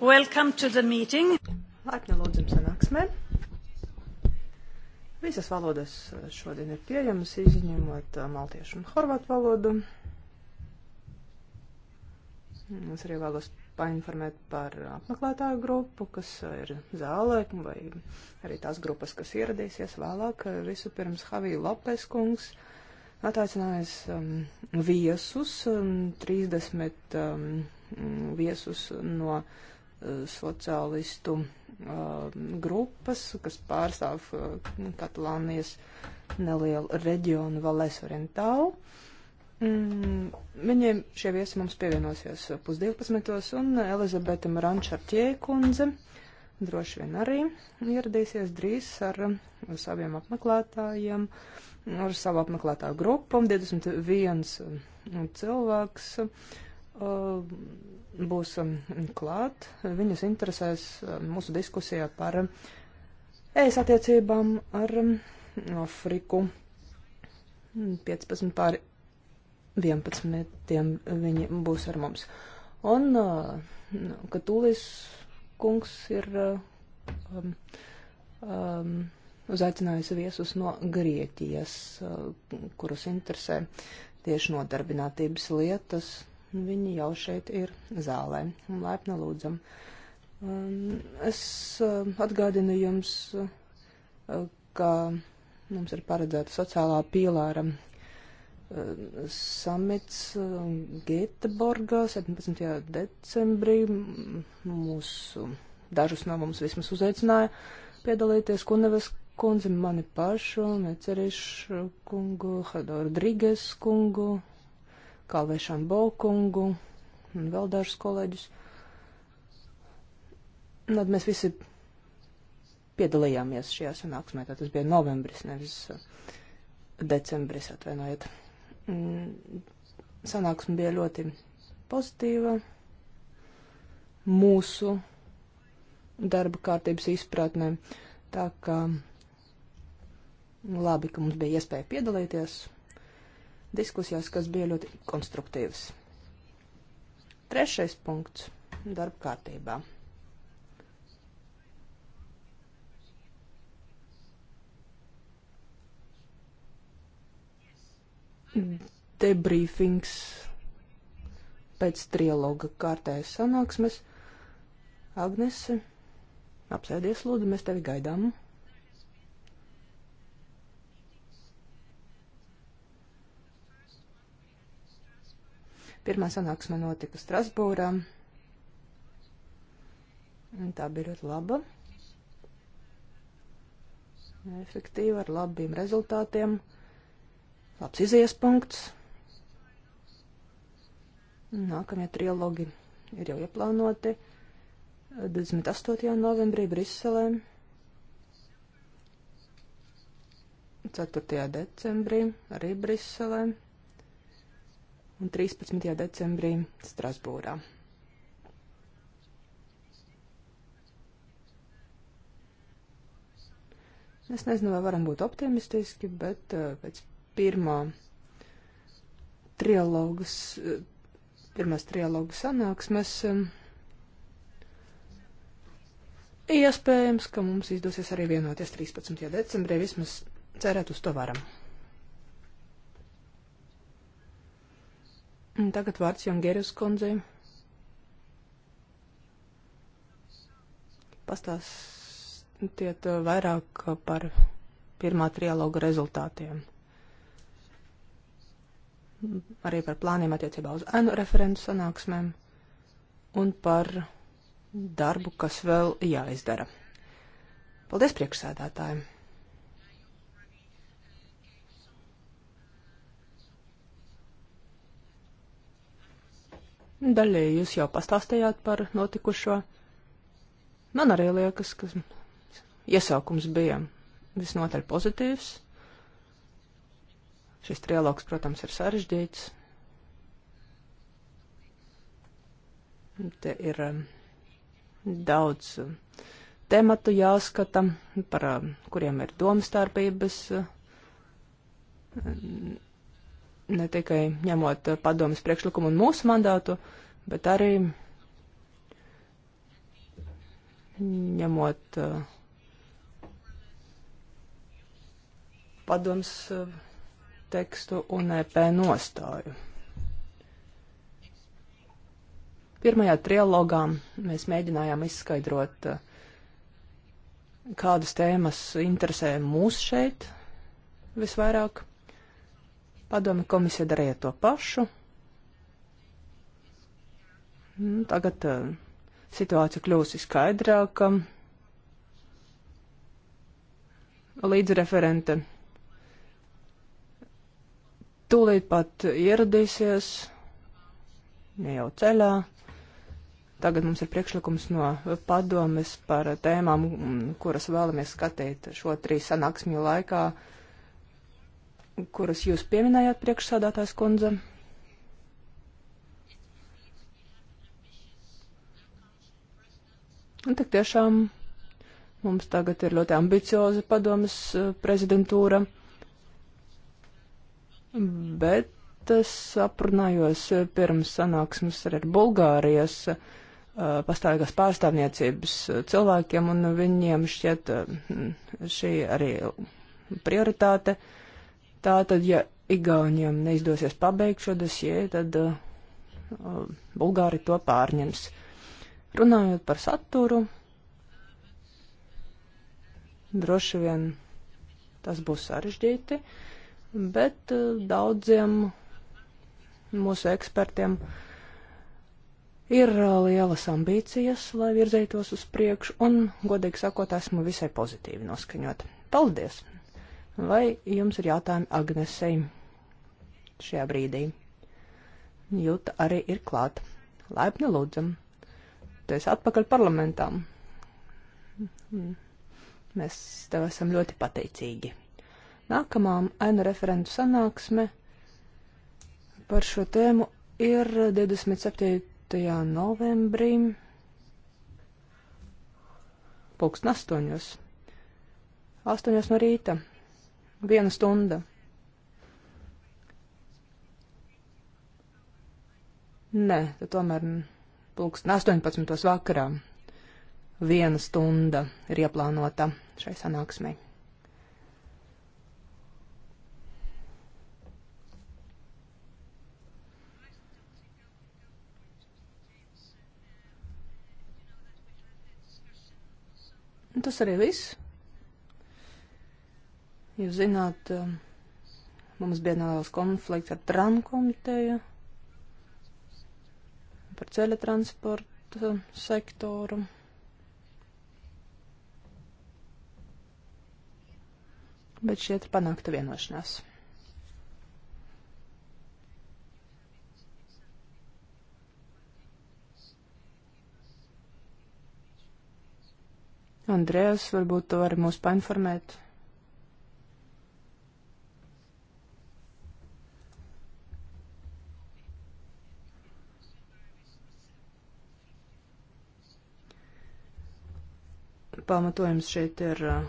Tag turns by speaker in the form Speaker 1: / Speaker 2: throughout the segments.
Speaker 1: Welcome to the meeting.
Speaker 2: Laipni lūdzam sanāksmē. Visas valodas eh, šodien ir pieejamas, izņemot eh, maltiešu un horvātu valodu. Es arī vēlos painformēt par apmeklētāju grupu, kas eh, ir zālē, vai arī tās grupas, kas ieradīsies vēlāk. Visu pirms Havī Lopes kungs ataicinājis um, viesus um, 30. Um, Mm, viesus no uh, sociālistu uh, grupas, kas pārstāv uh, Katalānijas nelielu reģionu Valēs Orientālu. Mm, viņiem šie viesi mums pievienosies pusdivpadsmitos, un Elizabete Marančartie kundze droši vien arī ieradīsies drīz ar, ar saviem apmeklētājiem, ar savu apmeklētāju grupu, 21 cilvēks. Uh, Uh, būs klāt. Viņus interesēs uh, mūsu diskusijā par ēs attiecībām ar um, Afriku. 15 pār 11 viņi būs ar mums. Un uh, nu, Katūlis kungs ir um, um, uzaicinājis viesus no Grieķijas, uh, kurus interesē tieši nodarbinātības lietas, Viņi jau šeit ir zālē. Laipni lūdzam. Um, es uh, atgādinu jums, uh, ka mums ir paredzēta sociālā pīlāra uh, samits um, Gēteborgā 17. decembrī. Mūsu, dažus no mums vismaz uzaicināja piedalīties Kunevas kundzi, mani pašu, Necerīšu kungu, Hadoru Driges kungu, Kalvēšanu Bolkungu un vēl dažus kolēģus. Un tad mēs visi piedalījāmies šajā sanāksmē, tā tas bija novembris, nevis uh, decembris, atvainojiet. Mm, sanāksme bija ļoti pozitīva. Mūsu darba kārtības izpratnē. Tā kā labi, ka mums bija iespēja piedalīties, diskusijās, kas bija ļoti konstruktīvas. Trešais punkts darba kārtībā. Debriefings pēc trialoga kārtējas sanāksmes. Agnese, apsēdies lūdzu, mēs tevi gaidām. Pirmā sanāksme notika Strasbūrā. Tā bija ļoti laba. Efektīva, ar labiem rezultātiem. Labs izies punkts. Nākamie trilogi ir jau ieplānoti 28. novembrī Briselē, 4. decembrī arī Briselē un 13. decembrī Strasbūrā. Es nezinu, vai varam būt optimistiski, bet eh, pēc pirmā trialogas, eh, pirmās trialogas sanāksmes eh, iespējams, ka mums izdosies arī vienoties 13. decembrī, vismaz cerēt uz to varam. Un tagad vārds Jongeras kundzei. Pastāstiet uh, vairāk par pirmā trialoga rezultātiem. Arī par plāniem attiecībā uz ēnu referentu sanāksmēm un par darbu, kas vēl jāizdara. Paldies priekšsēdētājiem! Daļēji jūs jau pastāstījāt par notikušo. Man arī liekas, ka iesākums bija visnotaļ pozitīvs. Šis trialogs, protams, ir sarežģīts. Te ir um, daudz um, tematu jāskata, par um, kuriem ir domstarpības ne tikai ņemot eh, padomas priekšlikumu un mūsu mandātu, bet arī ņemot eh, padomas eh, tekstu un EP nostāju. Pirmajā trilogā mēs mēģinājām izskaidrot, kādas tēmas interesē mūs šeit visvairāk Padome komisija darīja to pašu. Nu, tagad uh, situācija kļūsi skaidrāka. Līdzreferente tūlīt pat ieradīsies, ne jau ceļā. Tagad mums ir priekšlikums no padomes par tēmām, mm, kuras vēlamies skatīt šo trīs sanāksmju laikā. Uh, kuras jūs pieminējāt priekšsādātājs kundze. Un tik tiešām mums tagad ir ļoti ambicioza padomas eh, prezidentūra, bet es aprunājos eh, pirms sanāksmes ar Bulgārijas eh, pastāvīgās pārstāvniecības cilvēkiem, un viņiem šķiet šī arī prioritāte. Uh, Tātad, ja Igauniem neizdosies pabeigt šo dosie, tad uh, uh, Bulgāri to pārņems. Runājot par saturu, droši vien tas būs sarežģīti, bet uh, daudziem mūsu ekspertiem ir uh, lielas ambīcijas, lai virzītos uz priekšu, un, godīgi sakot, esmu visai pozitīvi noskaņot. Paldies! Vai jums ir jautājumi Agnesei šajā brīdī? Jūta arī ir klāt. Laipni lūdzam. Tu esi atpakaļ parlamentā. Hmm. Mēs tev esam ļoti pateicīgi. Nākamā ainu referentu sanāksme par šo tēmu ir 27. novembrī pulksten astoņos. Astoņos no rīta. Viena stunda. Nē, tad tomēr pulksten 18. vakarā viena stunda ir ieplānota šai sanāksmei. Un tas arī viss. Jūs zināt, eh, mums bija neliels konflikts ar TRAN komiteju par ceļa transportu sektoru. Bet šeit ir panākta vienošanās. Andrēs, varbūt tu vari mūs painformēt pamatojums šeit ir uh,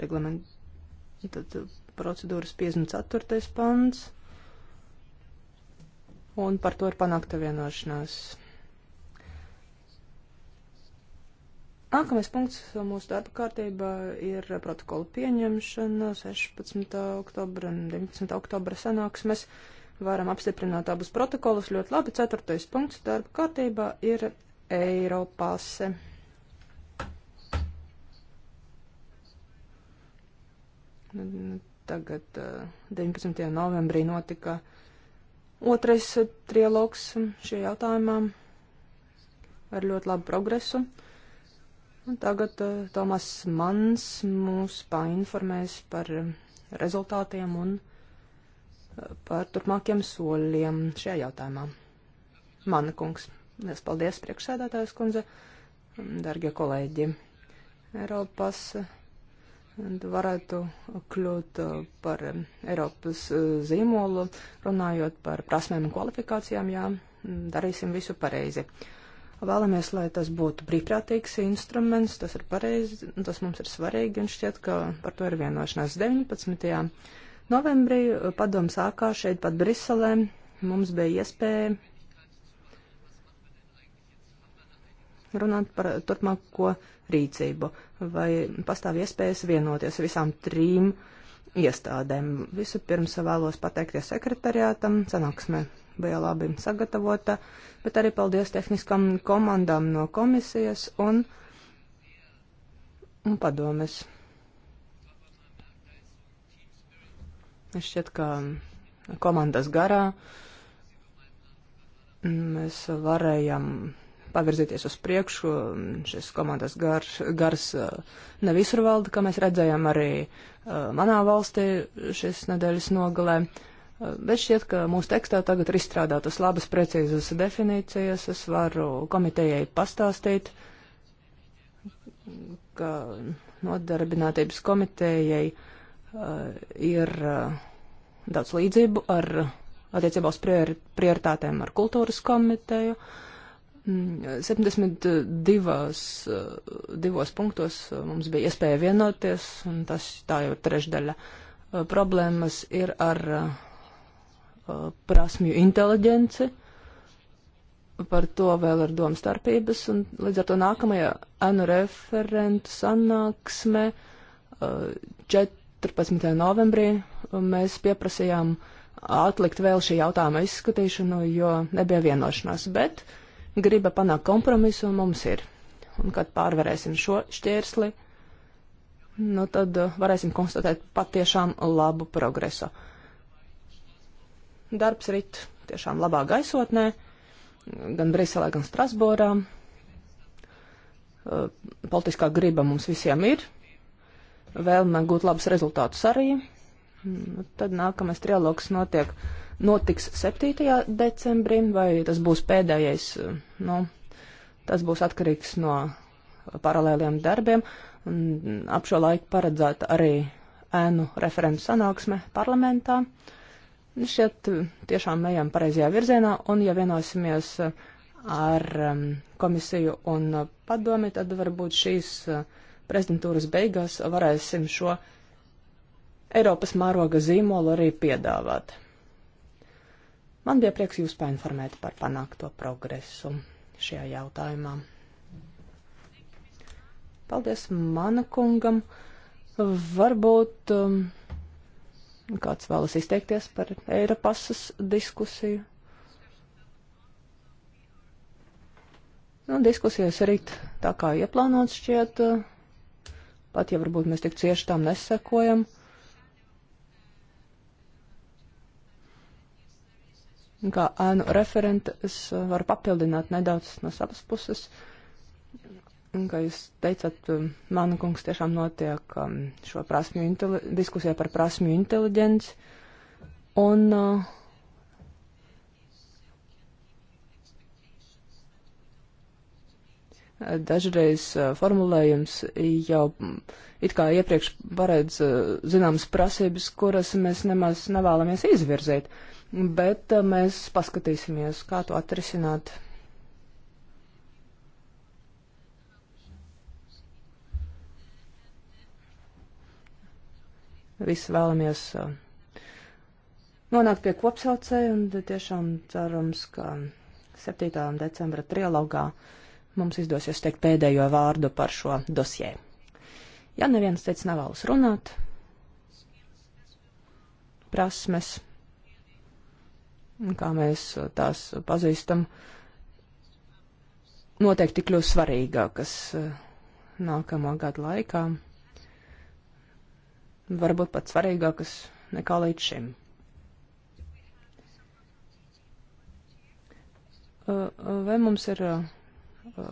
Speaker 2: reglament, tad uh, procedūras 54. pants, un par to ir panākta vienošanās. Nākamais punkts mūsu darba kārtībā ir protokola pieņemšana 16. oktobra un 19. oktobra sanāksmes. Varam apstiprināt abus protokolus ļoti labi. Ceturtais punkts darba kārtībā ir Eiropase. Tagad 19. Eh, novembrī notika otrais trialogs šajā jautājumā ar ļoti labu progresu. Un tagad eh, Tomas Mans mūs painformēs par eh, rezultātiem un par turpmākiem soļiem šajā jautājumā. Mana kungs, liels paldies priekšsēdētājas kundze, dargie kolēģi. Eiropas varētu kļūt par Eiropas e, zīmolu, runājot par prasmēm un kvalifikācijām, jā, darīsim visu pareizi. Vēlamies, lai tas būtu brīvprātīgs instruments, tas ir pareizi, tas mums ir svarīgi, un šķiet, ka par to ir vienošanās 19. novembrī. Padomu sākā šeit pat Briselē mums bija iespēja runāt par turpmāko rīcību, vai pastāv iespējas vienoties visām trim iestādēm. Visu pirms vēlos pateikties sekretariātam, sanāksmē bija labi sagatavota, bet arī paldies tehniskam komandām no komisijas un, un padomes. Es šķiet, ka komandas garā mēs varējām pavirzīties uz priekšu. Šis komandas gars, gars eh, ne visur valda, kā mēs redzējām arī eh, manā valstī šis nedēļas nogalē. Eh, bet šķiet, ka mūsu tekstā tagad ir izstrādātas labas, precīzas definīcijas. Es varu komitejai pastāstīt, ka nodarbinātības komitejai ir daudz līdzību ar attiecībā uz priori prioritātēm ar kultūras komiteju. Uh, 72 punktos eh, mums bija iespēja vienoties, un tas tā jau trešdaļa eh, problēmas ir ar eh, prasmju inteliģenci. Par to vēl ir domstarpības, un līdz ar to nākamajā anu referentu sanāksmē 14. novembrī mēs pieprasījām atlikt vēl šī jautājuma izskatīšanu, jo nebija vienošanās. Bet uh, griba panākt kompromisu mums ir. Un kad pārvarēsim šo šķērsli, nu tad uh, varēsim konstatēt patiešām labu progresu. Darbs rit tiešām labā gaisotnē, gan Briselē, gan Strasbūrā. Uh, politiskā griba mums visiem ir, vēlme gūt labus rezultātus arī. Mm, tad nākamais trialogs notiek notiks 7. decembrī, vai tas būs pēdējais, eh, nu, tas būs atkarīgs no paralēliem darbiem. Ap šo laiku paredzēta arī ēnu referentu sanāksme parlamentā. Nu, Šeit tiešām ejam pareizajā virzienā, un ja vienosimies eh, ar komisiju un padomi, tad varbūt šīs eh, prezidentūras beigās varēsim šo Eiropas mēroga zīmolu arī piedāvāt. Man bija prieks jūs painformēt par panākto progresu šajā jautājumā. Paldies mana kungam. Varbūt um, kāds vēlas izteikties par Eiropasas diskusiju. Nu, diskusijas rīt tā kā ieplānots šķiet, uh, pat ja varbūt mēs tik cieši tam nesekojam. Uh, Kā ēnu referente es varu papildināt nedaudz no savas puses. Kā jūs teicat, mana kungs tiešām notiek um, šo prasmju diskusijā par prasmju inteliģenci. Un uh, dažreiz uh, formulējums jau mm, it kā iepriekš paredz uh, zināmas prasības, kuras mēs nemaz nevēlamies izvirzēt. Uh, bet eh, mēs paskatīsimies, kā to atrisināt. Visi vēlamies eh, nonākt pie kopsaucēja un tiešām cerams, ka 7. decembra trialogā mums izdosies teikt pēdējo vārdu par šo dosjē. Ja neviens teica nevēlas runāt, prasmes kā mēs tās pazīstam, noteikti kļūs svarīgākas eh, nākamā gada laikā, varbūt pat svarīgākas nekā līdz šim. Eh, vai mums ir eh,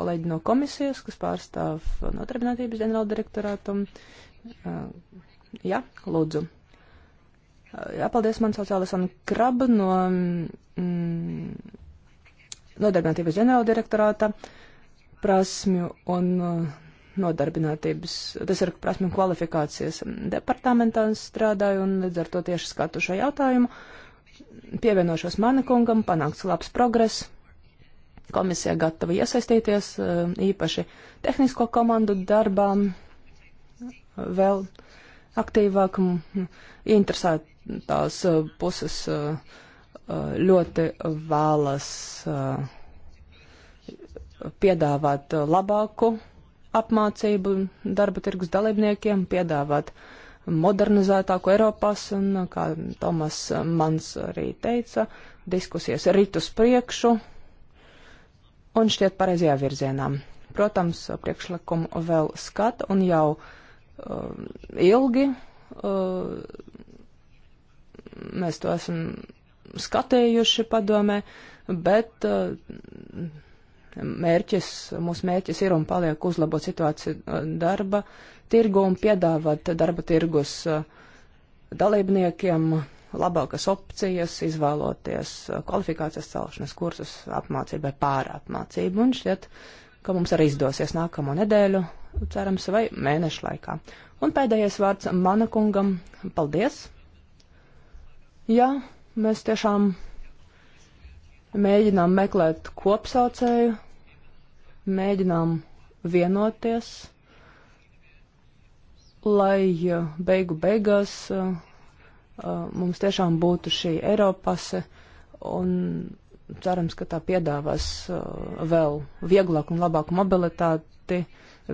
Speaker 2: kolēģi no komisijas, kas pārstāv notarbinātības ģenerāldirektorātam? Jā, lūdzu. Jā, paldies, man sauc Alisana Kraba no mm, Nodarbinātības ģenerāldirektorāta prasmju un uh, nodarbinātības, tas ir prasmju un kvalifikācijas departamentā strādāju un līdz ar to tieši skatu šo jautājumu. Pievienošos manikungam, panāks labs progress. Komisija gatava iesaistīties uh, īpaši tehnisko komandu darbām uh, vēl aktīvāk, interesēt tās puses ļoti vēlas piedāvāt labāku apmācību darba tirgus dalībniekiem, piedāvāt modernizētāku Eiropas un, kā Tomas Mans arī teica, diskusijas rit uz priekšu un šķiet pareizajā virzienā. Protams, priekšlikumu vēl skata un jau uh, ilgi uh, Mēs to esam skatējuši padomē, bet uh, mērķis, mūsu mērķis ir un paliek uzlabot situāciju uh, darba tirgu un piedāvāt darba tirgus uh, dalībniekiem labākas opcijas, izvēloties kvalifikācijas celšanas kursus apmācībai pārapmācību. Un šķiet, ka mums arī izdosies nākamo nedēļu, cerams, vai mēnešu laikā. Un pēdējais vārds mana kungam. Paldies! Ja mēs tiešām mēģinām meklēt kopsaucēju, mēģinām vienoties, lai beigu beigās uh, uh, mums tiešām būtu šī Eiropase un cerams, ka tā piedāvās uh, vēl vieglāku un labāku mobilitāti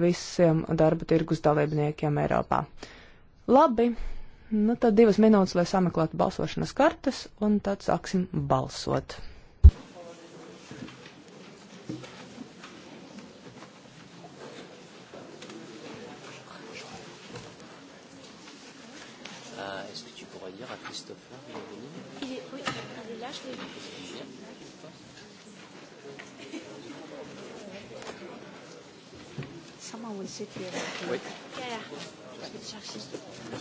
Speaker 2: visiem darba tirgus dalībniekiem Eiropā. Labi, Nu, tad divas minūtes, lai sameklētu balsošanas kartes, un tad sāksim balsot.
Speaker 3: Ah,
Speaker 1: Someone will sit here. Wait. Yeah, yeah.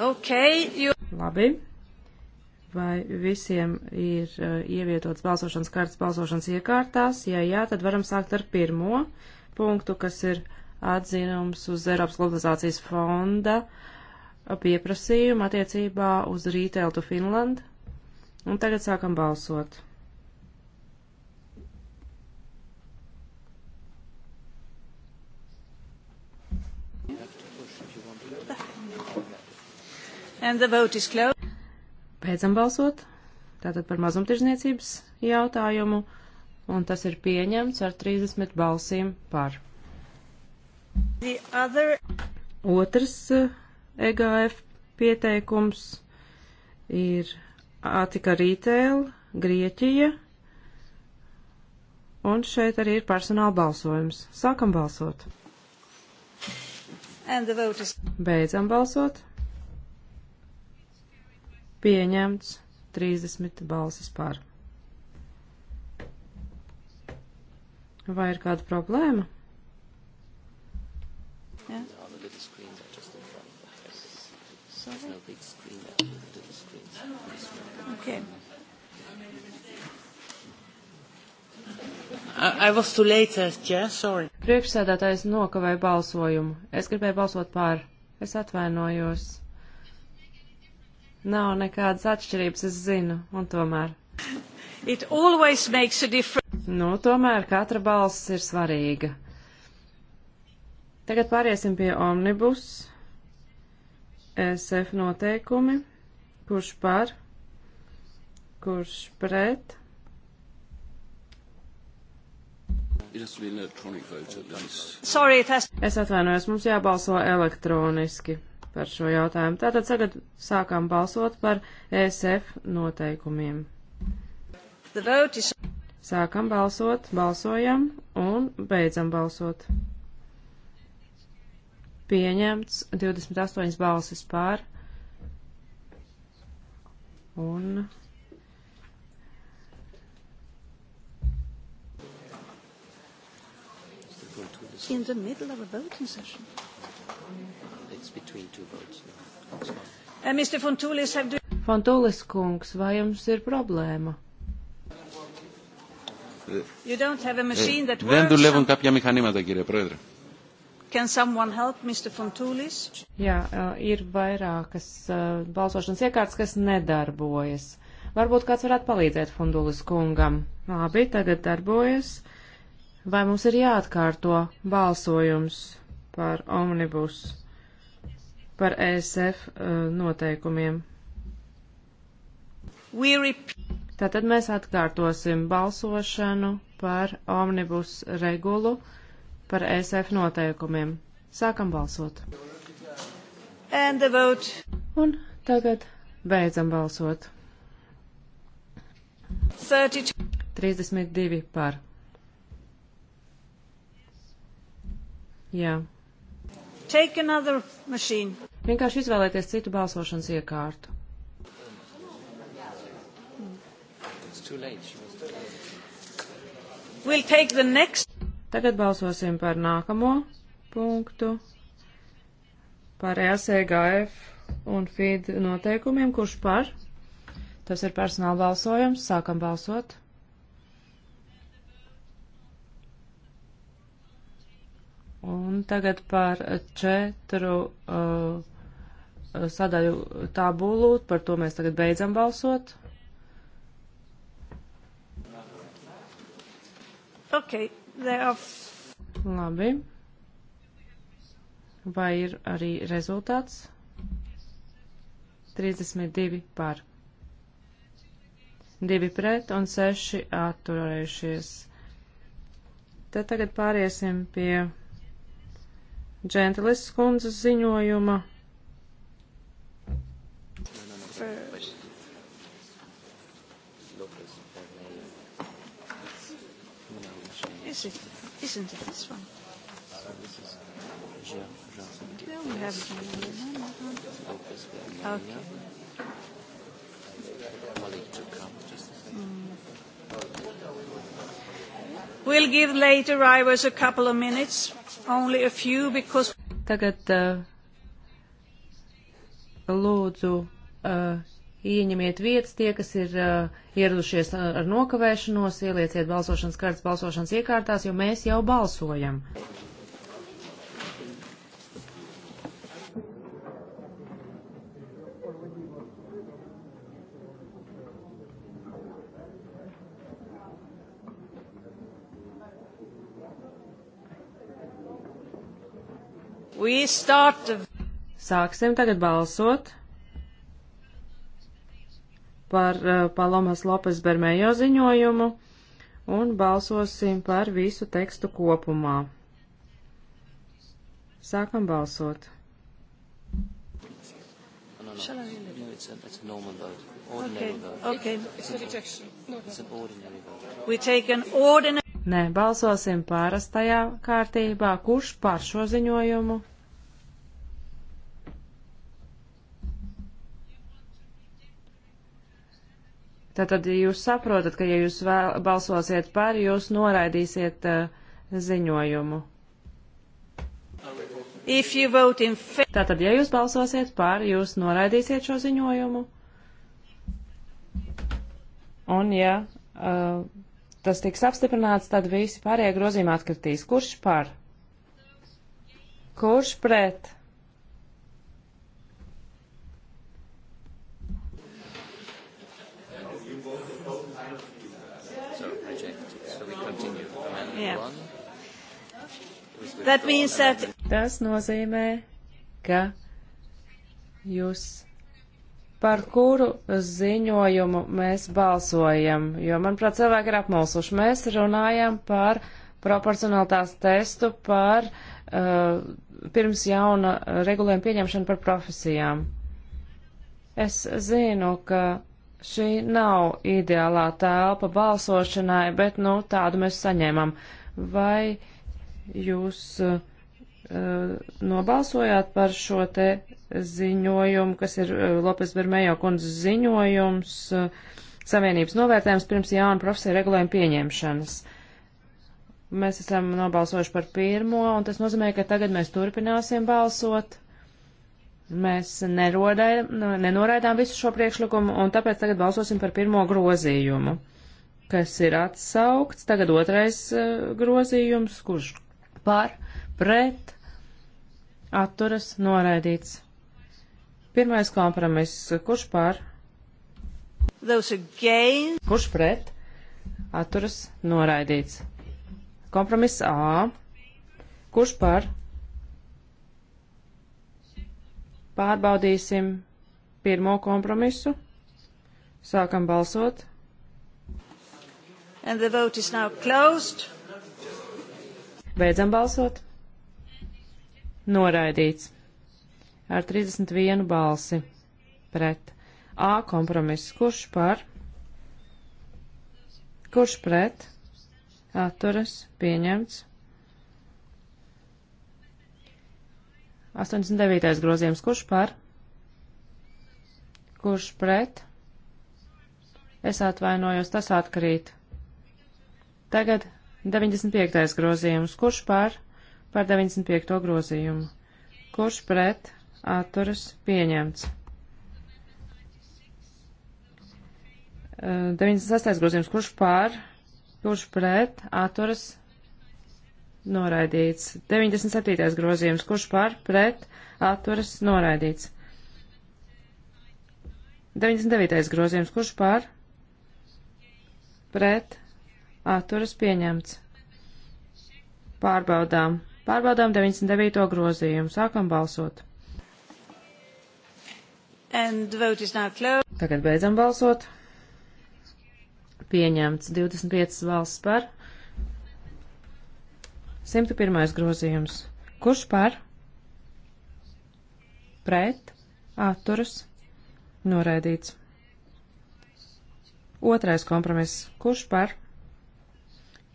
Speaker 3: Okay, you... Labi. Vai visiem ir uh, ievietots balsošanas kartas balsošanas iekārtās? Ja jā, tad varam sākt ar pirmo punktu, kas ir atzinums uz Eiropas globalizācijas fonda pieprasījumu attiecībā uz retail to Finland. Un tagad sākam balsot.
Speaker 1: Beidzam
Speaker 3: balsot. Tātad par mazumtirdzniecības jautājumu. Un tas ir pieņemts ar 30 balsīm par. Other... Otrs EGF eh, e pieteikums ir Ātika Rītēl, Grieķija. Un šeit arī ir personāla balsojums. Sākam balsot. Is... Beidzam balsot pieņemts 30 balsis par. Vai ir kāda problēma?
Speaker 1: Yeah. Okay.
Speaker 3: I was too late, yeah, uh, sorry. Priekšsēdētājs nokavēja balsojumu. Es gribēju balsot pār. Es atvainojos. Nav nekādas atšķirības, es zinu, un tomēr. It always makes a difference. Nu, tomēr katra balss ir svarīga. Tagad pāriesim pie omnibus. SF noteikumi. Kurš par? Kurš pret? Sorry, tas... Es atvainojos, mums jābalso elektroniski par šo jautājumu. Tātad tagad sākām balsot par ESF noteikumiem. Is... Sākam balsot, balsojam un beidzam balsot. Pieņemts 28 balsis pār
Speaker 1: un in the middle of a voting session. Uh,
Speaker 3: Fontūlis kungs, vai jums ir problēma?
Speaker 1: Δεν δουλεύουν κάποια μηχανήματα, κύριε Πρόεδρε. Can someone help Mr. Fontoulis?
Speaker 3: Jā, uh, ir vairākas uh, balsošanas iekārtas, kas nedarbojas. Varbūt kāds varētu palīdzēt Fontoulis kungam. Labi, tagad darbojas. Vai mums ir jāatkārto balsojums par omnibus? par ESF uh, noteikumiem. Tātad mēs atkārtosim balsošanu par omnibus regulu par ESF noteikumiem. Sākam balsot. Un tagad beidzam balsot. 32, 32 par. Jā.
Speaker 1: Take another machine.
Speaker 3: Vienkārši izvēlēties citu balsošanas iekārtu. We'll next... Tagad balsosim par nākamo punktu, par ESEGF un FID noteikumiem, kurš par. Tas ir personāla balsojums. Sākam balsot. Un tagad par četru uh, sadaļu tabulu, par to mēs tagad beidzam balsot.
Speaker 1: Okay, are...
Speaker 3: Labi. Vai ir arī rezultāts? 32 par. 2 pret un 6 atturējušies. Tad tagad pāriesim pie Džentelis skundzes ziņojuma.
Speaker 1: Is it? Isn't it this one? No, we have it in the
Speaker 4: Okay. Colleague to come just a second. Mm.
Speaker 1: We'll give late arrivals a couple of minutes. Few, because...
Speaker 3: Tagad uh, lūdzu uh, ieņemiet vietas tie, kas ir uh, ieradušies ar, uh, ar nokavēšanos, ielieciet balsošanas kartas balsošanas iekārtās, jo mēs jau balsojam. Okay. Start... Sāksim tagad balsot par uh, Palomas Lopes Bermējo ziņojumu un balsosim par visu tekstu kopumā. Sākam balsot.
Speaker 1: No, no, no. no it's, a, it's a normal vote. Ordinary okay. vote. Okay. It's a rejection. No, no. It's an ordinary
Speaker 3: vote. We take an ordinary... Nē, balsosim pārastajā kārtībā. Kurš par šo ziņojumu? Tātad jūs saprotat, ka ja jūs vēl, balsosiet par, jūs noraidīsiet uh, ziņojumu. Tātad, ja jūs balsosiet par, jūs noraidīsiet šo ziņojumu. Un, ja uh, tas tiks apstiprināts, tad visi pārējie grozījumi atkritīs. Kurš par? Kurš pret?
Speaker 1: That means that...
Speaker 3: Tas nozīmē, ka jūs par kuru ziņojumu mēs balsojam, jo, manuprāt, cilvēki ir apmulsuši. Mēs runājam par proporcionalitātes testu par uh, pirms jauna regulējuma pieņemšanu par profesijām. Es zinu, ka šī nav ideālā telpa balsošanai, bet, nu, tādu mēs saņēmam. Vai uh, jūs uh, nobalsojāt par šo te ziņojumu, kas ir eh, Lopes Bermejo kundzes ziņojums, uh, Savienības novērtējums pirms jauna profesija regulējuma pieņemšanas. Mēs esam nobalsojuši par pirmo, un tas nozīmē, ka tagad mēs turpināsim balsot. Mēs nerodai, nu, nenoraidām visu šo priekšlikumu, un tāpēc tagad balsosim par pirmo grozījumu, kas ir atsaukts. Tagad otrais grozījums, kurš par pret atturas noraidīts. Pirmais kompromiss, kurš par? Kurš pret? Atturas noraidīts. Kompromiss A. Kurš par? Pārbaudīsim pirmo kompromisu. Sākam balsot.
Speaker 1: And the vote is now
Speaker 3: closed. Beidzam balsot. Noraidīts. Ar 31 balsi pret. A kompromiss. Kurš par? Kurš pret? Atturas. Pieņemts. 89. grozījums. Kurš par? Kurš pret? Es atvainojos, tas atkrīt. Tagad 95. grozījums. Kurš par? Par 95. grozījumu. Kurš pret? Atturas pieņemts. 96. grozījums. Kurš par? Kurš pret? Atturas noraidīts. 97. grozījums. Kurš par? Pret? Atturas noraidīts. 99. grozījums. Kurš par? Pret? atturas pieņemts. Pārbaudām. Pārbaudām 99. grozījumu. Sākam balsot. Tagad beidzam balsot. Pieņemts 25 valsts par. 101. grozījums. Kurš par? Pret. Atturas. Noraidīts. Otrais kompromiss. Kurš par?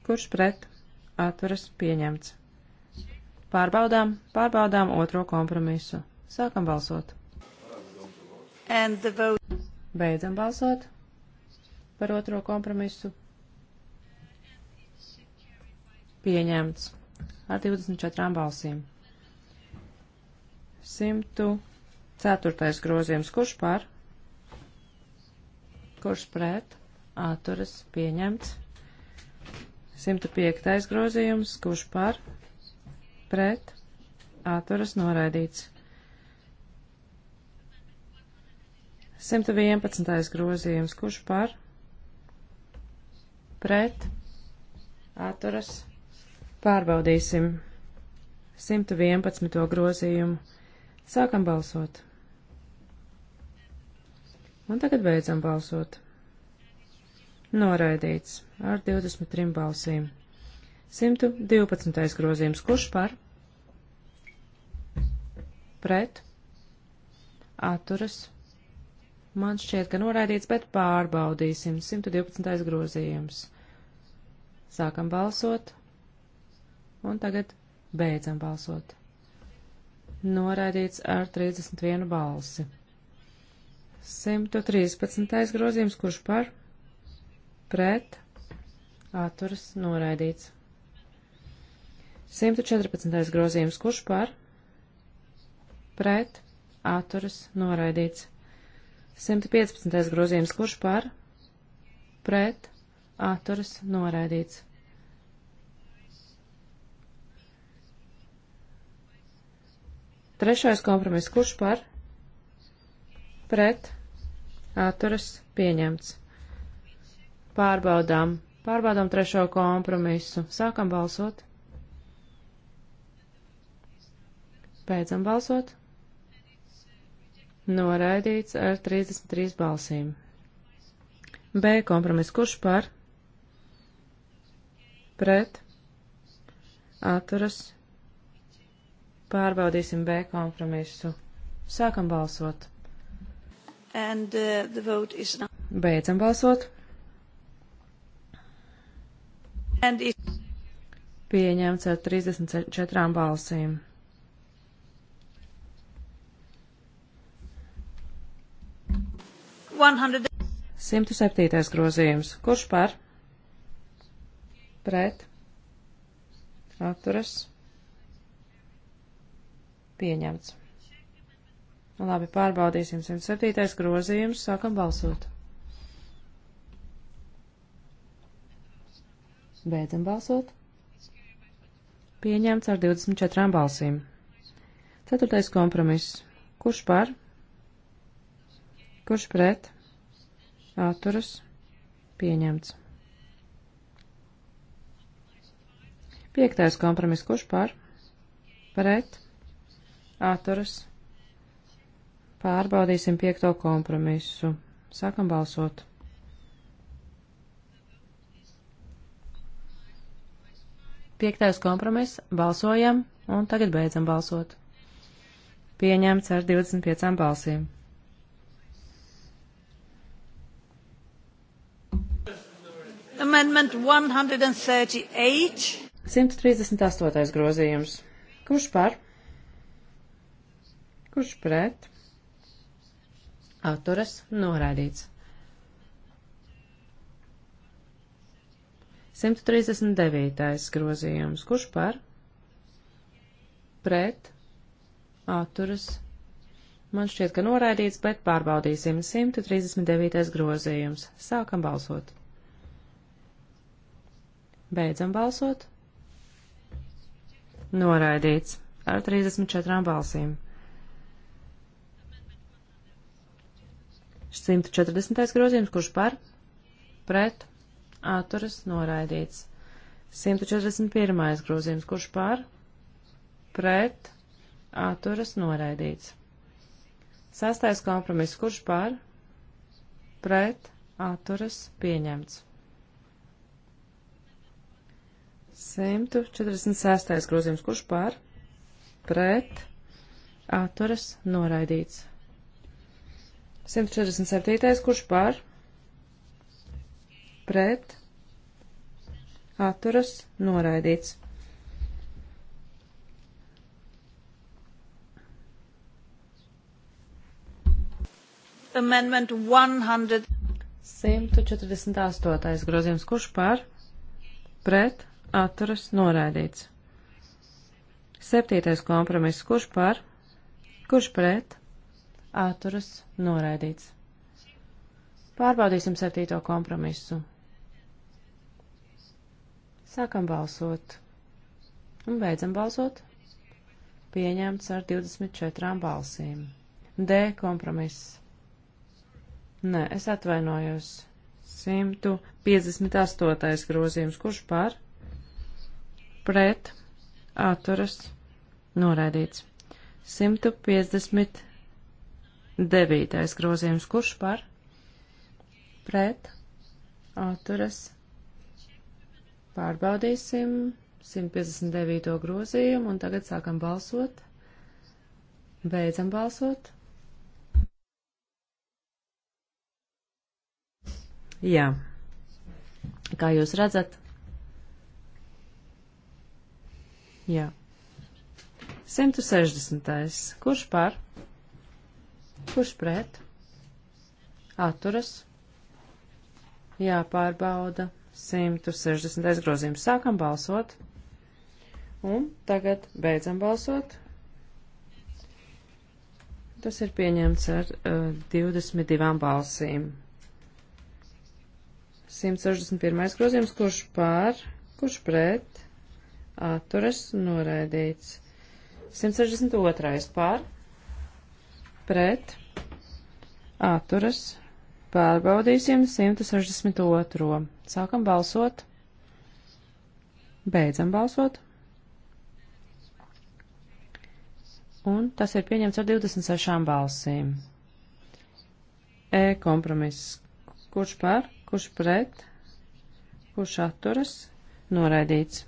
Speaker 3: kurš pret atturas pieņemts. Pārbaudām, pārbaudām otro kompromisu. Sākam balsot. Beidzam balsot par otro kompromisu. Pieņemts ar 24 balsīm. 104. grozījums. Kurš par? Kurš pret? Āturas pieņemts. 105. grozījums, kurš par, pret, atturas noraidīts. 111. grozījums, kurš par, pret, atturas, pārbaudīsim 111. grozījumu. Sākam balsot. Un tagad beidzam balsot noraidīts ar 23 balsīm. 112. grozījums, kurš par, pret, atturas, man šķiet, ka noraidīts, bet pārbaudīsim 112. grozījums. Sākam balsot, un tagad beidzam balsot. Noraidīts ar 31 balsi. 113. grozījums, kurš par, pret, pret, atturas noraidīts. 114. grozījums, kurš par, pret, atturas noraidīts. 115. grozījums, kurš par, pret, atturas noraidīts. Trešais kompromiss, kurš par, pret, atturas pieņemts. Pārbaudām. Pārbaudām trešo kompromisu. Sākam balsot. Beidzam balsot. Noraidīts ar 33 balsīm. B kompromis. Kurš par? Pret. Atturas. Pārbaudīsim B kompromisu. Sākam balsot.
Speaker 1: And, uh, the vote is now.
Speaker 3: Beidzam balsot. Pieņemts ar 34 balsīm. Hundred... 107. grozījums. Kurš par? Pret. Atturas. Pieņemts. Labi, pārbaudīsim 107. grozījums. Sākam balsot. Beidzam balsot. Pieņemts ar 24 balsīm. Ceturtais kompromiss. Kurš par? Kurš pret? Atturas. Pieņemts. Piektais kompromiss. Kurš par? Pret? Atturas. Pārbaudīsim piekto kompromisu. Sākam balsot. Piektais kompromiss. Balsojam un tagad beidzam balsot. Pieņemts ar 25 balsīm.
Speaker 1: Amendment 138.
Speaker 3: 138. grozījums. Kurš par? Kurš pret? Atturas norādīts. 139. grozījums. Kurš par? Pret. Atturas. Man šķiet, ka noraidīts, bet pārbaudīsim 139. grozījums. Sākam balsot. Beidzam balsot. Noraidīts ar 34 balsīm. 140. grozījums, kurš par? Pret atturas noraidīts. 141. grozījums, kurš par, pret, atturas noraidīts. Sastais kompromiss, kurš par, pret, atturas pieņemts. 146. grozījums, kurš pār, pret, atturas, noraidīts. 147. kurš pār, pret, atturas, noraidīts.
Speaker 1: Amendment 100.
Speaker 3: 148. grozījums, kurš par, pret, atturas, noraidīts. Septītais kompromiss, kurš par, kurš pret, atturas, noraidīts. Pārbaudīsim septīto kompromisu. Sākam balsot. Un beidzam balsot. Pieņemts ar 24 balsīm. D kompromiss. Nē, es atvainojos. 158. grozījums. Kurš par? Pret. Atturas. Noraidīts. 159. grozījums. Kurš par? Pret. Atturas. Pārbaudīsim 159. grozījumu un tagad sākam balsot. Beidzam balsot. Jā. Kā jūs redzat? Jā. 160. Kurš par? Kurš pret? Atturas. Jāpārbauda. 160. grozījums. Sākam balsot. Un tagad beidzam balsot. Tas ir pieņemts ar uh, 22 balsīm. 161. grozījums, kurš pār, kurš pret, atturas noraidīts. 162. pār, pret, atturas noraidīts Pārbaudīsim 162. Sākam balsot. Beidzam balsot. Un tas ir pieņemts ar 26 balsīm. E kompromiss. Kurš par, kurš pret, kurš atturas, noraidīts.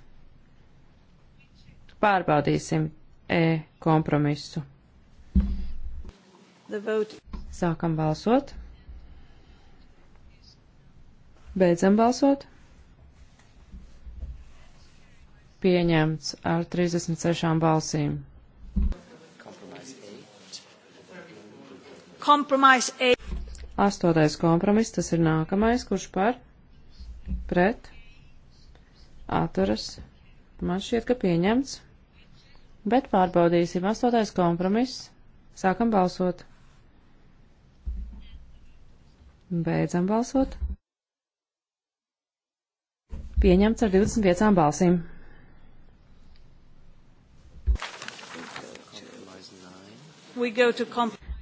Speaker 3: Pārbaudīsim E kompromisu. Sākam balsot. Beidzam balsot. Pieņemts ar 36 balsīm.
Speaker 1: Kompromise A.
Speaker 3: Astotais kompromiss, tas ir nākamais, kurš par pret atturas. Man šķiet, ka pieņemts, bet pārbaudīsim astotais kompromiss. Sākam balsot. Beidzam balsot. Pieņemts ar 25 balsīm.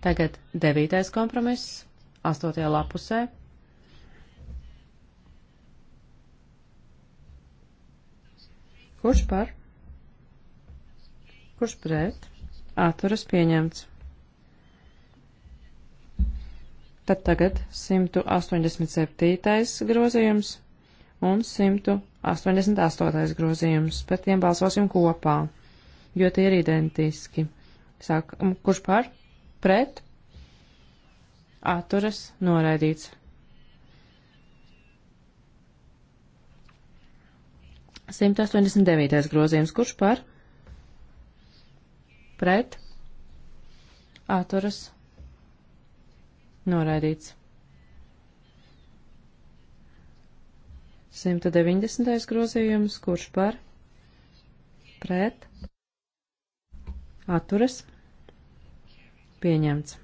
Speaker 3: Tagad devītais kompromiss, astotajā lapusē. Kurš par? Kurš pret? Atturas pieņemts. Tad tagad 187. grozījums un 188. grozījums. Par tiem balsosim kopā, jo tie ir identiski. Sākam, kurš par? Pret? Atturas noraidīts. Simt astoņdesmit devītais grozījums. Kurš par? Pret? Atturas noraidīts. 190. grozījums, kurš par pret atturas pieņemts.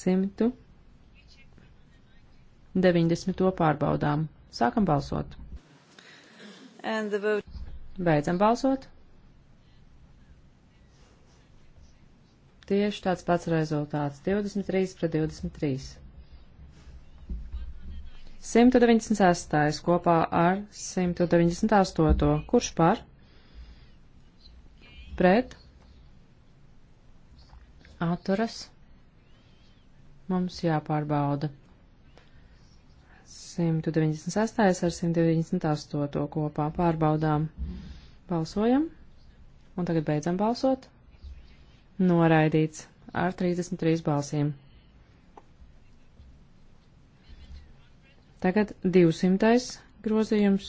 Speaker 3: 190. pārbaudām. Sākam balsot. Beidzam balsot. Tieši tāds pats rezultāts - 23 pret 23. 196. kopā ar 198. Kurš par? Pret? Atturas? Mums jāpārbauda. 196. ar 198. kopā pārbaudām. Balsojam. Un tagad beidzam balsot. Noraidīts ar 33 balsīm. Tagad 200. grozījums.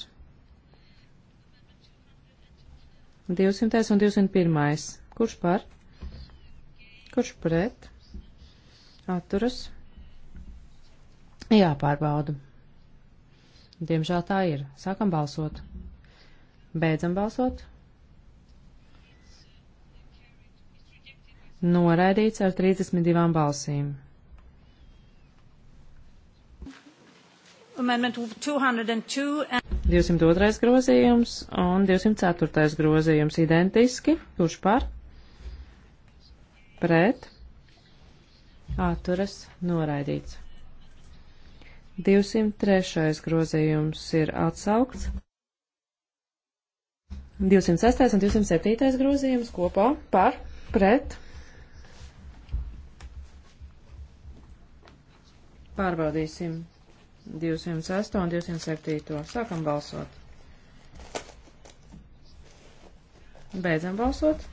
Speaker 3: 200. un 201. Kurš par? Kurš pret? Atturas. Jāpārbauda. Diemžēl tā ir. Sākam balsot. Beidzam balsot. Noraidīts ar 32 balsīm.
Speaker 1: amendment 202 and...
Speaker 3: 202. grozījums un 204. grozījums identiski. Kurš par? Pret. Atturas noraidīts. 203. grozījums ir atsaukts. 206. un 207. grozījums kopā par pret. Pārbaudīsim. 208 un 207. Sākam balsot. Beidzam balsot.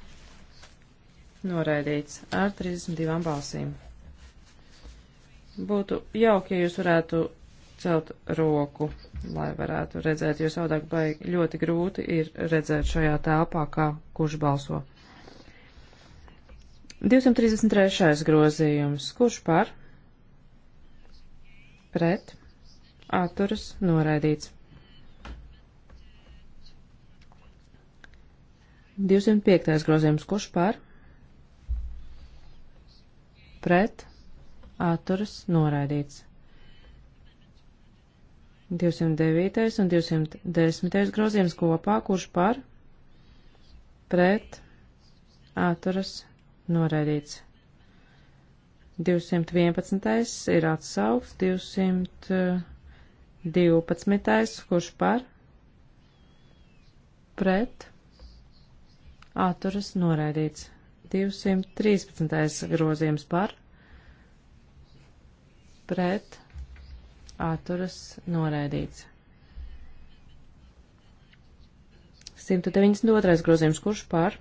Speaker 3: Noraidīts ar 32 balsīm. Būtu jauki, ja jūs varētu celt roku, lai varētu redzēt, jo savādāk vai ļoti grūti ir redzēt šajā telpā, kā kurš balso. 233. grozījums. Kurš par? Pret? atturas noraidīts. 205. grozījums, kurš par, pret, atturas noraidīts. 209. un 210. grozījums kopā, kurš par, pret, atturas noraidīts. 211. ir atsaugs, 200. 12. kurš par, pret, atturas noraidīts. 213. grozījums par, pret, atturas noraidīts. 192. grozījums kurš par,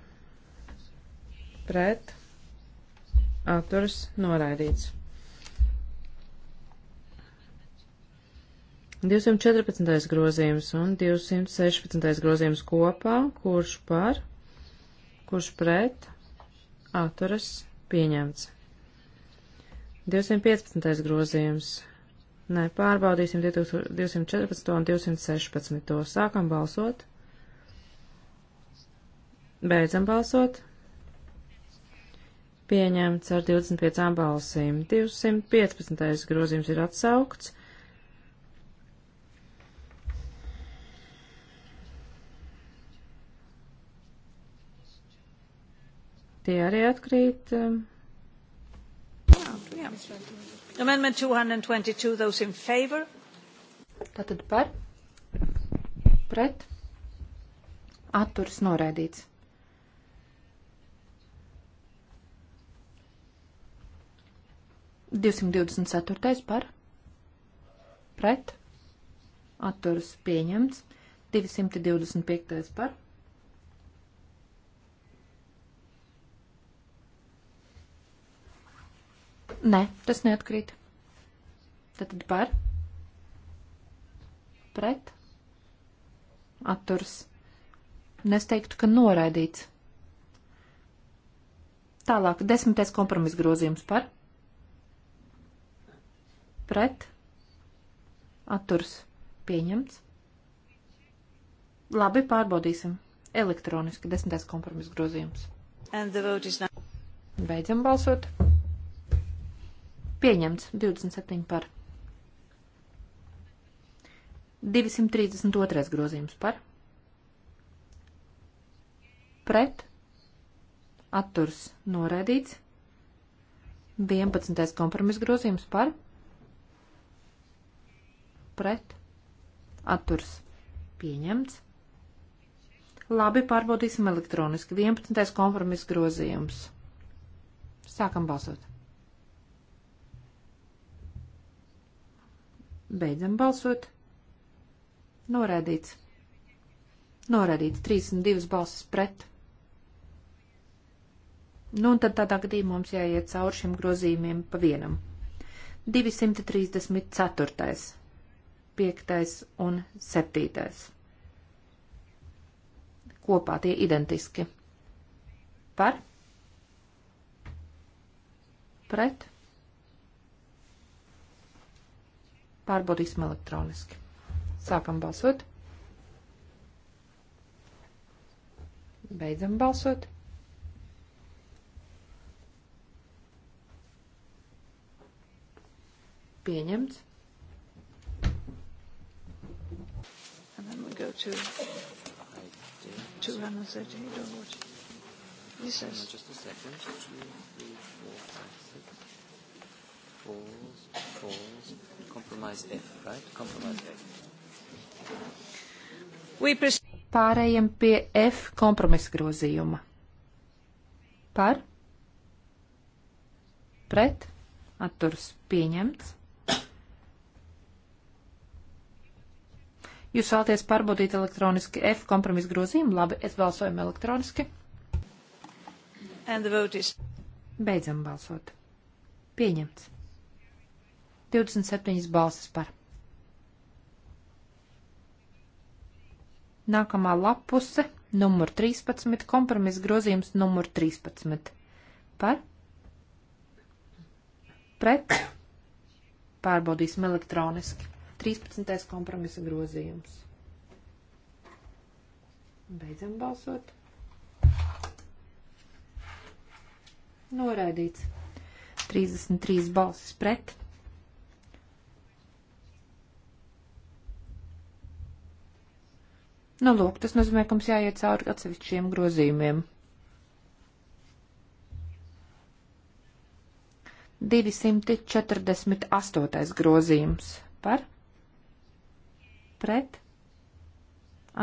Speaker 3: pret, atturas noraidīts. 214. grozījums un 216. grozījums kopā, kurš par, kurš pret, atturas pieņemts. 215. grozījums. Nē, pārbaudīsim 214. un 216. Sākam balsot. Beidzam balsot. Pieņemts ar 25 balsīm. 215. grozījums ir atsaukts. Tie
Speaker 4: arī atkrīt. Jā,
Speaker 1: um, jā. Amendment 222, those in favor. Tātad par,
Speaker 4: pret, atturs noraidīts. Divsimt divdesmit ceturtais par, pret, atturs pieņemts. 225. par Nē, tas neatkrīt. Tad par. Pret. Atturs. Nesteigtu, ka noraidīts. Tālāk, desmitais kompromis grozījums par. Pret. Atturs. Pieņemts. Labi, pārbaudīsim. Elektroniski desmitais kompromis grozījums. Beidzam balsot. Pieņemts 27 par. 232. grozījums par. Pret. Atturs noraidīts. 11. kompromis grozījums par. Pret. Atturs pieņemts. Labi, pārbaudīsim elektroniski. 11. kompromis grozījums. Sākam balsot. Beidzam balsot. Norādīts. Norādīts 32 balsis pret. Nu, un tad tādā gadījumā mums jāiet cauri šiem grozījumiem pa vienam. 234. 5. un 7. Kopā tie identiski. Par? Pret? Pārbaudīsim elektroniski. Sākam balsot. Beidzam balsot. Pieņemts. And then we go to
Speaker 1: 238 or what? He says.
Speaker 4: Just a
Speaker 3: second. Two, three, four, five, six falls, falls. Compromise F, right? Compromise F.
Speaker 4: We pres- Pārējiem pie F kompromisa grozījuma. Par? Pret? Atturs pieņemts. Jūs vēlaties pārbaudīt elektroniski F kompromisu grozījumu? Labi, es balsojumu elektroniski. Is... Beidzam balsot. Pieņemts. 27 balsis par. Nākamā lapuse, numur 13, kompromisa grozījums numur 13. Par? Pret? Pārbaudīsim elektroniski. 13. kompromisa grozījums. Beidzam balsot. Noraidīts. 33 balsis pret. Nu, lūk, tas nozīmē, ka mums jāiet cauri atsevišķiem grozījumiem. 248. grozījums par pret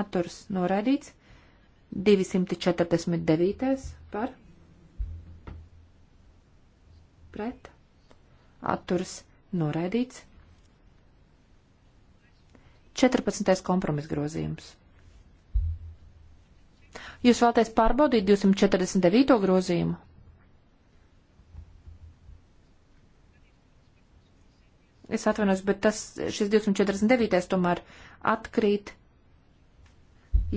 Speaker 4: atturs noraidīts 249. par pret atturs noraidīts 14. kompromis grozījums Jūs vēlaties pārbaudīt 249. grozījumu? Es atvainojos, bet tas, šis 249. tomēr atkrīt,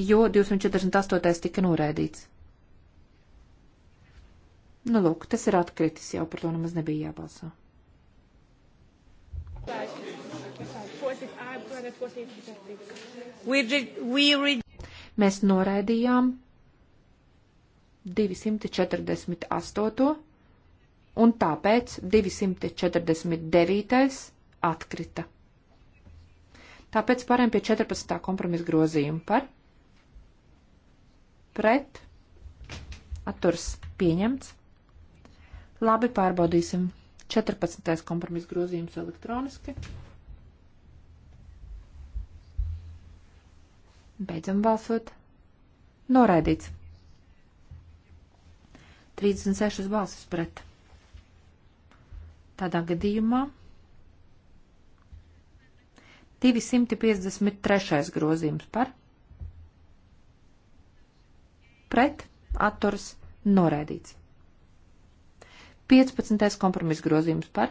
Speaker 4: jo 248. tika noraidīts. Nu, lūk, tas ir atkritis jau, par to nemaz nebija jābalso. We, we Mēs noraidījām 248. un tāpēc 249. atkrita. Tāpēc pārējām pie 14. kompromisa grozījuma par pret atturs pieņemts. Labi, pārbaudīsim 14. kompromisa grozījums elektroniski. Beidzam balsot. Noraidīts. 36 balsis pret. Tādā gadījumā 253. grozījums par pret atturs noraidīts. 15. kompromiss grozījums par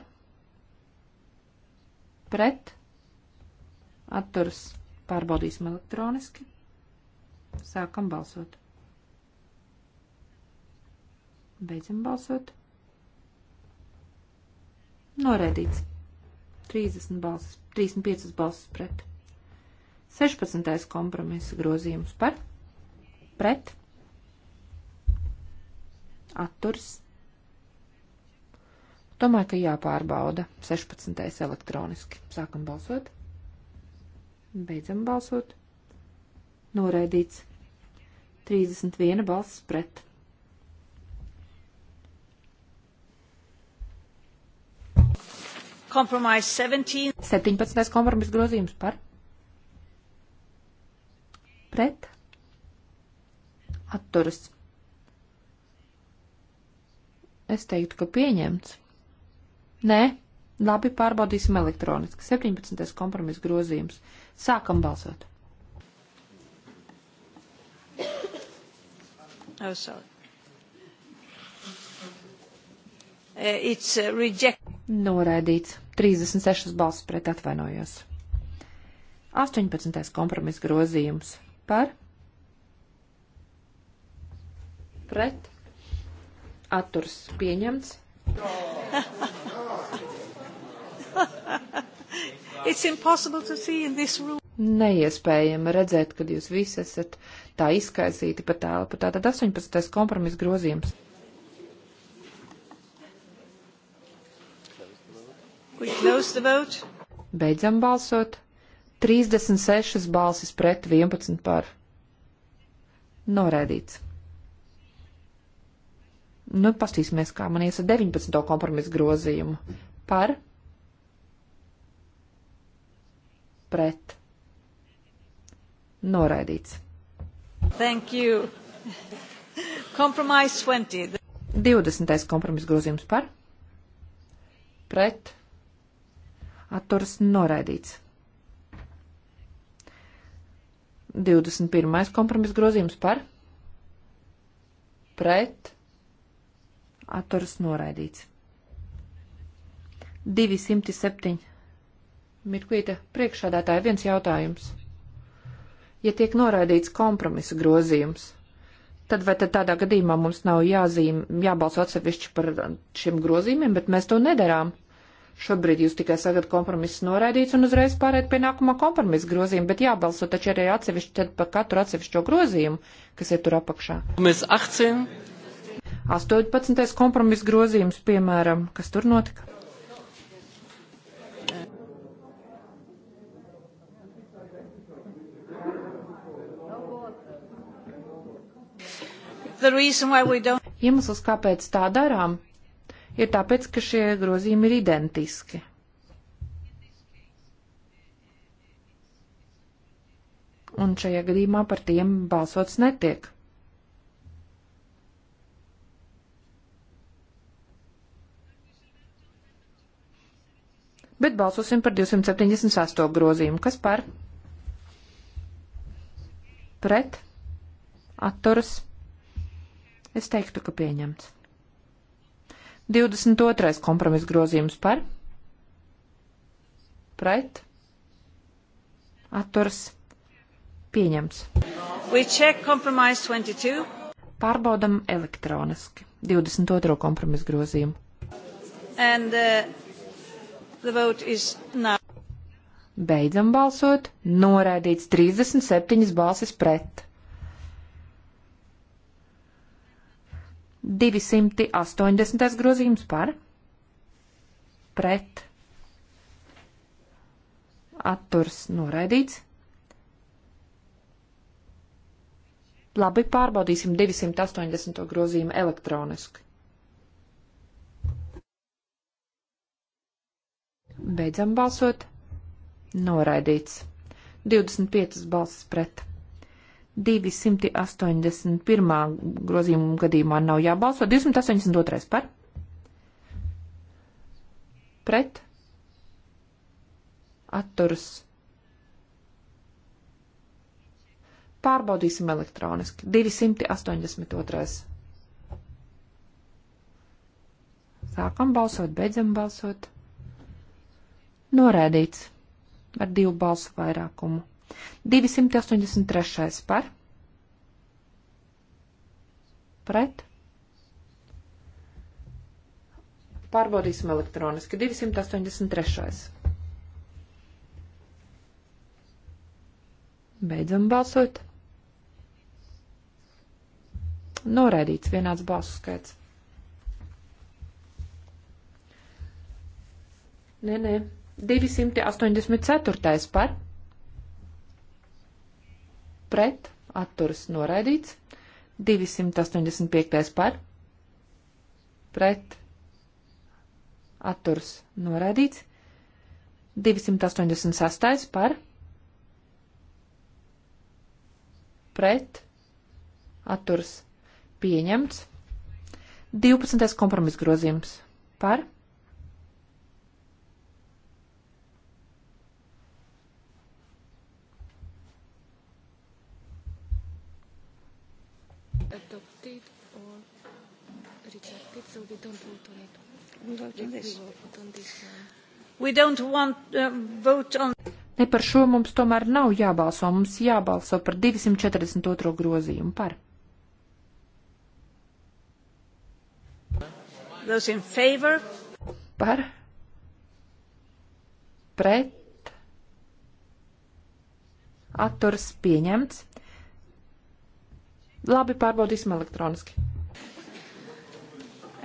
Speaker 4: pret atturs noraidīts Pārbaudīsim elektroniski. Sākam balsot. Beidzam balsot. Noraidīts. 30 balsas, 35 balsas pret. 16. kompromisa grozījums par, pret, atturs. Domāju, ka jāpārbauda 16. elektroniski. Sākam balsot. Beidzam balsot. Noraidīts. 31 balss pret.
Speaker 1: Kompromiss 17.
Speaker 4: 17. kompromiss grozījums par. Pret. Atturas. Es teiktu, ka pieņemts. Nē, Labi, pārbaudīsim elektroniski. 17. kompromiss grozījums. Sākam balsot.
Speaker 1: Oh, sorry. Uh, it's uh, reject.
Speaker 4: Noraidīts. 36 balsis pret atvainojos. 18. kompromiss grozījums. Par? Pret? Atturs pieņemts.
Speaker 1: Oh. Neiespējami
Speaker 4: redzēt, kad jūs visi esat tā izkaisīti pa tēlpu. Tātad 18. kompromis grozījums. Beidzam balsot. 36 balsis pret 11 par. Norēdīts. Nu, pastīsimies, kā man iesa 19. kompromisu grozījumu. Par pret. Noraidīts.
Speaker 1: Thank you. Compromise 20.
Speaker 4: 20. kompromis grozījums par. Pret. Atturas noraidīts. 21. kompromis grozījums par. Pret. Atturas noraidīts. 207. Mirklīte, priekšādātāja, viens jautājums. Ja tiek noraidīts kompromisa grozījums, tad vai tad tādā gadījumā mums nav jāzīm, jābalso atsevišķi par šiem grozījumiem, bet mēs to nedarām? Šobrīd jūs tikai sagat kompromiss noraidīts un uzreiz pāriet pie nākamā kompromisa grozījuma, bet jābalso taču arī atsevišķi tad par katru atsevišķo grozījumu, kas ir tur apakšā.
Speaker 3: Mēs 18.
Speaker 4: 18. kompromisa grozījums, piemēram, kas tur notika?
Speaker 1: Iemesls,
Speaker 4: kāpēc tā darām, ir tāpēc, ka šie grozījumi ir identiski. Un šajā gadījumā par tiem balsots netiek. Bet balsosim par 278 grozījumu. Kas par? Pret? Atturas? Es teiktu, ka pieņemts. 22. kompromis grozījums par, pret, atturs, pieņemts. Pārbaudam elektroniski 22. kompromis grozījumu.
Speaker 1: And, uh,
Speaker 4: Beidzam balsot, noraidīts 37 balsis pret. 280. grozījums par pret atturs noraidīts. Labi, pārbaudīsim 280. grozījumu elektroniski. Beidzam balsot. Noraidīts. 25 balsis pret. 281. grozījuma gadījumā nav jābalso. 282. par? Pret? Atturs. Pārbaudīsim elektroniski. 282. Sākam balsot, beidzam balsot. Norēdīts ar divu balsu vairākumu. 283. par pret. Pārbaudīsim elektroniski. 283. Beidzam balsot. Noraidīts vienāds balsu skaits. Nē, nē, 284. par pret, atturas noraidīts, 285. par, pret, atturas noraidīts, 286. par, pret, atturas pieņemts, 12. kompromis grozījums par, pret,
Speaker 1: Uh, on...
Speaker 4: Ne par šo mums tomēr nav jābalso, mums jābalso par 242. grozījumu par.
Speaker 1: Those in favor?
Speaker 4: Par. Pret. Atturs pieņemts. Labi, pārbaudīsim elektroniski.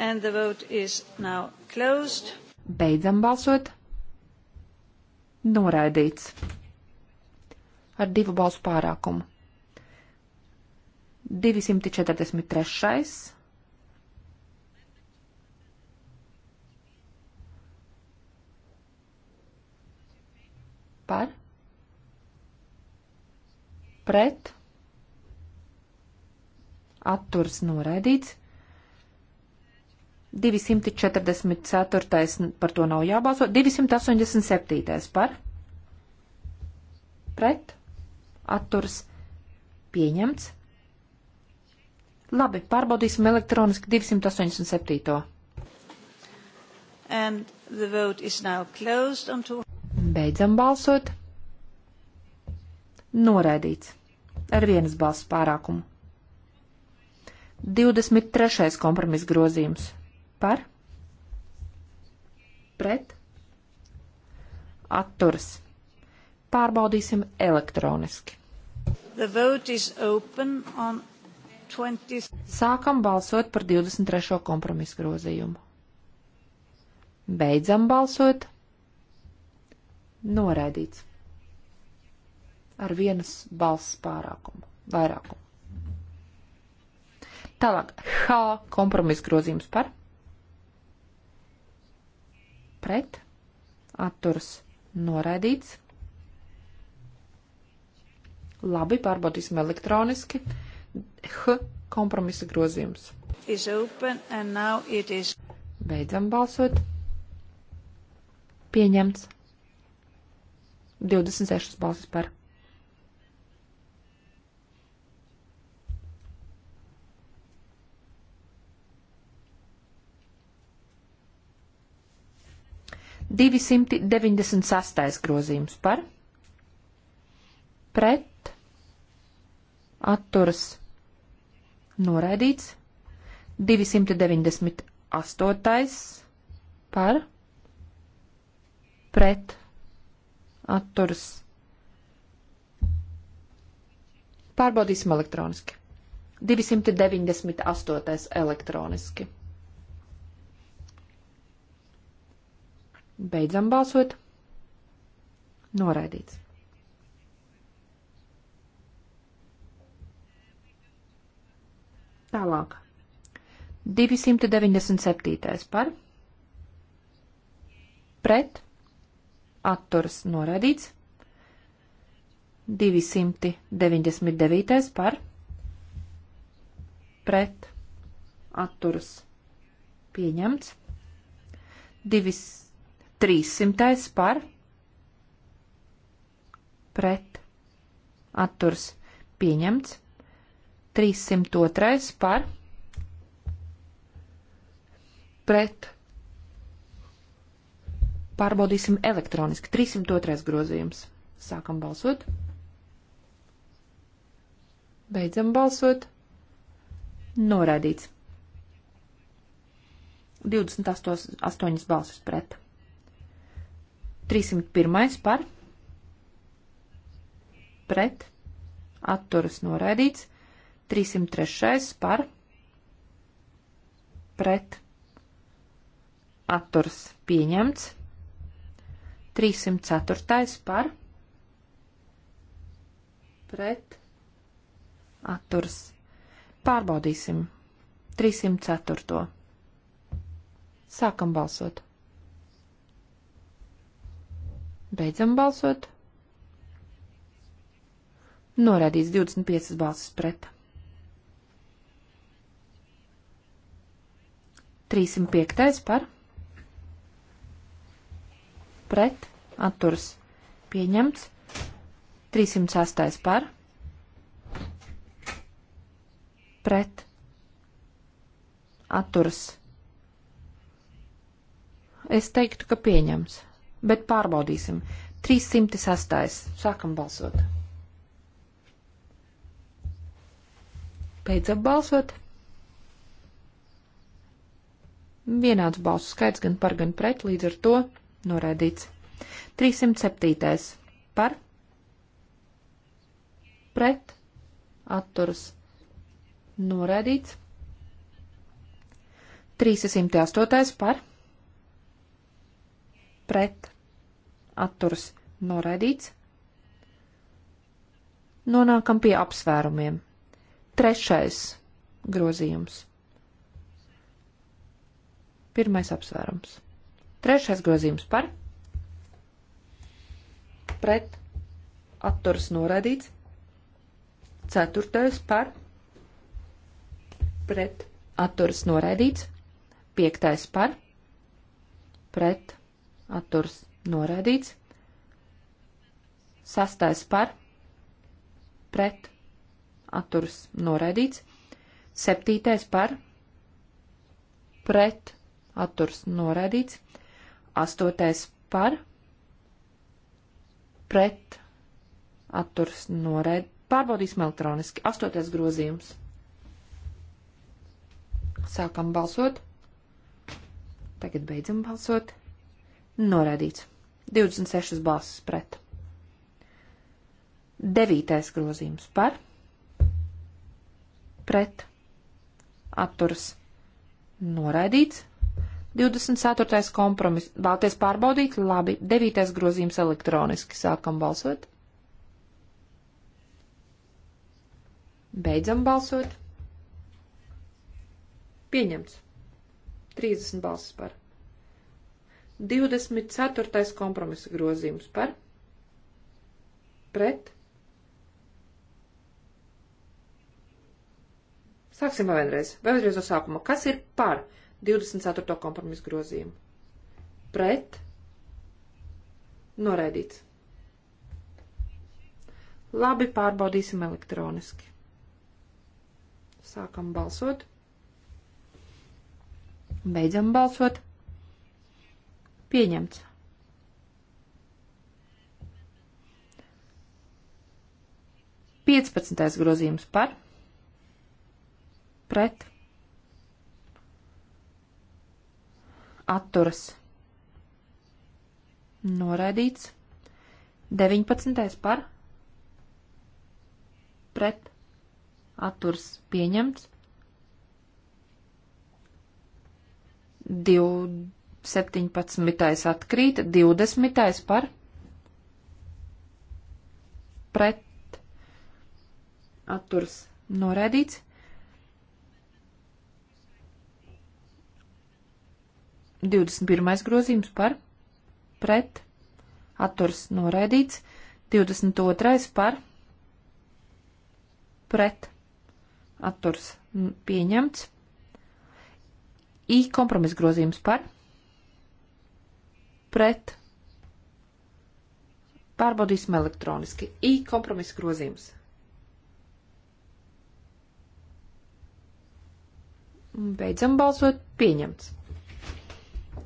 Speaker 1: And the vote is now closed.
Speaker 4: Beidzam balsot. Noraidīts. Ar divu balsu pārākumu. 243. Par. Pret. Atturs noraidīts. 244. par to nav jābalso. 287. par. Pret. Atturs. Pieņemts. Labi, pārbaudīsim elektroniski 287.
Speaker 1: And the vote is now closed on two...
Speaker 4: Beidzam balsot. Noraidīts. Ar vienas balss pārākumu. 23. kompromis grozījums par pret atturas. Pārbaudīsim elektroniski.
Speaker 1: The vote is open on 20...
Speaker 4: Sākam balsot par 23. kompromisu grozījumu. Beidzam balsot. Noraidīts. Ar vienas balss pārākumu, vairākumu. Tālāk, H kompromisu grozījums par pret, atturs noraidīts. Labi, pārbaudīsim elektroniski. H kompromisa grozījums. Beidzam balsot. Pieņemts. 26 balsis par. 296. grozījums par pret atturas noraidīts. 298. par pret atturas. Pārbaudīsim elektroniski. 298. elektroniski. Beidzam balsot. Noraidīts. Tālāk. 297. par. Pret. Atturas noraidīts. 299. par. Pret. Atturas pieņemts. 200. 300. par pret atturs pieņemts. 302. par pret. Pārbaudīsim elektroniski. 302. grozījums. Sākam balsot. Beidzam balsot. Noraidīts. 28 balsis pret. 301. par pret atturas noraidīts. 303. par pret atturas pieņemts. 304. par pret atturas. Pārbaudīsim 304. Sākam balsot. Beidzam balsot. Norādīts 25 balsis pret. 305. par pret atturas pieņemts. 308. par pret atturas. Es teiktu, ka pieņems bet pārbaudīsim. 306. Sākam balsot. Beidzam balsot. Vienāds balsu skaits gan par, gan pret, līdz ar to noraidīts. 307. par, pret, atturas, noraidīts. 308. par, pret, atturas noraidīts. Nonākam pie apsvērumiem. Trešais grozījums. Pirmais apsvērums. Trešais grozījums par pret atturas noraidīts. Ceturtais par pret atturas noraidīts. Piektais par pret atturas noraidīts noraidīts. Sastais par, pret, atturas noraidīts. Septītais par, pret, atturas noraidīts. Astotais par, pret, atturas noraidīts. Pārbaudīsim elektroniski. Astotais grozījums. Sākam balsot. Tagad beidzam balsot. Noraidīts. 26 balsis pret. Devītais grozījums par, pret, atturas, noraidīts. 24. kompromis. Vēlties pārbaudīt? Labi. 9. grozījums elektroniski. Sākam balsot. Beidzam balsot. Pieņemts. 30 balsis par. 24. kompromisa grozījums par pret. Sāksim vēl vienreiz. Vēl vienreiz no sākuma. Kas ir par 24. kompromisu grozījumu? Pret. Noraidīts. Labi, pārbaudīsim elektroniski. Sākam balsot. Beidzam balsot. Pieņemts. Piecpadsmitais grozījums par, pret, atturas, noraidīts. Deviņpadsmitais par, pret, atturs pieņemts. Divdesmit. 17. atkrīt, 20. par pret atturs noraidīts. Divdesmit pirmais grozījums par pret atturs noraidīts. Divdesmit otrais par pret atturs pieņemts. I kompromis grozījums par pret. Pārbaudīsim elektroniski. I kompromisa grozījums. Beidzam balsot. Pieņemts.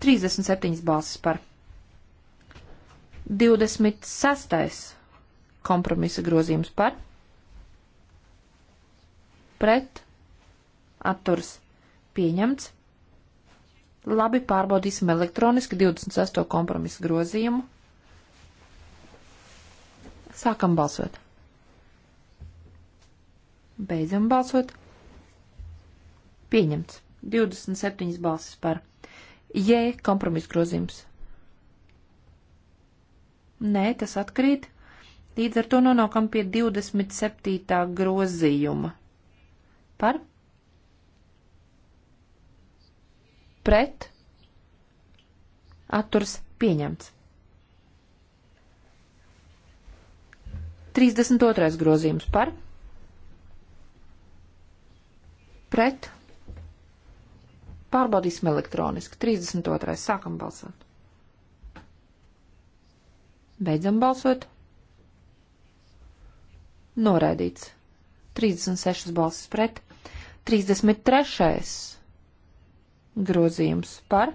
Speaker 4: 37 balsis par. 26. kompromisa grozījums par. Pret. Atturs. Pieņemts. Labi, pārbaudīsim elektroniski 28. kompromisu grozījumu. Sākam balsot. Beidzam balsot. Pieņemts. 27 balsis par. J kompromisu grozījums. Nē, tas atkrīt. Līdz ar to nonākam pie 27. grozījuma. Par? pret, atturs pieņemts. 32. grozījums par, pret, pārbaudīsim elektroniski. 32. sākam balsot. Beidzam balsot. Noraidīts. 36 balsis pret. 33 grozījums par,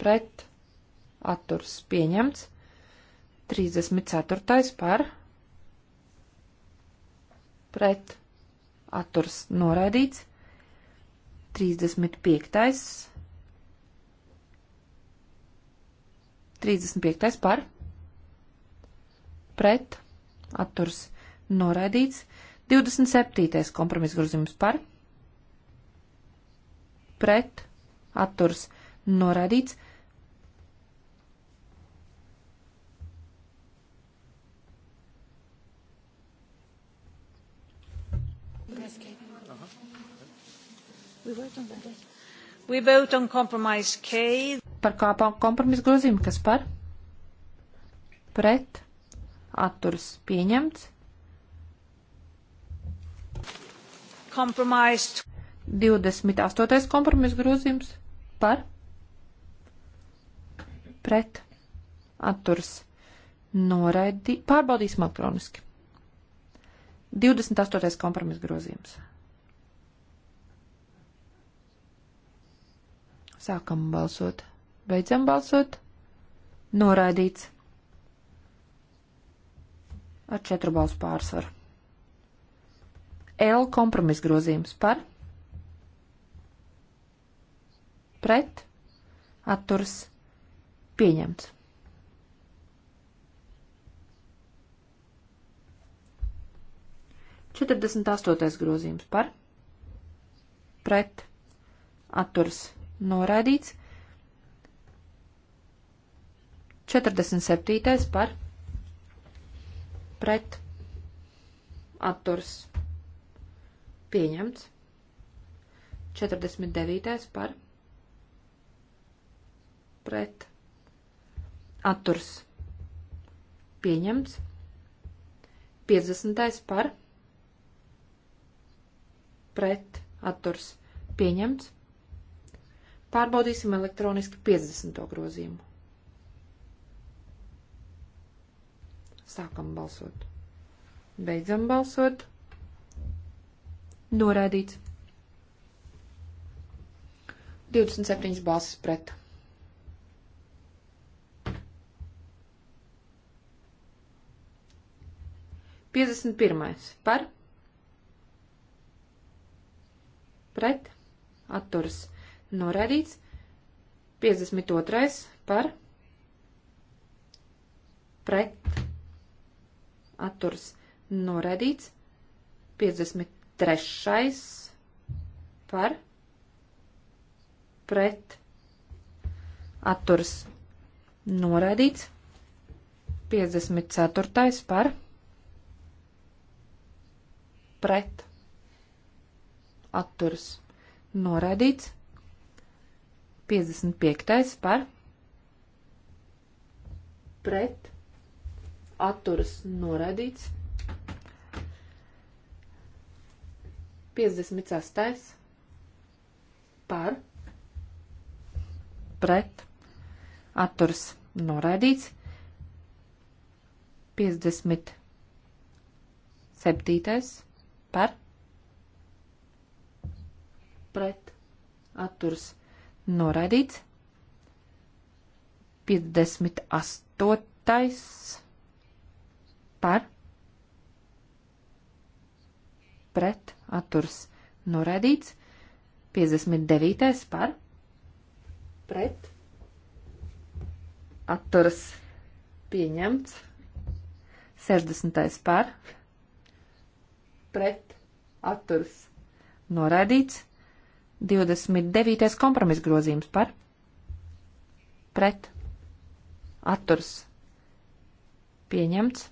Speaker 4: pret, atturs pieņemts, 34. par, pret, atturs noraidīts, 35. 35. par, pret, atturs noraidīts, 27. kompromiss grozījums par, pret, pret, atturs noraidīts.
Speaker 1: We vote on compromise K.
Speaker 4: Par kā kompromisu grozījumu, kas par? Pret. Atturs pieņemts.
Speaker 1: Compromised.
Speaker 4: 28. kompromis grozījums par pret atturs noraidi, pārbaudīsim elektroniski. 28. kompromis grozījums. Sākam balsot. Beidzam balsot. Noraidīts. Ar četru balsu pārsvaru. L kompromis grozījums par pret, atturs, pieņemts. Četrdesmit astotais grozījums par, pret, atturs, noraidīts. Četrdesmit septītais par, pret, atturs, pieņemts. 49. par pret atturs pieņemts. 50. par pret atturs pieņemts. Pārbaudīsim elektroniski 50. grozījumu. Sākam balsot. Beidzam balsot. Noraidīts. 27 balsis pret. 51. par pret atturas norādīts. 52. par pret atturas norādīts. 53. par pret atturas norādīts. 54. par pret pret, atturas, noraidīts, 55. par, pret, atturas, noraidīts, 56. par, pret, atturas, noraidīts, 57 par pret atturs noraidīts. 58. par pret atturs noraidīts. 59. par pret atturs pieņemts. 60. par pret pret atturas noraidīts. 29. kompromis grozījums par pret atturas pieņemts.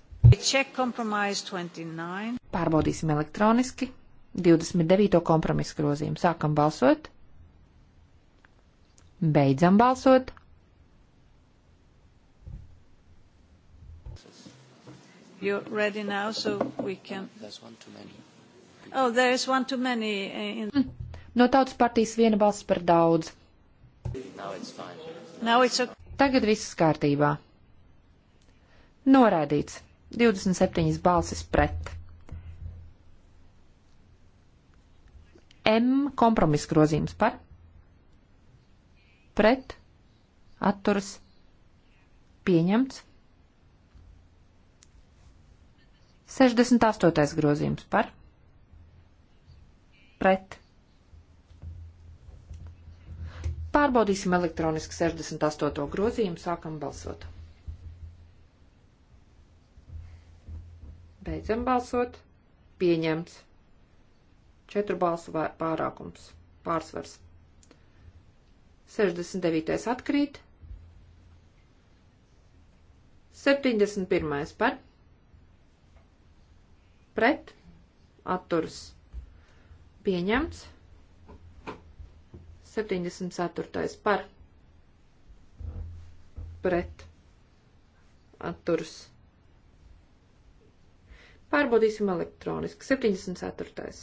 Speaker 4: Pārbaudīsim elektroniski. 29. kompromisu grozījumu sākam balsot. Beidzam balsot.
Speaker 1: You're ready now, so we can... There's one too many. Oh, there is one too many eh, in... Mm.
Speaker 4: No tautas partijas viena balss par daudz.
Speaker 1: Now it's fine.
Speaker 3: Now it's okay.
Speaker 4: Tagad viss kārtībā. Noraidīts. 27 balsis pret. M kompromisa grozījums par pret atturas pieņemts 68. grozījums par pret. Pārbaudīsim elektroniski 68. grozījumu, sākam balsot. Beidzam balsot. Pieņemts. Četru balsu pārākums. Pārsvars. 69. atkrīt. 71. par pret, atturs, pieņemts. 74. par, pret, atturs. Pārbaudīsim elektroniski. 74.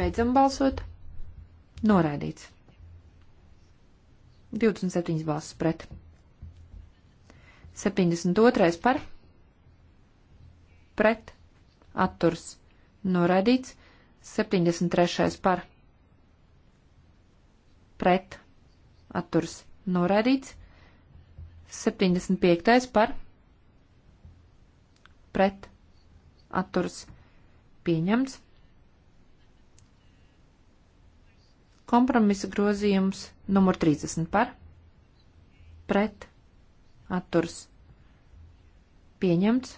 Speaker 4: Beidzam balsot. Noraidīts. 27 balsis pret. 72. par pret atturs noraidīts. 73. par pret atturs noraidīts. 75. par pret atturs pieņemts. Kompromisa grozījums numur 30 par pret atturs pieņemts.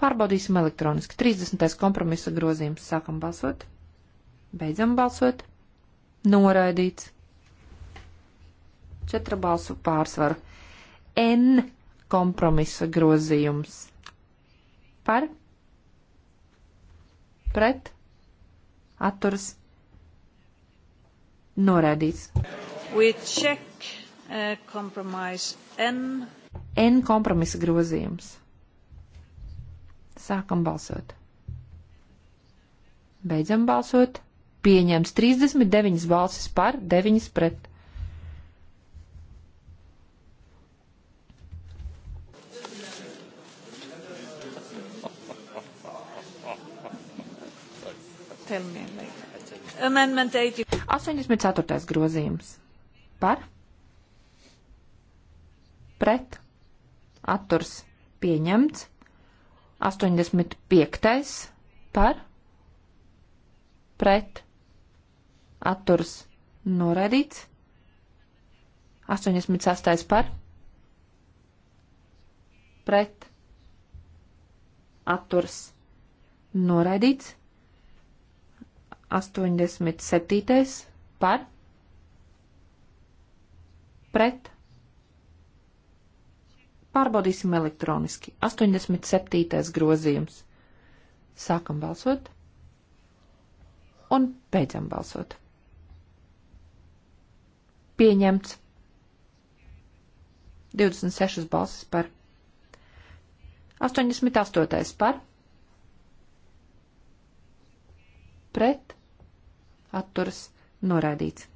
Speaker 4: Pārbaudīsim elektroniski. 30. kompromisa grozījums. Sākam balsot. Beidzam balsot. Noraidīts. Četra balsu pārsvaru. N kompromisa grozījums. Par. Pret. Atturs. Noraidīts.
Speaker 1: We check Uh, compromise N.
Speaker 4: N kompromisa grozījums. Sākam balsot. Beidzam balsot. Pieņems 39 balsis par, 9 pret.
Speaker 1: Amendment 84.
Speaker 4: grozījums. Par? pret, atturs pieņemts, 85. par, pret, atturs noraidīts, 86. par, pret, atturs noraidīts, 87. par, pret, Pārbaudīsim elektroniski. 87. grozījums. Sākam balsot un beidzam balsot. Pieņemts 26 balsis par, 88 par, pret, atturas, noraidīts.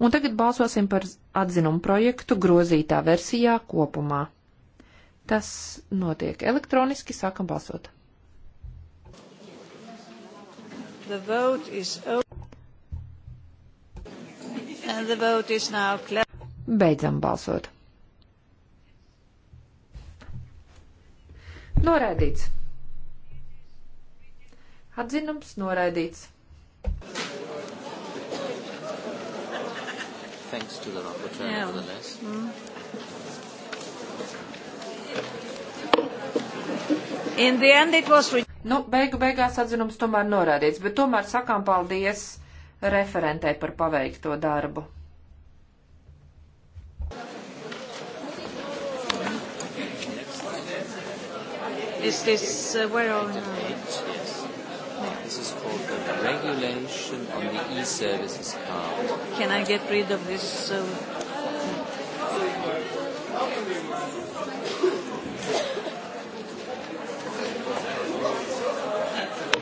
Speaker 4: Un tagad balsosim par atzinumu projektu grozītā versijā kopumā. Tas notiek elektroniski, sākam balsot.
Speaker 1: The vote is open. And the vote is now closed.
Speaker 4: Beidzam balsot. Noraidīts. Atzinums noraidīts. Thanks to the rapporteur, yeah. nevertheless. Mm. Was... Nu, beigu beigās atzinums tomēr norādīts, bet tomēr sakām paldies referentē par paveikto darbu.
Speaker 1: Is this uh, where on? Yes. This
Speaker 3: is called the regulation on the e-services card. Can I
Speaker 1: get rid of this? Uh...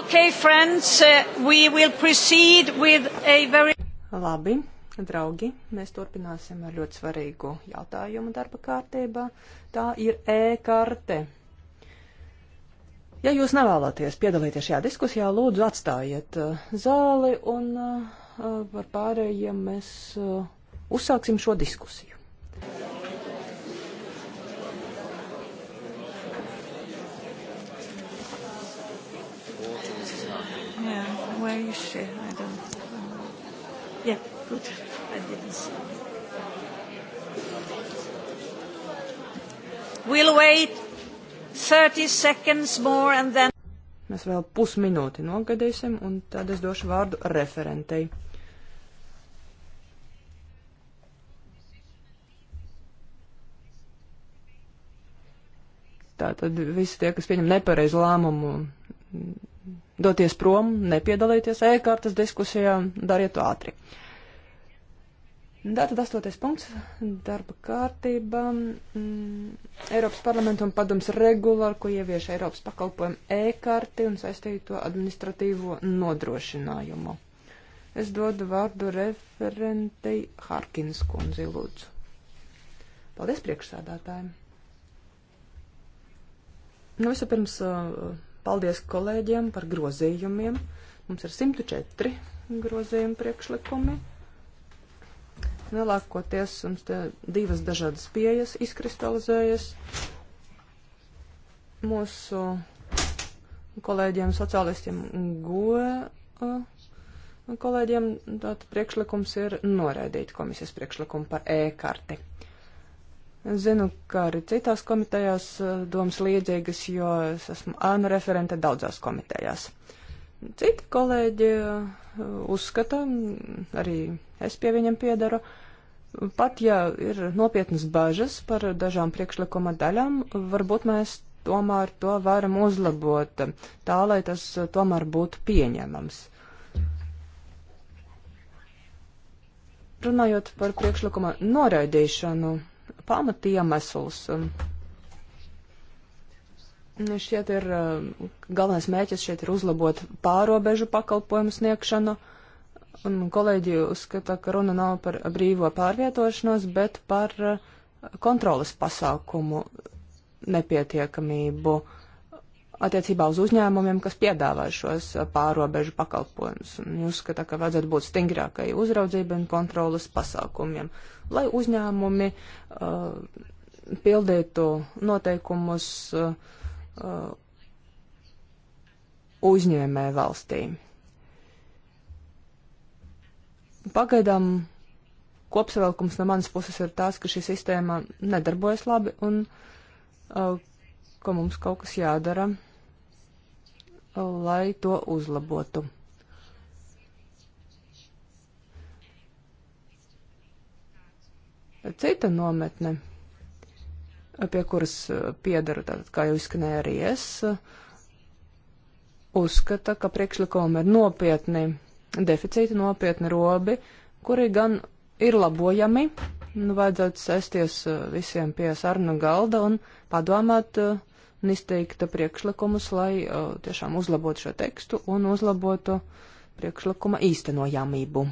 Speaker 2: Okay, friends, uh, we will proceed with a very... Labi, draugi, mēs turpināsim ar ļoti svarīgu jautājumu darba kārtībā. Tā ir e-karte. Ja jūs nevēlaties piedalīties šajā diskusijā, lūdzu atstājiet uh, zāli un uh, par pārējiem mēs uzsāksim šo diskusiju.
Speaker 1: you share? I don't. Um, yeah, good. I didn't see. We'll wait 30
Speaker 2: seconds more and then. Mēs vēl pusminūti nogadīsim, un tad es došu vārdu referentei. Tātad visi tie, kas pieņem nepareizu lēmumu, doties prom, nepiedalīties e-kartas diskusijā, dariet to ātri. Tātad astoties punkts darba kārtībā. Mm, Eiropas parlamenta un padoms regulāri, ko ievieš Eiropas pakalpojumu e-karti un saistīto administratīvo nodrošinājumu. Es dodu vārdu referentei Harkins kundzi lūdzu. Paldies priekšsādātājiem. Nu, vispirms uh, Paldies kolēģiem par grozījumiem. Mums ir 104 grozījumi priekšlikumi. Lielākoties mums te divas dažādas pieejas izkristalizējas. Mūsu kolēģiem sociālistiem goe uh, kolēģiem tātad priekšlikums ir noraidīt komisijas priekšlikumu par e-karti. Zinu, ka arī citās komitejās e, domas līdzīgas, jo es esmu ānu referente daudzās komitejās. Citi kolēģi e, uzskata, arī es pie viņiem piedaru, pat ja ir nopietnas bažas par dažām priekšlikuma daļām, varbūt mēs tomēr to varam uzlabot tā, lai tas e, tomēr būtu pieņemams. Runājot par priekšlikuma noraidīšanu pamatiemesls. Nu, šķiet ir uh, galvenais mēķis šeit ir uzlabot pārobežu pakalpojumu sniegšanu. Un kolēģi uzskata, ka runa nav par brīvo pārvietošanos, bet par uh, kontrolas pasākumu nepietiekamību. Uh, attiecībā uz uzņēmumiem, kas piedāvā šos uh, pārobežu pakalpojumus. Un uzskata, ka vajadzētu būt stingrākai uzraudzībai un kontrolas pasākumiem, lai uzņēmumi uh, pildītu noteikumus uh, uh, uzņēmē valstī. Pagaidām kopsavilkums no manas puses ir tas, ka šī sistēma nedarbojas labi un uh, ka mums kaut kas jādara lai to uzlabotu. Cita nometne, pie kuras piedaru, tātad, kā jau izskanēja arī es, uzskata, ka priekšlikumi ir nopietni deficīti, nopietni robi, kuri gan ir labojami, nu, vajadzētu sēsties eh, visiem pie sarunu galda un padomāt, uh, un izteikta priekšlikumus, lai uh, tiešām uzlabotu šo tekstu un uzlabotu priekšlikuma īstenojamību.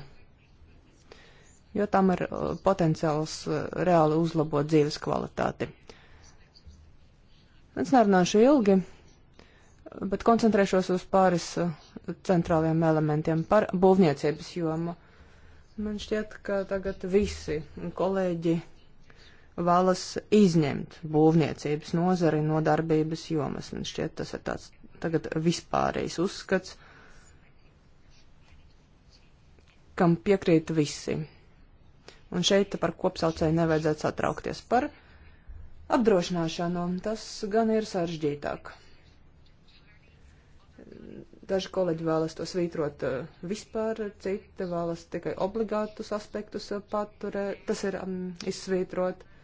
Speaker 2: Jo tam ir uh, potenciāls uh, reāli uzlabot dzīves kvalitāti. Es nerunāšu ilgi, bet koncentrēšos uz pāris uh, centrāliem elementiem par būvniecības jomu. Man šķiet, ka tagad visi kolēģi vēlas izņemt būvniecības nozari no darbības jomas. Man šķiet, tas ir tāds tagad vispārējs uzskats, kam piekrīt visi. Un šeit par kopsaucēju nevajadzētu satraukties par apdrošināšanu. Tas gan ir sarežģītāk. Daži kolēģi vēlas to svītrot eh, vispār, citi vēlas tikai obligātus aspektus eh, paturēt. Tas ir um, izsvītrot. Uh,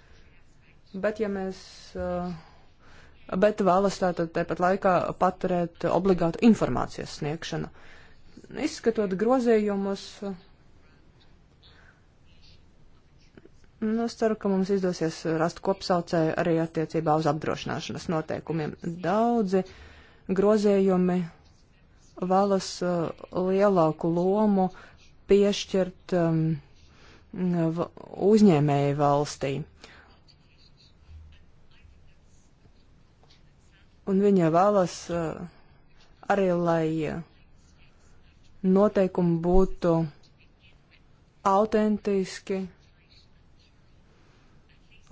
Speaker 2: Bet ja mēs. Bet vēlas tātad tāpat laikā paturēt obligātu informācijas sniegšanu. Izskatot grozējumus, nu, es ceru, ka mums izdosies rast kopsaucēju arī attiecībā uz apdrošināšanas noteikumiem. Daudzi grozējumi vēlas lielāku lomu piešķirt um, uzņēmēju valstī. Uh, un viņa vēlas eh, arī, lai eh, noteikumi būtu autentiski,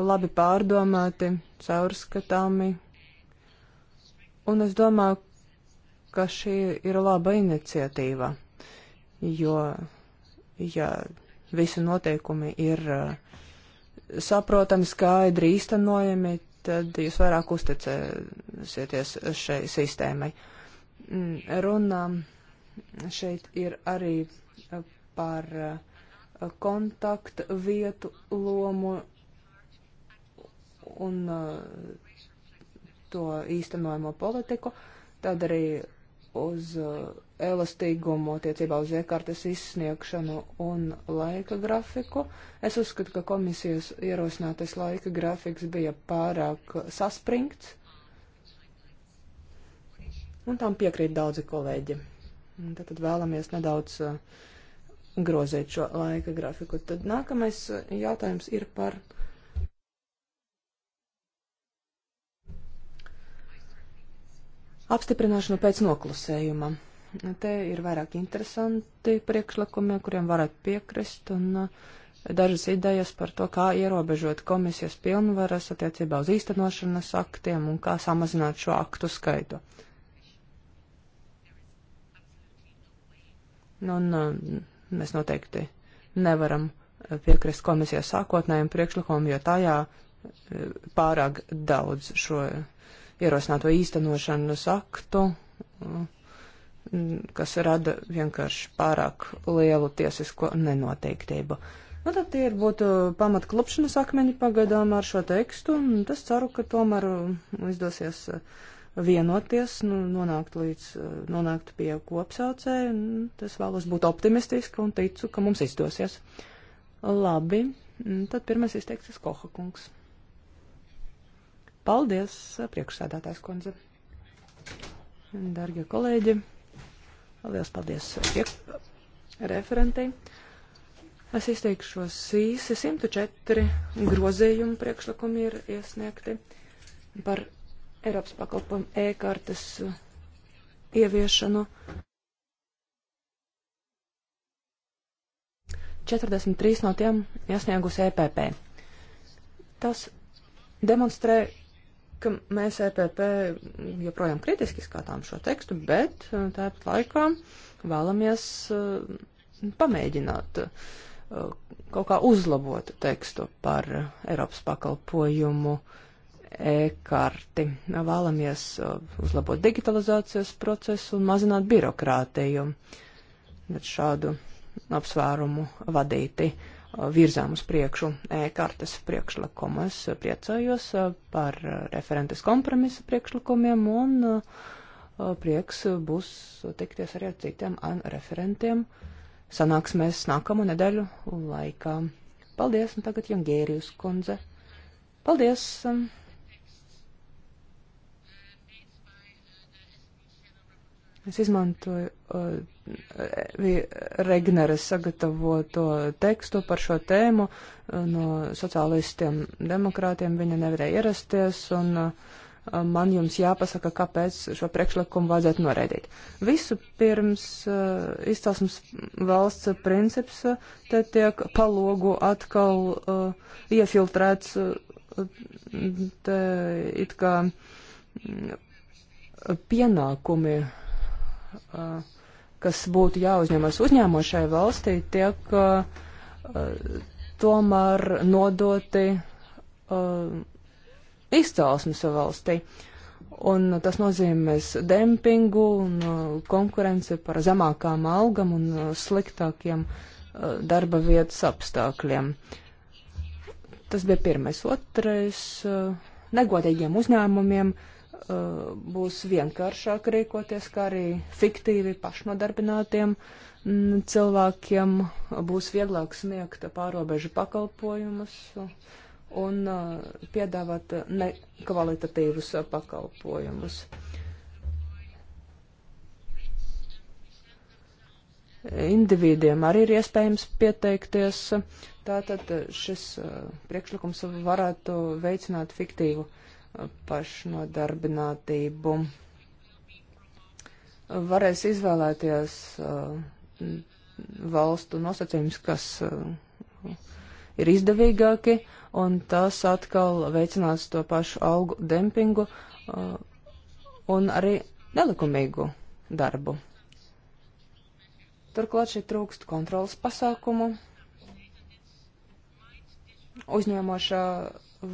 Speaker 2: labi pārdomāti, caurskatāmi. Un es domāju, ka šī ir laba iniciatīva, jo, ja visi noteikumi ir eh, saprotami, skaidri īstenojami, tad jūs vairāk uzticēsieties šai sistēmai. Mm, runā šeit ir arī par eh, kontaktu vietu lomu un eh, to īstenojamo politiku, tad arī uz uh, elastīgumu attiecībā uz iekārtas izsniegšanu un laika grafiku. Es uzskatu, ka komisijas ierosinātais laika grafiks bija pārāk saspringts. Un tam piekrīt daudzi kolēģi. Un tad, tad vēlamies nedaudz uh, grozīt šo laika grafiku. Tad nākamais uh, jautājums ir par apstiprināšanu pēc noklusējuma. Te ir vairāk interesanti priekšlikumi, kuriem varētu piekrist, un uh, dažas idejas par to, kā ierobežot komisijas pilnvaras attiecībā uz īstenošanas aktiem un kā samazināt šo aktu skaitu. Un uh, mēs noteikti nevaram uh, piekrist komisijas sākotnējiem priekšlikumam, jo tajā pārāk daudz šo ierosināto īstenošanas aktu, mm, kas rada vienkārši pārāk lielu tiesisko nenoteiktību. Nu, tad tie ir būtu pamat klupšanas akmeņi pagadām ar šo tekstu, un tas ceru, ka tomēr mm, izdosies eh, vienoties, nu, nonākt līdz, eh, nonākt pie kopsaucē, un tas vēlos būt optimistiski un ticu, ka mums izdosies. Labi, mm, tad pirmais izteiksies Koha kungs. Paldies, priekšsēdētājs kundze. Dargie kolēģi, liels paldies referentei. Es izteikšos īsi 104 grozījumu priekšlikumi ir iesniegti par Eiropas pakalpojumu e-kartes ieviešanu. 43 no tiem iesniegus EPP. Tas demonstrē, ka mēs EPP joprojām kritiski skatām šo tekstu, bet e, tāpat laikā vēlamies e, pamēģināt e, kaut kā uzlabot tekstu par Eiropas pakalpojumu e-karti. Vēlamies uzlabot digitalizācijas procesu un mazināt birokrātiju. Bet šādu apsvērumu vadīti virzām uz priekšu e-kartes priekšlikumus. Priecājos uh, par uh, referentes kompromisa priekšlikumiem un uh, prieks būs tikties arī ar citiem referentiem sanāksmēs nākamo nedēļu laikā. Paldies, un tagad Jungērijus kundze. Paldies! Um, Es izmantoju uh, e, Regnera sagatavoto tekstu par šo tēmu. Uh, no sociālistiem demokrātiem viņa nevarēja ierasties, un uh, man jums jāpasaka, kāpēc šo priekšlikumu vajadzētu noraidīt. Visu pirms uh, izcelsmes valsts princips uh, te tiek palogu atkal uh, iefiltrēts, uh, te it kā. Uh, pienākumi uh, Uh, kas būtu jāuzņemas uzņēmošai valstī, tiek uh, uh, tomēr nodoti izcelsmes valstī. Un tas nozīmēs dempingu un konkurenci par zemākām algam un sliktākiem darba vietas apstākļiem. Tas bija pirmais. Otrais - negodīgiem uzņēmumiem uh, Uh, būs vienkāršāk rīkoties, kā arī fiktīvi pašnodarbinātiem mm, cilvēkiem būs vieglāk sniegt pārobežu pakalpojumus un uh, piedāvāt nekvalitatīvus pakalpojumus. Individiem arī ir iespējams pieteikties, tātad šis uh, priekšlikums varētu veicināt fiktīvu uh, pašnodarbinātību. Varēs izvēlēties uh, valstu nosacījums, kas uh, ir izdevīgāki, un tas atkal veicinās to pašu algu dempingu uh, un arī nelikumīgu darbu. Turklāt šeit trūkst kontrolas pasākumu uzņēmošā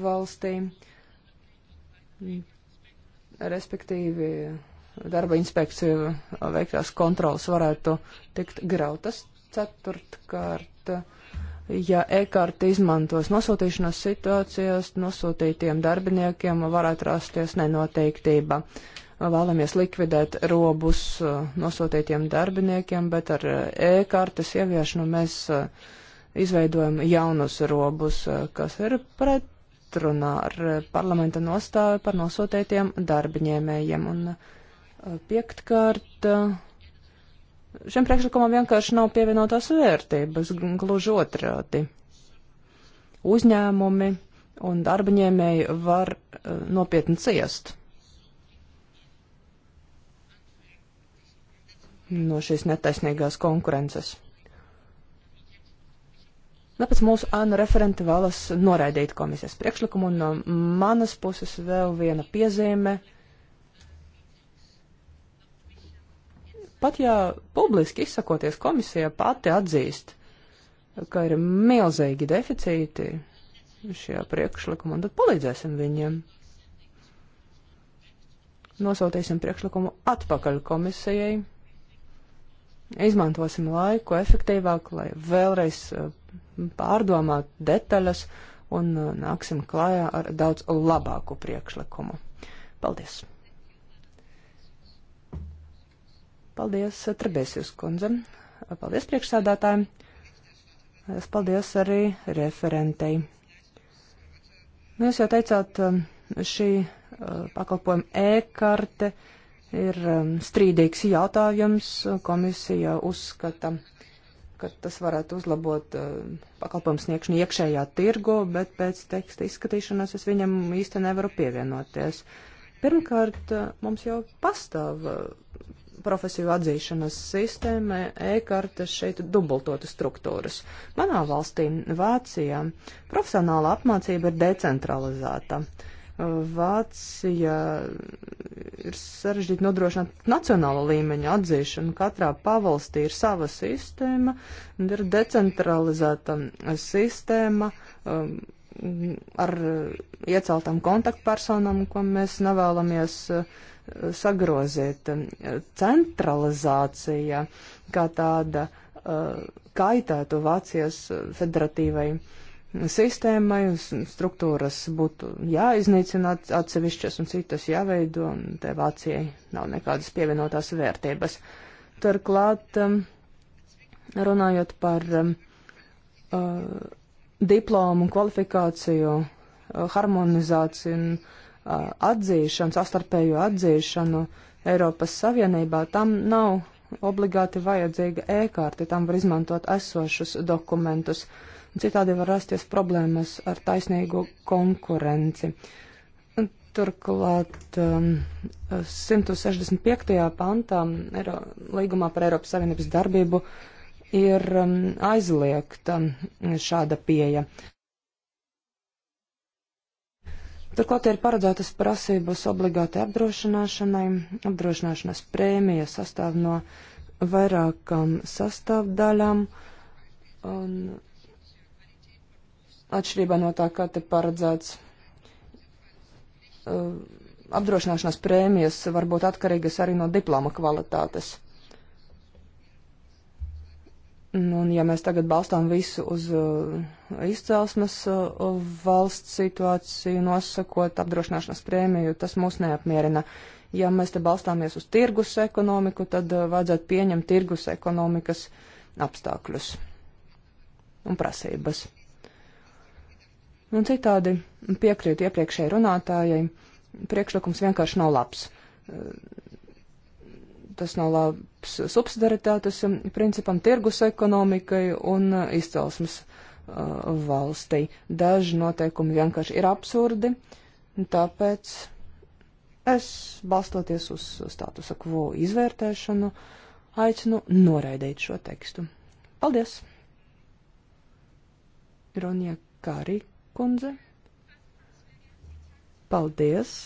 Speaker 2: valstī. Uh, respektīvi darba inspekcija veiktās kontrolas varētu tikt grautas. Ceturtkārt, ja e-karti izmantos nosūtīšanas situācijās, nosūtītiem darbiniekiem varētu rasties nenoteiktība. Vēlamies likvidēt robus nosūtītiem darbiniekiem, bet ar e-kartes ieviešanu mēs uh, izveidojam jaunus robus, uh, kas ir pret pretrunā ar eh, parlamenta nostāju par nosūtētiem darbiņēmējiem. Un eh, piektkārt, eh, šiem priekšlikumam vienkārši nav pievienotās vērtības, gluži otrādi. Uzņēmumi un darbaņēmēji var nopietni ciest no šīs netaisnīgās konkurences. Tāpēc mūsu ANU referenti vēlas noraidīt komisijas priekšlikumu, un no manas puses vēl viena piezīme. Pat ja publiski izsakoties komisija pati atzīst, ka ir milzīgi deficīti šajā priekšlikumā, tad palīdzēsim viņiem. Nosautīsim priekšlikumu atpakaļ komisijai Izmantosim laiku efektīvāk, lai vēlreiz eh, pārdomātu detaļas un eh, nāksim klājā ar daudz labāku priekšlikumu. Paldies! Paldies, eh, Trebēsijas kundze! Paldies priekšsādātājiem! Es paldies arī referentei. Nu, jūs jau teicāt, šī pakalpojuma e-karte ir um, strīdīgs jautājums. Komisija uzskata, ka tas varētu uzlabot um, pakalpojumu sniegšanu iekšējā tirgu, bet pēc teksta izskatīšanas es viņam īsti nevaru pievienoties. Pirmkārt, uh, mums jau pastāv uh, profesiju atzīšanas sistēma, e-kartes šeit dubultotas struktūras. Manā valstī, Vācijā, profesionāla apmācība ir decentralizēta. Uh, Vācija ir sarežģīti nodrošināt nacionālo līmeņu atzīšanu. Katrā pavalstī ir sava sistēma, ir decentralizēta sistēma um, ar ieceltām kontaktpersonām, ko mēs nevēlamies uh, sagrozīt. Centralizācija kā tāda uh, kaitētu Vācijas federatīvai uh, sistēmai, struktūras būtu jāiznīcina atsevišķas un citas jāveido, un te Vācijai nav nekādas pievienotās vērtības. Turklāt, um, runājot par um, uh, diplomu, kvalifikāciju, uh, harmonizāciju un uh, atzīšanu, sastarpēju atzīšanu Eiropas Savienībā, tam nav obligāti vajadzīga e-kārti, tam var izmantot esošus dokumentus. Uh, Citādi var rasties problēmas ar taisnīgu konkurenci. Turklāt 165. Um, pantā līgumā par Eiropas Savienības darbību ir um, aizliegta šāda pieeja. Turklāt ir paredzētas prasības obligātai apdrošināšanai. Apdrošināšanas prēmija sastāv no vairākām sastāvdaļām. Un atšķirībā no tā, kā te paredzēts. Uh, apdrošināšanās prēmijas var būt atkarīgas arī no diploma kvalitātes. Nu, un, ja mēs tagad balstām visu uz uh, izcelsmes uh, valsts situāciju, nosakot apdrošināšanas prēmiju, tas mūs neapmierina. Ja mēs te balstāmies uz tirgus ekonomiku, tad uh, vajadzētu pieņemt tirgus ekonomikas apstākļus un prasības. Un nu, citādi piekrītu iepriekšēji runātājai, priekšlikums vienkārši nav labs. Tas nav labs subsidaritātes um, principam, tirgus ekonomikai un uh, izcelsmes uh, valstī. Daži noteikumi vienkārši ir absurdi, tāpēc es, balstoties uz statusa quo izvērtēšanu, aicinu noraidīt šo tekstu. Paldies! Ironija Kārīka kundze. Paldies.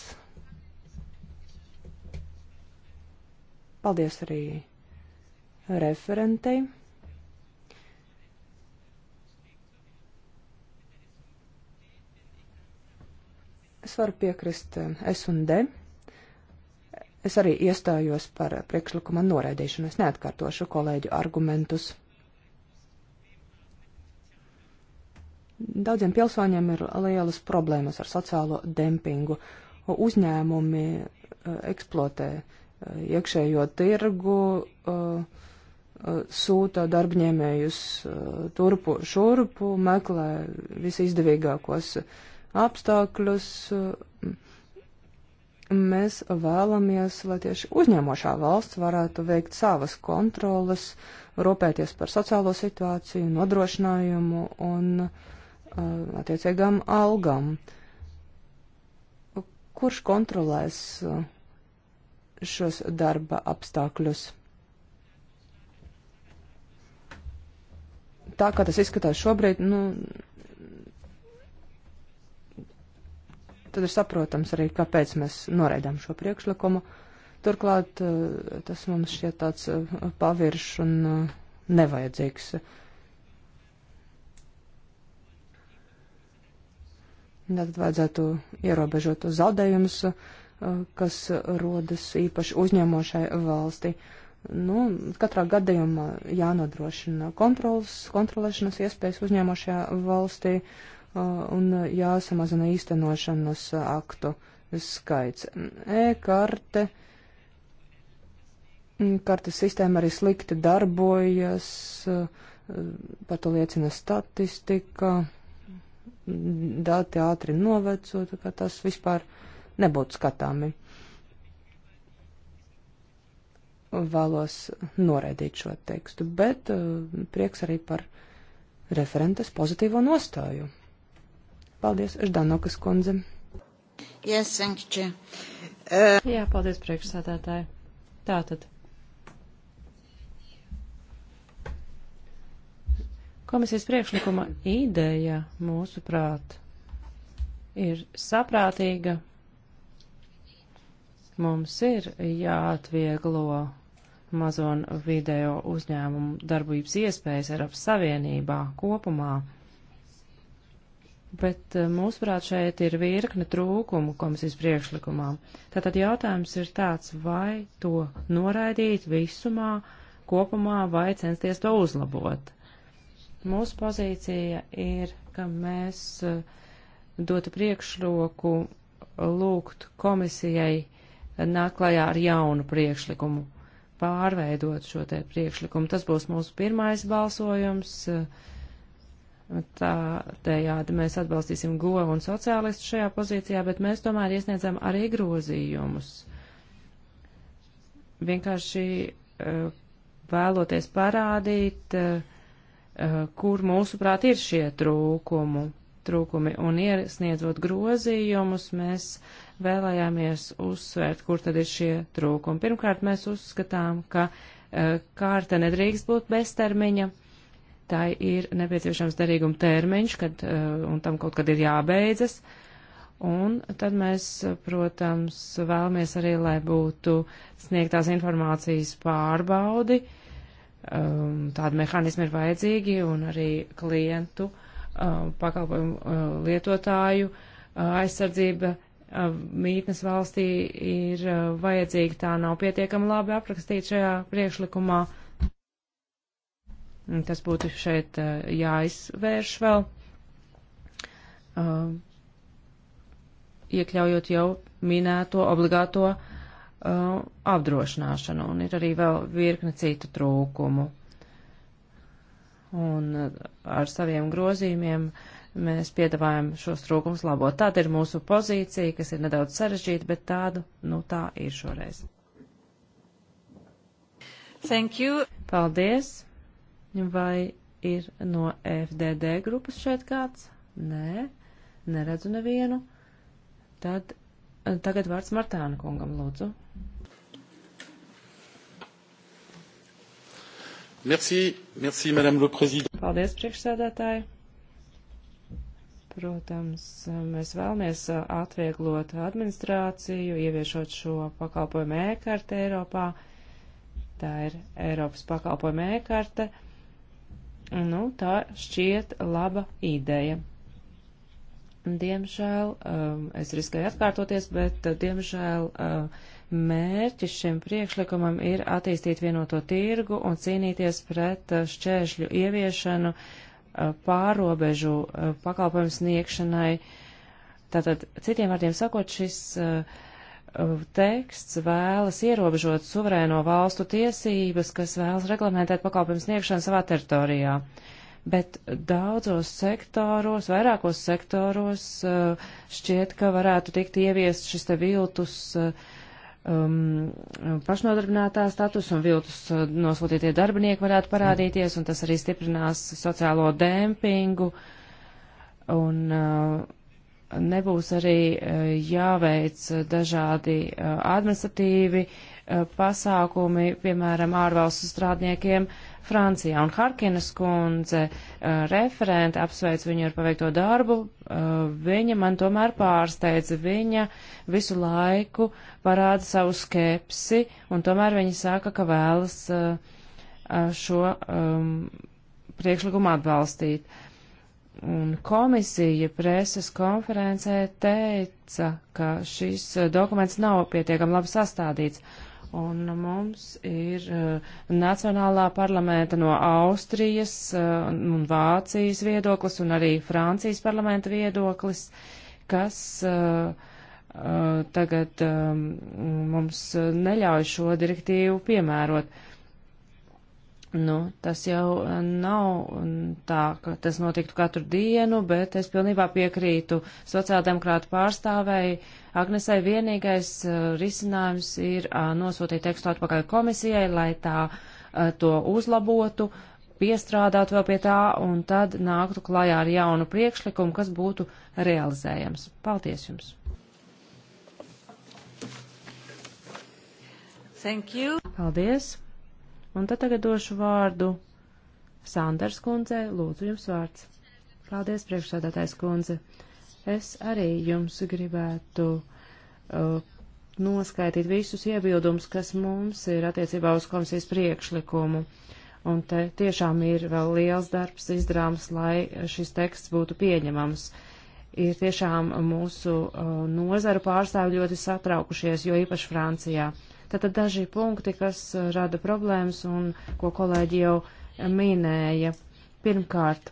Speaker 2: Paldies arī referentei. Es varu piekrist eh, S un D. Es arī iestājos par priekšlikuma noraidīšanu. Es neatkārtošu kolēģu argumentus. Daudziem pilsoņiem ir lielas problēmas ar sociālo dempingu. Uzņēmumi eh, eksploatē eh, iekšējo tirgu, eh, sūta darbņēmējus turpu šurpu, meklē visizdevīgākos apstākļus. Mēs vēlamies, lai tieši uzņēmošā valsts varētu veikt savas kontrolas, rūpēties par sociālo situāciju, nodrošinājumu un uh, Uh, attiecīgām algām. Kurš kontrolēs uh, šos darba apstākļus? Tā kā tas izskatās šobrīd, nu, tad ir saprotams arī, kāpēc mēs noraidām šo priekšlikumu. Turklāt uh, tas mums šķiet tāds pavirš un nevajadzīgs. Uh, Tad vajadzētu ierobežot zaudējumus, uh, kas rodas īpaši uzņēmošai valstī. Nu, katrā gadījumā jānodrošina kontrols, kontrolēšanas iespējas uzņēmošajā valstī uh, un jāsamazina īstenošanas aktu skaits. E-karte. Kartes sistēma arī slikti darbojas, uh, par to liecina statistika dati ātri noveco, tā kā tas vispār nebūtu skatāmi. Vēlos noraidīt šo tekstu, bet uh, prieks arī par referentes pozitīvo nostāju. Paldies, Ždanokas kundze.
Speaker 3: Yes, thank you. Uh... Jā, paldies, priekšsēdētāji. Tātad Komisijas priekšlikuma ideja, mūsuprāt, ir saprātīga. Mums ir jāatvieglo mazo un vidējo uzņēmumu darbības iespējas Eiropas Savienībā kopumā. Bet eh, mūsuprāt šeit ir virkne trūkumu komisijas priekšlikumā. Tātad jautājums ir tāds, vai to noraidīt visumā, kopumā, vai censties to uzlabot. Mūsu pozīcija ir, ka mēs eh, dotu priekšroku lūgt komisijai nāk klajā ar jaunu priekšlikumu, pārveidot šo te priekšlikumu. Tas būs mūsu pirmais balsojums. Tādējādi mēs atbalstīsim govu un sociālistu šajā pozīcijā, bet mēs tomēr iesniedzam arī grozījumus. Vienkārši eh, vēloties parādīt, uh, Eh, kur mūsuprāt ir šie trūkumu, trūkumi. Un iesniedzot grozījumus, mēs vēlējāmies uzsvērt, kur tad ir šie trūkumi. Pirmkārt, mēs uzskatām, ka eh, kārta nedrīkst būt beztermiņa. Tā ir nepieciešams derīguma termiņš, kad, eh, un tam kaut kad ir jābeidzas. Un tad mēs, protams, vēlamies arī, lai būtu sniegtās informācijas pārbaudi, uh, um, tādi mehānismi ir vajadzīgi un arī klientu um, pakalpojumu uh, lietotāju uh, aizsardzība uh, mītnes valstī ir uh, vajadzīga. Tā nav pietiekami labi aprakstīta šajā priekšlikumā. Tas būtu šeit uh, jāizvērš vēl, um, iekļaujot jau minēto obligāto uh, Uh, apdrošināšanu, un ir arī vēl virkne citu trūkumu. Un uh, ar saviem grozījumiem mēs piedāvājam šos trūkumus labot. Tāda ir mūsu pozīcija, kas ir nedaudz sarežģīta, bet tādu, nu, tā ir šoreiz. Thank you. Paldies. Vai ir no FDD grupas šeit kāds? Nē, neredzu nevienu. Tad uh, tagad vārds Martāna kungam, lūdzu.
Speaker 4: Merci, merci, Madame le Président.
Speaker 3: Paldies, priekšsēdētāji. Protams, mēs vēlamies atvieglot administrāciju, ieviešot šo pakalpojumu e-karte Eiropā. Tā ir Eiropas pakalpojuma e-karte. Nu, tā šķiet laba ideja. Diemžēl, um, es riskēju atkārtoties, bet, diemžēl, uh, Mērķis šim priekšlikumam ir attīstīt vienoto tirgu un cīnīties pret uh, šķēršļu ieviešanu uh, pārobežu uh, pakalpojumu sniegšanai. Tātad, citiem vārdiem sakot, šis uh, teksts vēlas ierobežot suverēno valstu tiesības, kas vēlas reglamentēt pakalpojumu sniegšanu savā teritorijā. Bet daudzos sektoros, vairākos sektoros šķiet, ka varētu tikt ieviest šis te viltus um, pašnodarbinātā status un viltus uh, nosūtītie darbinieki varētu parādīties, un tas arī stiprinās sociālo dēmpingu, un uh, nebūs arī uh, jāveic dažādi uh, administratīvi uh, pasākumi, piemēram, ārvalstu strādniekiem. Uh, Francijā. Un Harkinas kundze uh, referente apsveic viņu ar paveikto darbu. Uh, viņa man tomēr pārsteidza. Viņa visu laiku parāda savu skepsi, un tomēr viņa saka, ka vēlas uh, uh šo um, priekšlikumu atbalstīt. Un komisija preses konferencē teica, ka šis uh, dokuments nav pietiekami labi sastādīts Un mums ir uh, Nacionālā parlamenta no Austrijas uh, un Vācijas viedoklis un arī Francijas parlamenta viedoklis, kas uh, uh tagad um, mums uh, neļauj šo direktīvu piemērot. Nu, tas jau eh, nav mm, tā, ka tas notiktu katru dienu, bet es pilnībā piekrītu sociāldemokrātu pārstāvēji. Agnesai vienīgais uh, risinājums ir uh, nosūtīt tekstu atpakaļ komisijai, lai tā uh, to uzlabotu, piestrādāt vēl pie tā un tad nāktu klajā ar jaunu priekšlikumu, kas būtu realizējams. Paldies jums! Thank you. Paldies! Un tad tagad došu vārdu Sanders kundze, lūdzu jums vārds. Paldies, priekšsādātājs kundze. Es arī jums gribētu uh, noskaitīt visus iebildumus, kas mums ir attiecībā uz komisijas priekšlikumu. Un te tiešām ir vēl liels darbs izdarāms, lai šis teksts būtu pieņemams. Ir tiešām mūsu uh, nozaru pārstāvi ļoti satraukušies, jo īpaši Francijā. Uh, Tātad daži punkti, kas uh, rada problēmas un ko kolēģi jau minēja. Pirmkārt,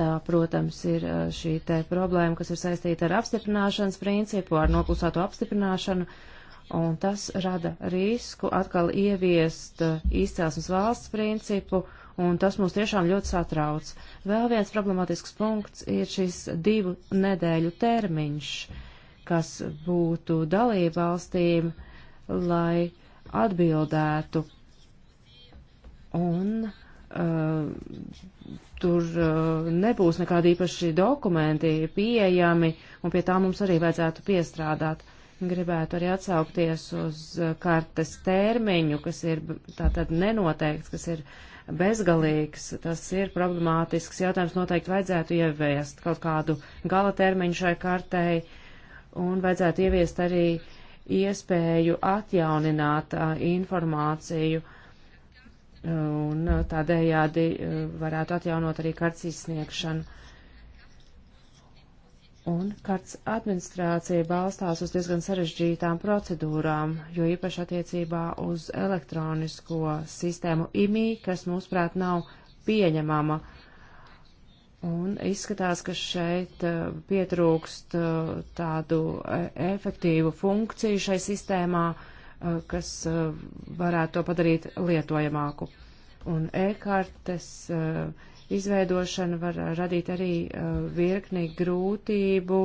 Speaker 3: tā, protams, ir uh, šī te problēma, kas ir saistīta ar apstiprināšanas principu, ar noklusāto apstiprināšanu, un tas rada risku atkal ieviest uh, izcelsmes valsts principu un tas mūs tiešām ļoti satrauc. Vēl viens problemātisks punkts ir šis divu nedēļu termiņš, kas būtu dalību valstīm lai atbildētu. Un uh, tur uh, nebūs nekādi īpaši dokumenti pieejami, un pie tā mums arī vajadzētu piestrādāt. Gribētu arī atsaukties uz uh, kartes termiņu, kas ir tātad nenoteikts, kas ir bezgalīgs. Tas ir problemātisks jautājums. Noteikti vajadzētu ieviest kaut kādu gala termiņu šai kartei, un vajadzētu ieviest arī uh, iespēju atjaunināt informāciju un tādējādi varētu atjaunot arī karts izsniegšanu. Un karts administrācija balstās uz diezgan sarežģītām procedūrām, jo īpaši attiecībā uz elektronisko sistēmu IMI, kas, mūsuprāt, nav pieņemama uh, Un izskatās, ka šeit uh, pietrūkst uh, tādu e, efektīvu funkciju šai sistēmā, uh, kas varētu to padarīt lietojamāku. Un e-kartes izveidošana var radīt arī virkni grūtību,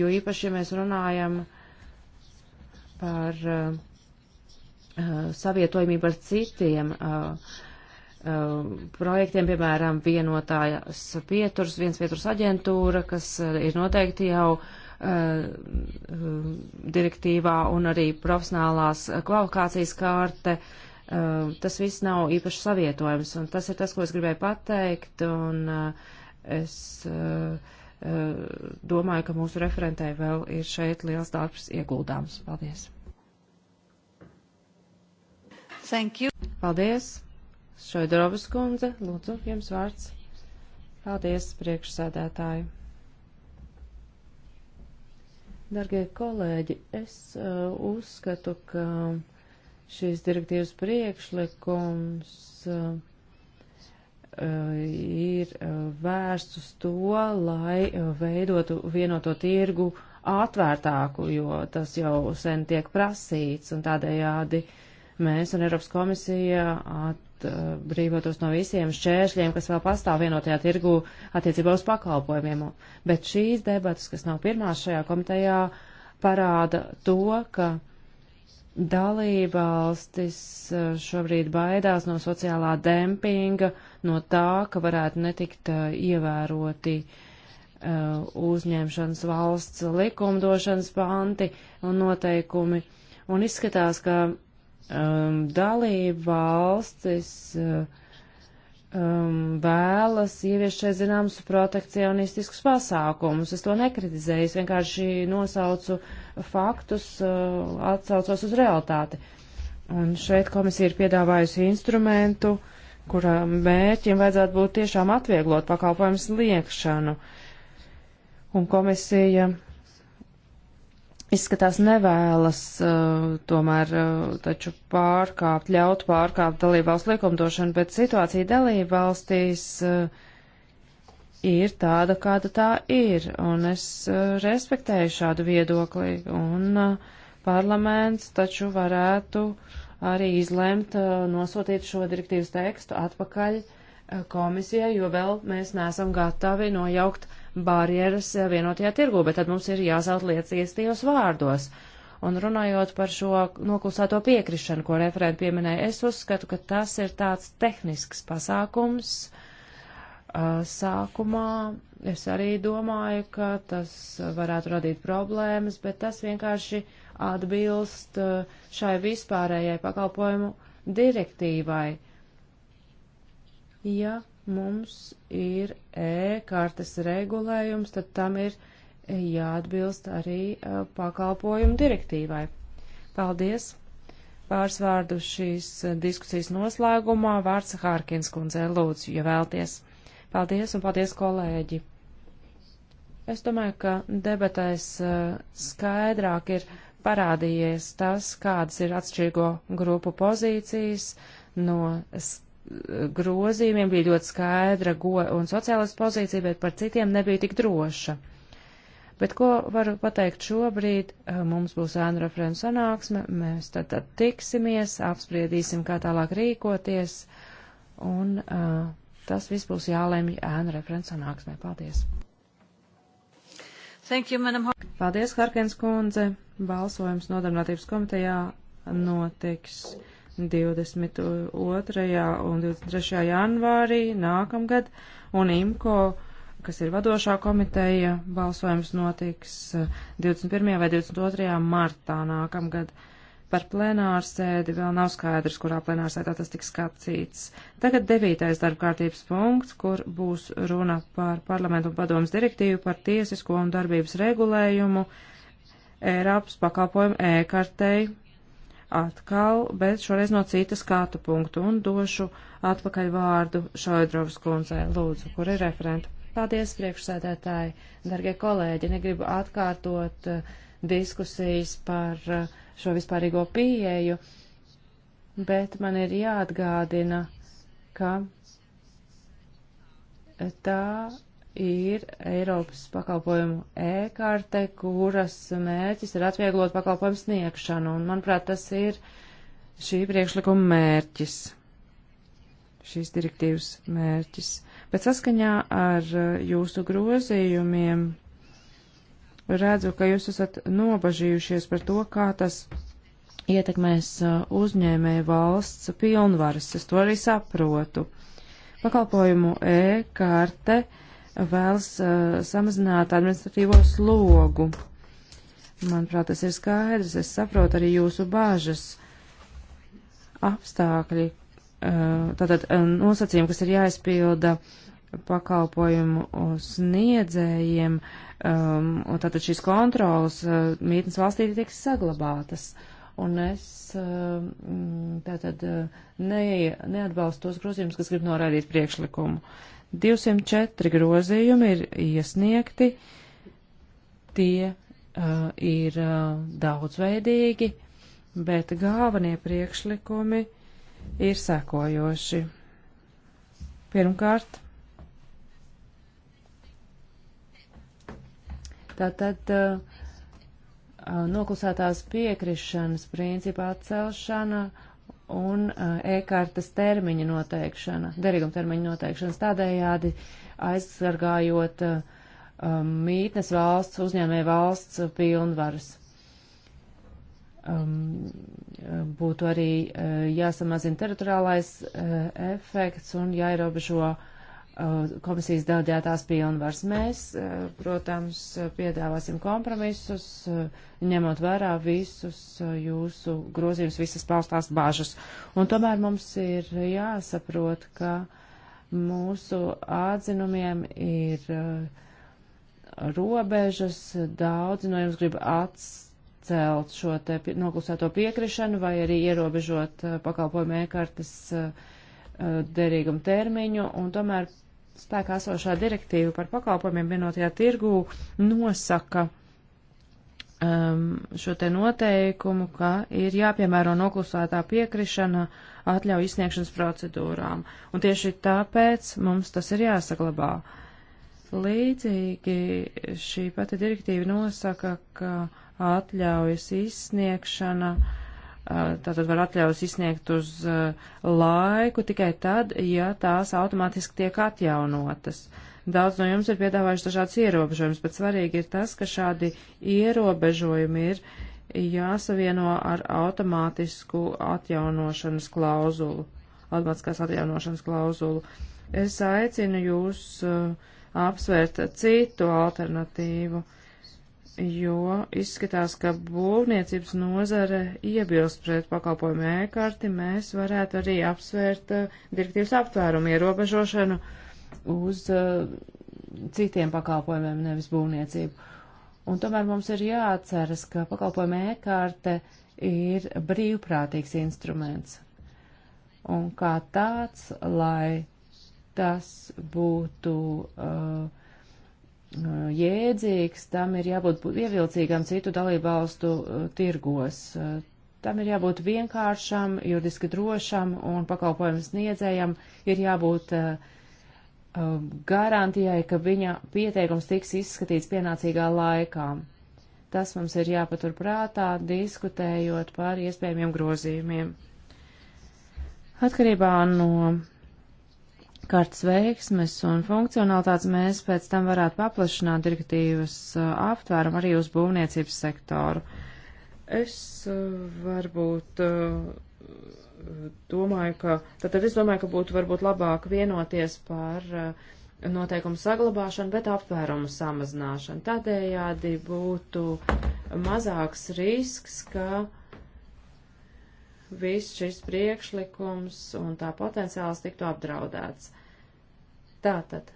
Speaker 3: jo īpaši, ja mēs runājam par savietojumību ar citiem, uh, Um, projektiem, piemēram, vienotājs pieturs, viens pieturs aģentūra, kas uh, ir noteikti jau uh, um, direktīvā un arī profesionālās kvalifikācijas kārte. Uh, tas viss nav īpaši savietojams, un tas ir tas, ko es gribēju pateikt, un uh, es uh, uh, domāju, ka mūsu referentē vēl ir šeit liels darbs ieguldāms. Paldies! Thank you. Paldies! Šoidrovas kundze, lūdzu, jums vārds. Paldies, priekšsēdētāji. Dargie kolēģi, es uh, uzskatu, ka šīs direktīvas priekšlikums uh, ir uh, vērsts uz to, lai uh, veidotu vienoto tirgu atvērtāku, jo tas jau sen tiek prasīts, un tādējādi mēs un Eiropas komisija at, Uh, brīvotos no visiem šķēršļiem, kas vēl pastāv vienotajā tirgu attiecībā uz pakalpojumiem. Bet šīs debatas, kas nav pirmās šajā komitejā, parāda to, ka dalībvalstis uh, šobrīd baidās no sociālā dempinga, no tā, ka varētu netikt uh, ievēroti uzņemšanas valsts likumdošanas panti un noteikumi. Un izskatās, ka um, dalība valstis uh, um, vēlas ieviest šeit zināmus protekcionistiskus pasākumus. Es to nekritizēju, es vienkārši nosaucu faktus, uh, atsaucos uz realitāti. Un šeit komisija ir piedāvājusi instrumentu, kura mērķim vajadzētu būt tiešām atvieglot pakalpojumu sniegšanu. Un komisija izskatās nevēlas uh, tomēr uh, taču pārkāpt, ļaut pārkāpt dalībvalsts likumdošanu, bet situācija dalībvalstīs uh, ir tāda, kāda tā ir, un es respektēju šādu viedokli, un parlaments taču varētu arī izlemt nosūtīt šo direktīvas tekstu atpakaļ komisijai, jo vēl mēs neesam gatavi nojaukt barjeras eh, vienotajā tirgu, bet tad mums ir jāsauc lietas iestījos vārdos. Un runājot par šo noklusēto piekrišanu, ko referenti pieminēja, es uzskatu, ka tas ir tāds tehnisks pasākums. Eh, sākumā es arī domāju, ka tas varētu radīt problēmas, bet tas vienkārši atbilst eh, šai vispārējai pakalpojumu direktīvai. Ja mums ir e-kartes regulējums, tad tam ir jāatbilst arī e, pakalpojumu direktīvai. Paldies! Pāris vārdu šīs e, diskusijas noslēgumā vārds Hārkins kundzē lūdzu, ja vēlties. Paldies un paldies kolēģi! Es domāju, ka debatēs e, skaidrāk ir parādījies tas, kādas ir atšķirīgo grupu pozīcijas no grozījumiem bija ļoti skaidra go un sociālas pozīcija, bet par citiem nebija tik droša. Bet ko varu pateikt šobrīd, eh, mums būs ēnu referents sanāksme, mēs tad, tad tiksimies, apspriedīsim, kā tālāk rīkoties, un uh, tas viss būs jālemj ēnu referents sanāksmē. Paldies!
Speaker 1: Thank you, madam.
Speaker 3: Paldies, Harkins kundze. Balsojums nodarbinātības komitejā notiks. 22. un 23. janvārī nākamgad, un IMCO, kas ir vadošā komiteja, balsojums notiks 21. Eh, vai 22. martā nākamgad. Par plenārsēdi vēl nav skaidrs, kurā plenārsēdā tas tiks skatīts. Tagad devītais darbkārtības punkts, kur būs runa par parlamentu un padomas direktīvu par tiesisko un darbības regulējumu Eiropas pakalpojumu e-kartei atkal, bet šoreiz no citas skatu punktu un došu atpakaļ vārdu Šoidrovas kundzei, lūdzu, kur ir referenta. Paldies, priekšsēdētāji, dargie kolēģi, negribu atkārtot uh, diskusijas par uh, šo vispārīgo pieeju, bet man ir jāatgādina, ka tā ir Eiropas pakalpojumu e-karte, kuras mērķis ir atvieglot pakalpojumu sniegšanu, un, manuprāt, tas ir šī priekšlikuma mērķis, šīs direktīvas mērķis. Bet saskaņā ar uh, jūsu grozījumiem redzu, ka jūs esat nobažījušies par to, kā tas ietekmēs uh, uzņēmēju valsts pilnvaras. Es to arī saprotu. Pakalpojumu e-karte vēlas uh, samazināt administratīvo slogu. Manuprāt, tas ir skaidrs. Es saprotu arī jūsu bāžas apstākļi, uh, tātad eh, nosacījumi, kas ir jāizpilda pakalpojumu sniedzējiem, um, un tātad šīs kontrolas uh, mītnes valstī tiks saglabātas. Un es uh, tātad ne, neatbalstu tos grozījumus, kas grib norādīt priekšlikumu. Uh, 204 grozījumi ir iesniegti, tie uh, ir uh, daudzveidīgi, bet galvenie priekšlikumi ir sekojoši. Pirmkārt, tātad uh, noklusētās piekrišanas principā atcelšana. Uh, un eh, e-kartas termiņa noteikšana, derīguma termiņa noteikšanas tādējādi aizsargājot eh, um, mītnes valsts, uzņēmē valsts pilnvaras. Um, būtu arī uh, jāsamazina teritoriālais uh, efekts un jāierobežo uh, Uh, komisijas delegētās pilnvars. Mēs, uh, protams, piedāvāsim kompromisus, uh, ņemot vērā visus jūsu grozījumus, visas paustās bāžas. Un tomēr mums ir jāsaprot, ka mūsu atzinumiem ir robežas. Daudzi no jums grib atcelt šo te noklusēto piekrišanu vai arī ierobežot pakalpojumu ēkartas derīgumu termiņu, un tomēr spēkā esošā direktīva par pakalpojumiem vienotajā tirgū nosaka um, šo te noteikumu, ka ir jāpiemēro noklusētā piekrišana atļauju izsniegšanas procedūrām. Un tieši tāpēc mums tas ir jāsaglabā. Līdzīgi šī pati direktīva nosaka, ka atļaujas izsniegšana uh, Eh, tātad var atļaus izsniegt uz eh, laiku tikai tad, ja tās automātiski tiek atjaunotas. Daudz no jums ir piedāvājuši dažādas ierobežojumus, bet svarīgi ir tas, ka šādi ierobežojumi ir jāsavieno ar automātisku atjaunošanas klauzulu, automātiskās atjaunošanas klauzulu. Es aicinu jūs eh, apsvērt citu alternatīvu. Uh, jo izskatās, ka būvniecības nozare iebilst pret pakalpojumu ēkarti, mēs varētu arī apsvērt uh, direktīvas aptvērumu ierobežošanu uz uh, citiem pakalpojumiem, nevis būvniecību. Un tomēr mums ir jāatceras, ka pakalpojuma ēkarte ir brīvprātīgs instruments. Un kā tāds, lai tas būtu uh, Nu, jēdzīgs, tam ir jābūt ievilcīgam citu dalībvalstu uh, tirgos. Uh, tam ir jābūt vienkāršam, juridiski drošam un pakalpojumu sniedzējam ir jābūt uh, um, garantijai, ka viņa pieteikums tiks izskatīts pienācīgā laikā. Tas mums ir jāpatur prātā, diskutējot par iespējamiem grozījumiem. Atkarībā no kārtas veiksmes un funkcionalitātes mēs pēc tam varētu paplašināt direktīvas uh, aptvērumu arī uz būvniecības sektoru. Es uh, varbūt uh, domāju, ka, tad, tad es domāju, ka būtu varbūt labāk vienoties par noteikumu saglabāšanu, bet aptvērumu samazināšanu. Tādējādi būtu mazāks risks, ka viss šis priekšlikums un tā potenciāls tiktu apdraudēts. Tātad.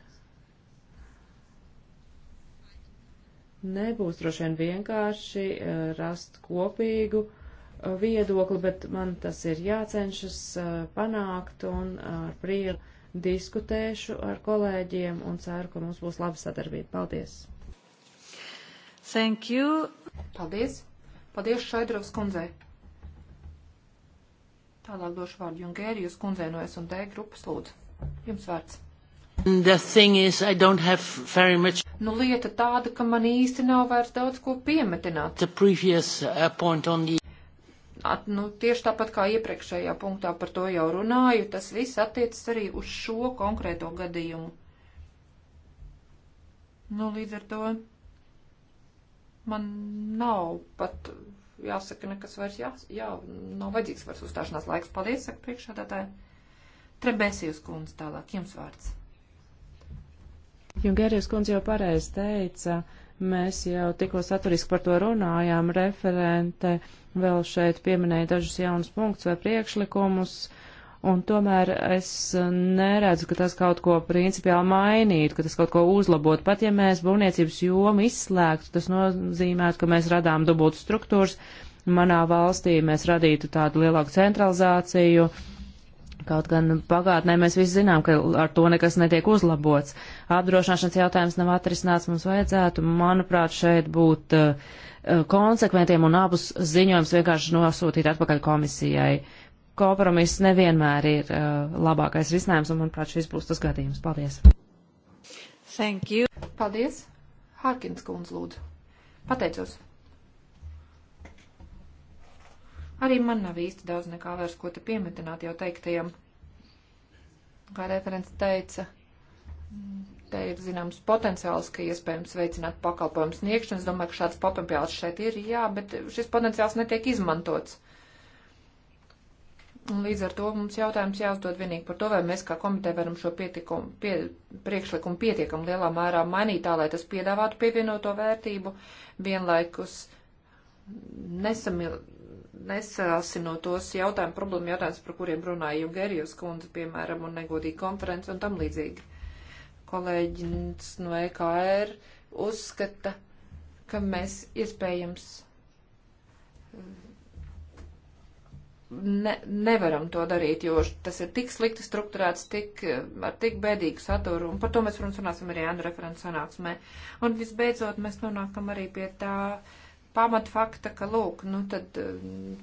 Speaker 3: Nebūs droši vien vienkārši eh, rast kopīgu eh, viedokli, bet man tas ir jācenšas eh, panākt un ar prieku diskutēšu ar kolēģiem
Speaker 4: un ceru, ka mums būs laba sadarbība. Paldies! Thank you! Paldies! Paldies Šaidrovs kundzei! Tālāk došu vārdu Jungērijas kundzei no S&D grupas lūdzu. Jums vārds! Is, much... Nu, lieta tāda, ka man īsti nav vairs daudz ko piemetināt. Previous, uh, the... At, nu, tieši tāpat kā iepriekšējā punktā par to jau runāju, tas viss attiecas arī uz šo konkrēto gadījumu. Nu, līdz ar to man nav pat, jāsaka, nekas vairs, jā, jā nav vajadzīgs vairs uzstāšanās laiks. Paldies, saka priekšādātāji. Trebēsijas kundze tālāk, jums vārds.
Speaker 3: Jungerijas kundze jau pareizi teica, mēs jau tikko saturiski par to runājām, referente vēl šeit pieminēja dažus jaunus punktus vai priekšlikumus, un tomēr es neredzu, ka tas kaut ko principiāli mainītu, ka tas kaut ko uzlabotu. Pat ja mēs būvniecības jomu izslēgtu, tas nozīmētu, ka mēs radām dubultu struktūras, manā valstī mēs radītu tādu lielāku centralizāciju, Kaut gan pagātnē mēs visi zinām, ka ar to nekas netiek uzlabots. Apdrošināšanas jautājums nav atrisināts, mums vajadzētu, manuprāt, šeit būt uh, konsekventiem un abus ziņojumus vienkārši nosūtīt atpakaļ komisijai. Kompromiss nevienmēr ir uh, labākais risinājums, un, manuprāt, šis būs tas gadījums. Paldies!
Speaker 4: Thank you! Paldies! Harkins kundz lūdzu. Pateicos! Arī man nav īsti daudz nekā vairs, ko te piemetināt jau teiktajam. Kā referents teica, te ir zināms potenciāls, ka iespējams veicināt pakalpojumu sniegšanu. Es domāju, ka šāds potenciāls šeit ir, jā, bet šis potenciāls netiek izmantots. Un līdz ar to mums jautājums jāuzdod vienīgi par to, vai mēs kā komiteja varam šo pietikumu, pie, priekšlikumu pietiekam lielā mērā mainīt tā, lai tas piedāvātu pievienoto vērtību, vienlaikus nesamil, nesāsinot tos jautājumu, problēmu jautājumus, par kuriem runāja Jugerijus kundze, piemēram, un negodīgi konferences un tam līdzīgi. Kolēģis no EKR uzskata, ka mēs iespējams uh, ne, nevaram to darīt, jo tas ir tik slikti strukturēts, tik, uh, ar tik bēdīgu saturu, un par to mēs, protams, runāsim arī Andra referents sanāksmē. Un visbeidzot, mēs nonākam arī pie tā, uh, pamatfakta, ka, lūk, nu tad eh,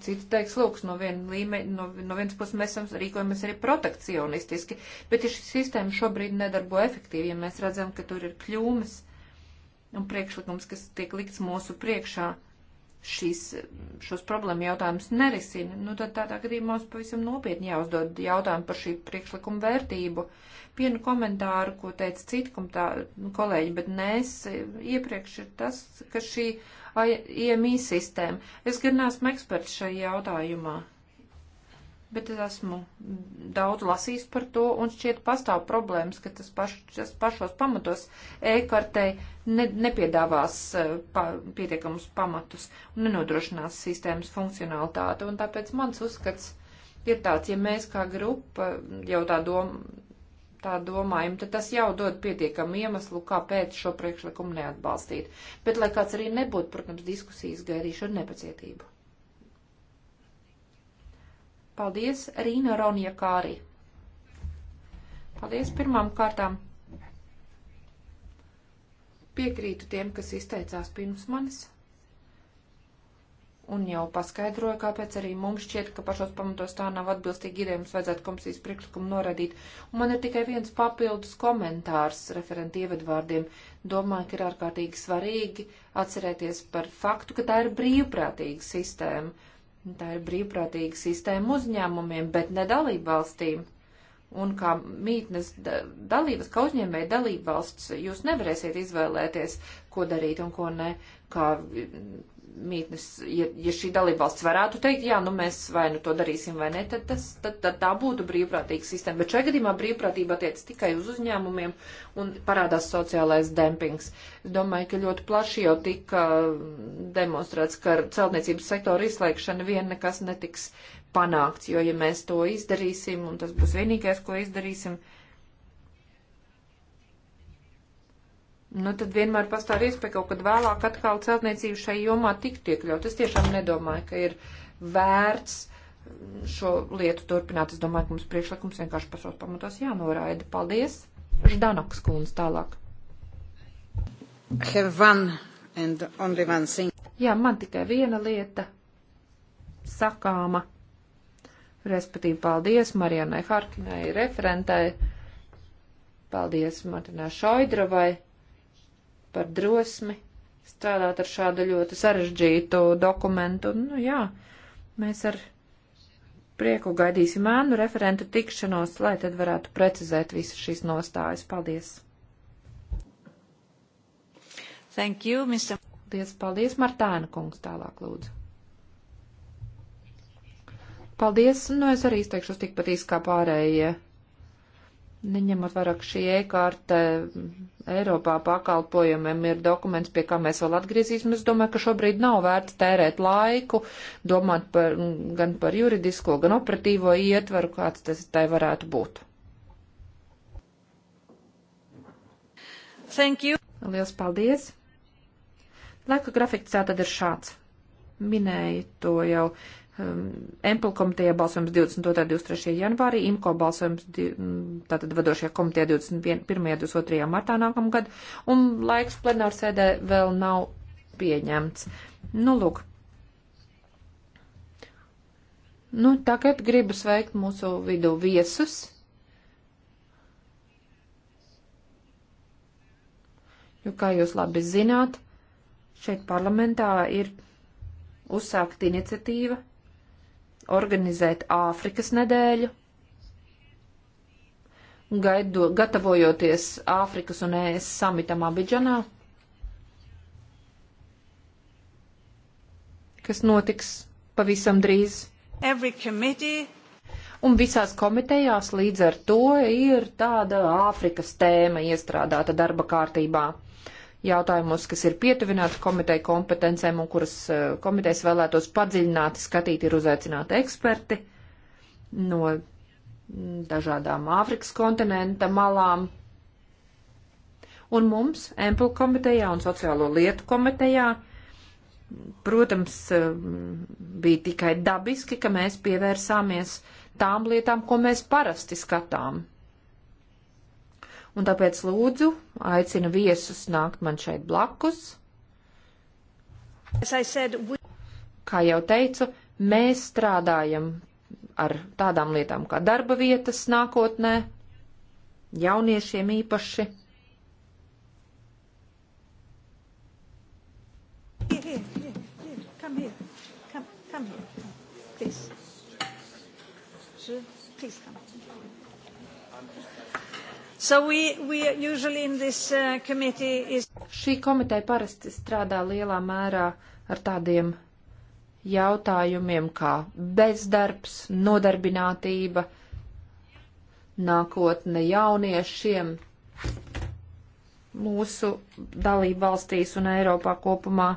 Speaker 4: cits teiks, lūk, no, vien līme, no, no vienas puses mēs rīkojamies arī protekcionistiski, bet ja šī sistēma šobrīd nedarbo efektīvi, ja mēs redzam, ka tur ir kļūmes un priekšlikums, kas tiek likts mūsu priekšā, šīs, šos problēmu jautājumus nerisina, nu tad tādā gadījumā mums pavisam nopietni jāuzdod jautājumu par šī priekšlikuma vērtību. Vienu komentāru, ko teica citi kolēģi, bet nē, es iepriekš ir tas, ka šī IMI sistēmu. Es gan neesmu eksperts šajā jautājumā, bet es esmu daudz lasījis par to, un šķiet pastāv problēmas, ka tas, paš, tas pašos pamatos e-kartei ne, nepiedāvās e, pa, pietiekamus pamatus un nenodrošinās sistēmas funkcionalitāti, un tāpēc mans uzskats ir tāds, ja mēs kā grupa jau tā doma tā domājam, tad tas jau dod pietiekamu iemeslu, kāpēc šo priekšlikumu neatbalstīt. Bet, lai kāds arī nebūtu, protams, diskusijas gaidīšu ar nepacietību. Paldies, Rīna Ronja Kārī. Paldies pirmām kārtām. Piekrītu tiem, kas izteicās pirms manis un jau paskaidroju, kāpēc arī mums šķiet, ka pašos pamatos tā nav atbilstīgi ideja, mums vajadzētu komisijas priekšlikumu noradīt. Un man ir tikai viens papildus komentārs referenti ievadvārdiem. Domāju, ka ir ārkārtīgi svarīgi atcerēties par faktu, ka tā ir brīvprātīga sistēma. Tā ir brīvprātīga sistēma uzņēmumiem, bet ne dalību valstīm. Un kā mītnes dalības, kā uzņēmēja dalību valsts, jūs nevarēsiet izvēlēties, ko darīt un ko ne, kā mītnes, ja, ja šī dalībvalsts varētu teikt, jā, nu mēs vai nu to darīsim vai ne, tad, tas, tad, tad tā būtu brīvprātīga sistēma. Bet šajā gadījumā brīvprātība attiec tikai uz uzņēmumiem un parādās sociālais dempings. Es domāju, ka ļoti plaši jau tika demonstrēts, ka ar celtniecības sektoru izslēgšanu vien nekas netiks panākts, jo ja mēs to izdarīsim, un tas būs vienīgais, ko izdarīsim, uh, nu tad vienmēr pastāv iespēja kaut kad vēlāk atkal celtniecību šai jomā tikt iekļaut. Es tiešām nedomāju, ka ir vērts šo lietu turpināt. Es domāju, ka mums priekšlikums vienkārši par savus pamatos jānoraida. Paldies! Ždanoks kundze tālāk. Jā, man tikai viena lieta sakāma. Respektīvi, paldies Marijanai Harkinai, referentai. Paldies Martinai Šoidrovai par drosmi strādāt ar šādu ļoti sarežģītu dokumentu. Un, nu, jā, mēs ar prieku gaidīsim ēnu referentu tikšanos, lai tad varētu precizēt visas šīs nostājas. Paldies! Thank you, Mr. Paldies, paldies, Martēna kungs, tālāk lūdzu. Paldies, nu es arī izteikšos tikpat īsti kā pārējie. Ja Neņemot vairāk šī e-kārta Eiropā pakalpojumiem ir dokuments, pie kā mēs vēl atgriezīsimies. Es domāju, ka šobrīd nav vērts tērēt laiku, domāt par, gan par juridisko, gan operatīvo ietvaru, kāds tas tai varētu būt. Thank you. Liels paldies. Laika grafiks tātad ir šāds. Minēju to jau. Uh, Um, Empel komitejā balsojums 22. 23. janvārī, Imko balsojums tātad vadošajā komitejā 21. 22. martā nākamgad, un laiks plenārsēdē vēl nav pieņemts. Nu, lūk. Nu, tagad gribu sveikt mūsu vidu viesus. Jo, kā jūs labi zināt, šeit parlamentā ir uzsākta iniciatīva organizēt Āfrikas nedēļu, gaido, gatavojoties Āfrikas un ES samitam Abidžanā, kas notiks pavisam drīz. Un visās komitejās līdz ar to ir tāda Āfrikas tēma iestrādāta darba kārtībā jautājumos, kas ir pietuvināti komiteja kompetencēm un kuras eh, komitejas vēlētos padziļināti skatīt, ir uzaicināti eksperti no mm, dažādām Āfrikas kontinenta malām. Un mums, Empulu komitejā un Sociālo lietu komitejā, protams, eh, bija tikai dabiski, ka mēs pievērsāmies tām lietām, ko mēs parasti skatām un tāpēc lūdzu aicinu viesus nākt man šeit blakus. Kā jau teicu, mēs strādājam ar tādām lietām kā darba vietas nākotnē, jauniešiem īpaši.
Speaker 1: Here, here, here, here. Come here. Come, come here. Come. Please. Je, please come.
Speaker 4: So we, we usually in this uh, committee is... Šī komiteja parasti strādā lielā mērā ar tādiem jautājumiem kā bezdarbs, nodarbinātība, nākotne jauniešiem mūsu dalību valstīs un Eiropā kopumā.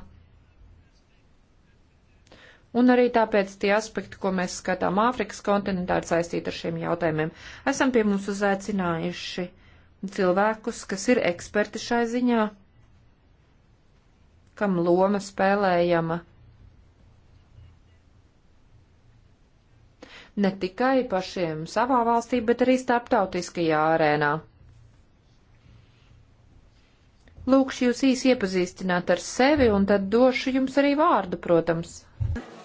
Speaker 4: Un arī tāpēc tie aspekti, ko mēs skatām Āfrikas kontinentā, ir saistīti ar šiem jautājumiem. Esam pie mums uzaicinājuši cilvēkus, kas ir eksperti šai ziņā, kam loma spēlējama ne tikai pašiem savā valstī, bet arī starptautiskajā arēnā. Lūkšu jūs īsi iepazīstināt ar sevi, un tad došu jums arī vārdu, protams.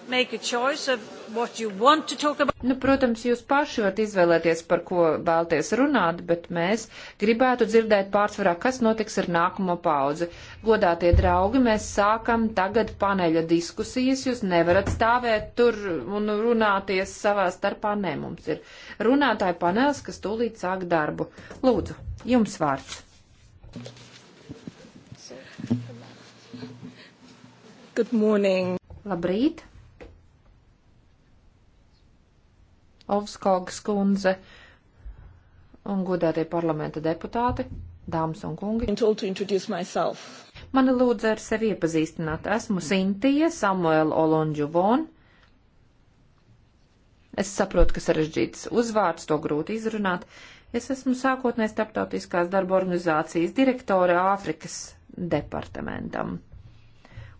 Speaker 1: Nu,
Speaker 4: protams, jūs paši varat izvēlēties, par ko vēlties runāt, bet mēs gribētu dzirdēt pārsvarā, kas notiks ar nākamo paudzi. Godātie draugi, mēs sākam tagad paneļa diskusijas, jūs nevarat stāvēt tur un runāties savā starpā, nē, mums ir runātāja panels, kas tūlīt sāk darbu. Lūdzu, jums vārds. Good morning. Labrīt. Ovskogas kundze un godātie parlamenta deputāti, dāmas un kungi. Mani lūdza ar sevi iepazīstināt. Esmu Sintija Samuela Olonģuvon. Es saprotu, ka sarežģīts uzvārds, to grūti izrunāt. Es esmu sākotnēji starptautiskās darba organizācijas direktore Āfrikas departamentam.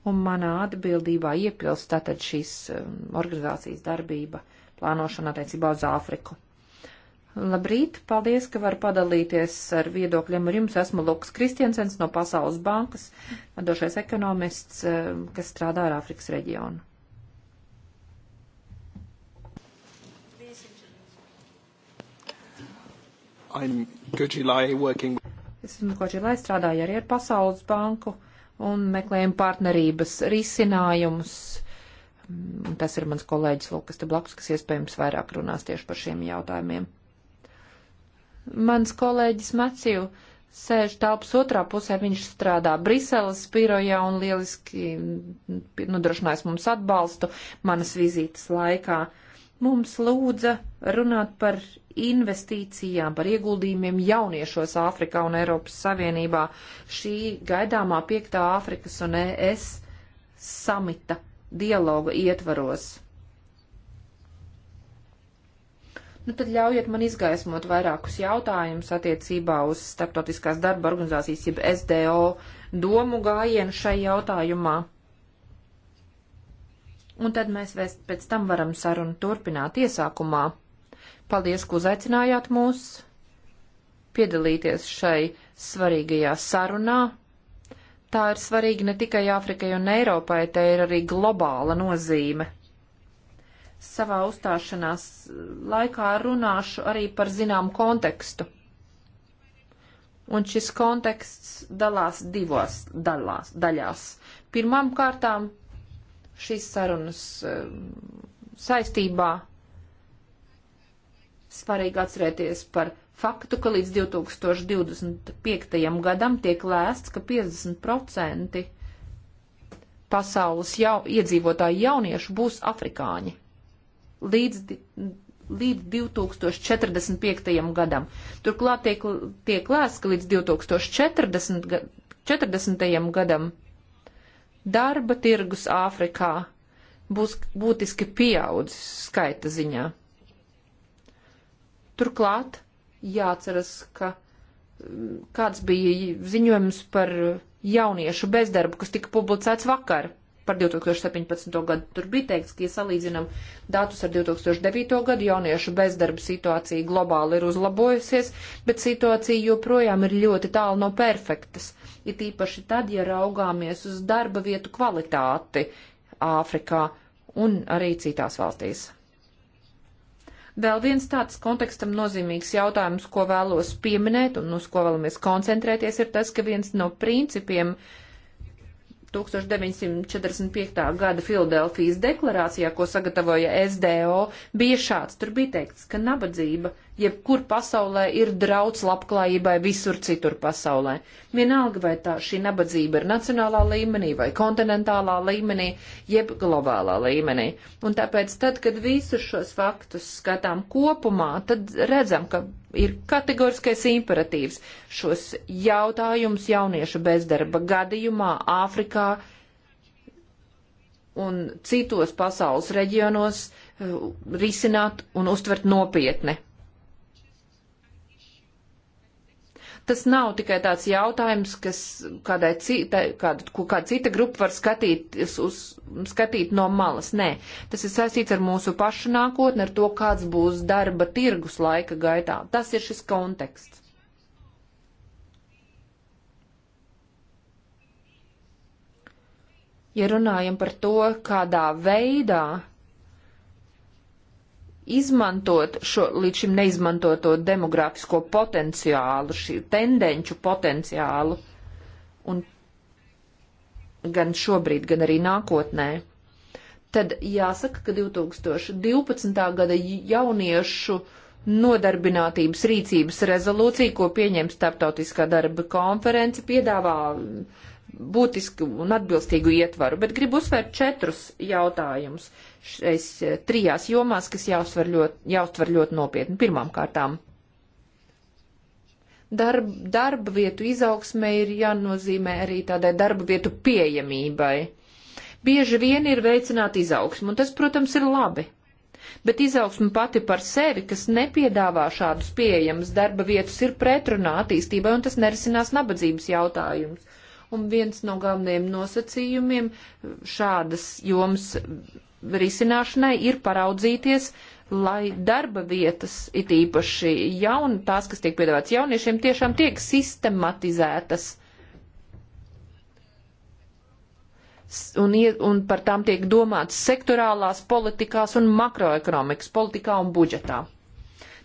Speaker 4: Un manā atbildībā iepilst tātad šīs um, organizācijas darbība plānošanu attiecībā uz Āfriku. Labrīt, paldies, ka var padalīties ar viedokļiem ar jums. Esmu Lukas Kristiansens no Pasaules bankas, vadošais ekonomists, eh, kas strādā ar Āfrikas reģionu.
Speaker 2: I'm Gojilai working.
Speaker 4: Es esmu Gojilai, strādāju arī ar Pasaules banku un meklējumu partnerības risinājumus Un tas ir mans kolēģis Lukas Teblakus, kas iespējams vairāk runās tieši par šiem jautājumiem. Mans kolēģis Maciju sēž telpas otrā pusē, viņš strādā Briseles birojā un lieliski mm, nodrošinājis nu, mums atbalstu manas vizītes laikā. Mums lūdza runāt par investīcijām, par ieguldījumiem jauniešos Āfrikā un Eiropas Savienībā šī gaidāmā piektā Āfrikas un ES samita dialoga ietvaros. Nu, tad ļaujiet man izgaismot vairākus jautājumus attiecībā uz Startautiskās darba organizācijas, jeb SDO domu gājienu šai jautājumā. Un tad mēs vēst, pēc tam varam sarunu turpināt iesākumā. Paldies, ka uzaicinājāt mūs piedalīties šai svarīgajā sarunā tā ir svarīga ne tikai Āfrikai un Eiropai, tā ir arī globāla nozīme. Savā uzstāšanās laikā runāšu arī par zinām kontekstu. Un šis konteksts dalās divos dalās, daļās. Pirmām kārtām šīs sarunas eh, saistībā svarīgi atcerēties par faktu, ka līdz 2025. gadam tiek lēsts, ka 50% pasaules jau, iedzīvotāju jauniešu būs afrikāņi līdz, līdz 2045. gadam. Turklāt tiek, tiek lēsts, ka līdz 2040. Ga, 40. gadam darba tirgus Āfrikā būs būtiski pieaudzis skaita ziņā. Turklāt jāatceras, ka mm, kāds bija ziņojums par jauniešu bezdarbu, kas tika publicēts vakar par 2017. gadu. Tur bija teikts, ka, ja salīdzinām datus ar 2009. gadu, jauniešu bezdarba situācija globāli ir uzlabojusies, bet situācija joprojām ir ļoti tālu no perfektas. Ir tīpaši tad, ja raugāmies uz darba vietu kvalitāti Āfrikā un arī citās valstīs. Vēl viens tāds kontekstam nozīmīgs jautājums, ko vēlos pieminēt un uz ko vēlamies koncentrēties, ir tas, ka viens no principiem 1945. gada Filadelfijas deklarācijā, ko sagatavoja SDO, bija šāds. Tur bija teikts, ka nabadzība jebkur pasaulē ir drauds labklājībai visur citur pasaulē. Vienalga, vai tā šī nabadzība ir nacionālā līmenī vai kontinentālā līmenī, jeb globālā līmenī. Un tāpēc tad, kad visus šos faktus skatām kopumā, tad redzam, ka ir kategoriskais imperatīvs šos jautājumus jauniešu bezdarba gadījumā Āfrikā un citos pasaules reģionos eh, risināt un uztvert nopietni. tas nav tikai tāds jautājums, kas kādai citai, kāda, ko kāda cita grupa var skatīt, uz, skatīt no malas. Nē, tas ir saistīts ar mūsu pašu nākotni, ar to, kāds būs darba tirgus laika gaitā. Tas ir šis konteksts. Ja runājam par to, kādā veidā izmantot šo līdz šim neizmantoto demografisko potenciālu, šī tendenču potenciālu, un gan šobrīd, gan arī nākotnē. Tad jāsaka, ka 2012. gada jauniešu nodarbinātības rīcības rezolūcija, ko pieņem Startautiskā darba konference, piedāvā būtisku un atbilstīgu ietvaru, bet gribu uzsvērt četrus jautājumus šeis eh, trijās jomās, kas jāuztver ļoti, jāuztver ļoti nopietni. Pirmām kārtām darb, darba vietu izaugsmē ir jānozīmē arī tādai darba vietu pieejamībai. Bieži vien ir veicināt izaugsmu, un tas, protams, ir labi. Bet izaugsme pati par sevi, kas nepiedāvā šādus pieejamas darba vietas, ir pretrunā attīstībai, un tas nerisinās nabadzības jautājumus un viens no galvenajiem nosacījumiem šādas jomas risināšanai ir paraudzīties, lai darba vietas, it īpaši jaun, tās, kas tiek piedāvāts jauniešiem, tiešām tiek sistematizētas. un, un par tām tiek domāts sektorālās politikās un makroekonomikas politikā un budžetā.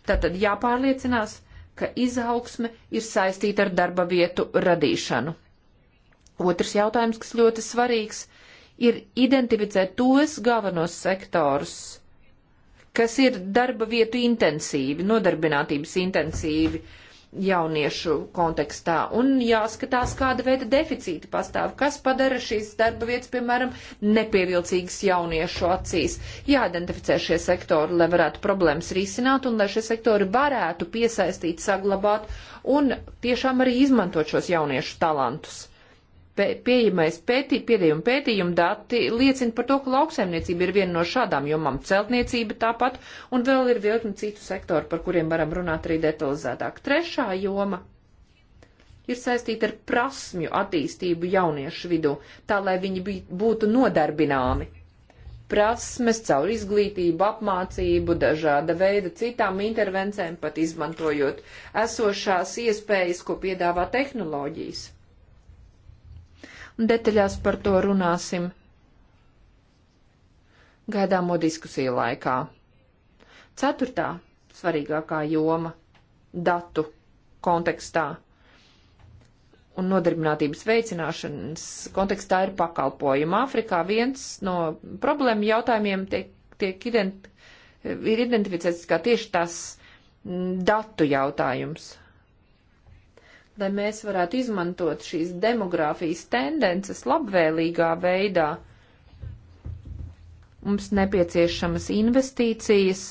Speaker 4: Tātad jāpārliecinās, ka izaugsme ir saistīta ar darba vietu radīšanu. Otrs jautājums, kas ļoti svarīgs, ir identificēt tos galvenos sektorus, kas ir darba vietu intensīvi, nodarbinātības intensīvi jauniešu kontekstā. Un jāskatās, kāda veida deficīti pastāv, kas padara šīs darba vietas, piemēram, nepievilcīgas jauniešu acīs. Jāidentificē šie sektori, lai varētu problēmas risināt un lai šie sektori varētu piesaistīt, saglabāt un tiešām arī izmantot šos jauniešu talantus. Pē, pieejamais pētī, pēdējuma pētījuma dati liecina par to, ka lauksaimniecība ir viena no šādām jomām, celtniecība tāpat, un vēl ir virkni citu sektoru, par kuriem varam runāt arī detalizētāk. Trešā joma ir saistīta ar prasmju attīstību jauniešu vidū, tā lai viņi būtu nodarbināmi. Prasmes caur izglītību, apmācību, dažāda veida citām intervencēm, pat izmantojot esošās iespējas, ko piedāvā tehnoloģijas Detaļās par to runāsim gaidāmo diskusiju laikā. Ceturtā svarīgākā joma - datu kontekstā un nodarbinātības veicināšanas kontekstā ir pakalpojumi. Āfrikā viens no problēmu jautājumiem tiek, tiek ident, ir identificēts kā tieši tas mm, datu jautājums lai mēs varētu izmantot šīs demogrāfijas tendences labvēlīgā veidā. Mums nepieciešamas investīcijas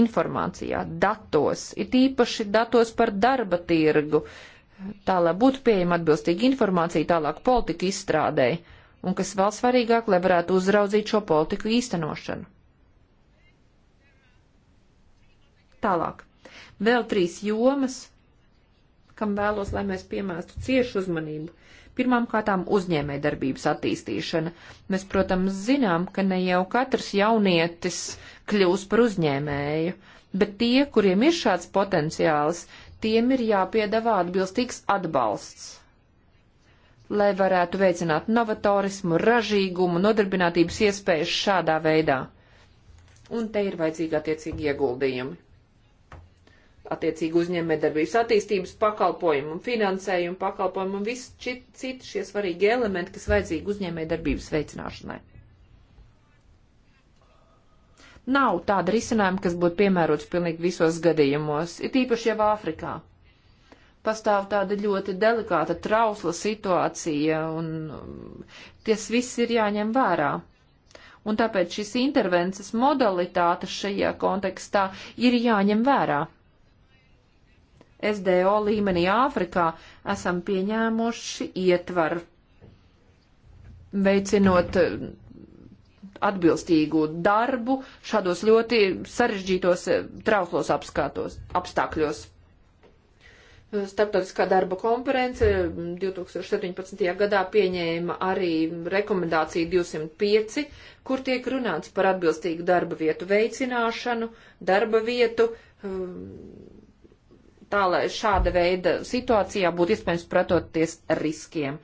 Speaker 4: informācijā, datos, it īpaši datos par darba tirgu, tā lai būtu pieejama atbilstīga informācija tālāk politika izstrādēji, un kas vēl svarīgāk, lai varētu uzraudzīt šo politiku īstenošanu. Tālāk. Vēl trīs jomas, kam vēlos, lai mēs piemēstu ciešu uzmanību. Pirmām kārtām uzņēmē darbības attīstīšana. Mēs, protams, zinām, ka ne jau katrs jaunietis kļūs par uzņēmēju, bet tie, kuriem ir šāds potenciāls, tiem ir jāpiedāvā atbilstīgs atbalsts, lai varētu veicināt novatorismu, ražīgumu, nodarbinātības iespējas šādā veidā. Un te ir vajadzīgi attiecīgi ieguldījumi attiecīgi uzņēmējdarbības attīstības pakalpojumu un finansējumu pakalpojumu un visi citi šie svarīgi elementi, kas vajadzīgi uzņēmējdarbības veicināšanai. Nav tāda risinājuma, kas būtu piemērots pilnīgi visos gadījumos, it īpaši jau Āfrikā. Pastāv tāda ļoti delikāta, trausla situācija, un um, tas viss ir jāņem vērā un tāpēc šis intervences modalitātes šajā kontekstā ir jāņem vērā. SDO līmenī Āfrikā esam pieņēmuši ietvaru veicinot eh, atbilstīgu darbu šādos ļoti sarežģītos, eh, trauslos apskātos, apstākļos. Starptautiskā darba konference 2017. Mm, gadā pieņēma arī rekomendāciju 205, kur tiek runāts par atbilstīgu darba vietu veicināšanu, darba vietu um, tā lai šāda veida situācijā būtu iespējams pretoties riskiem.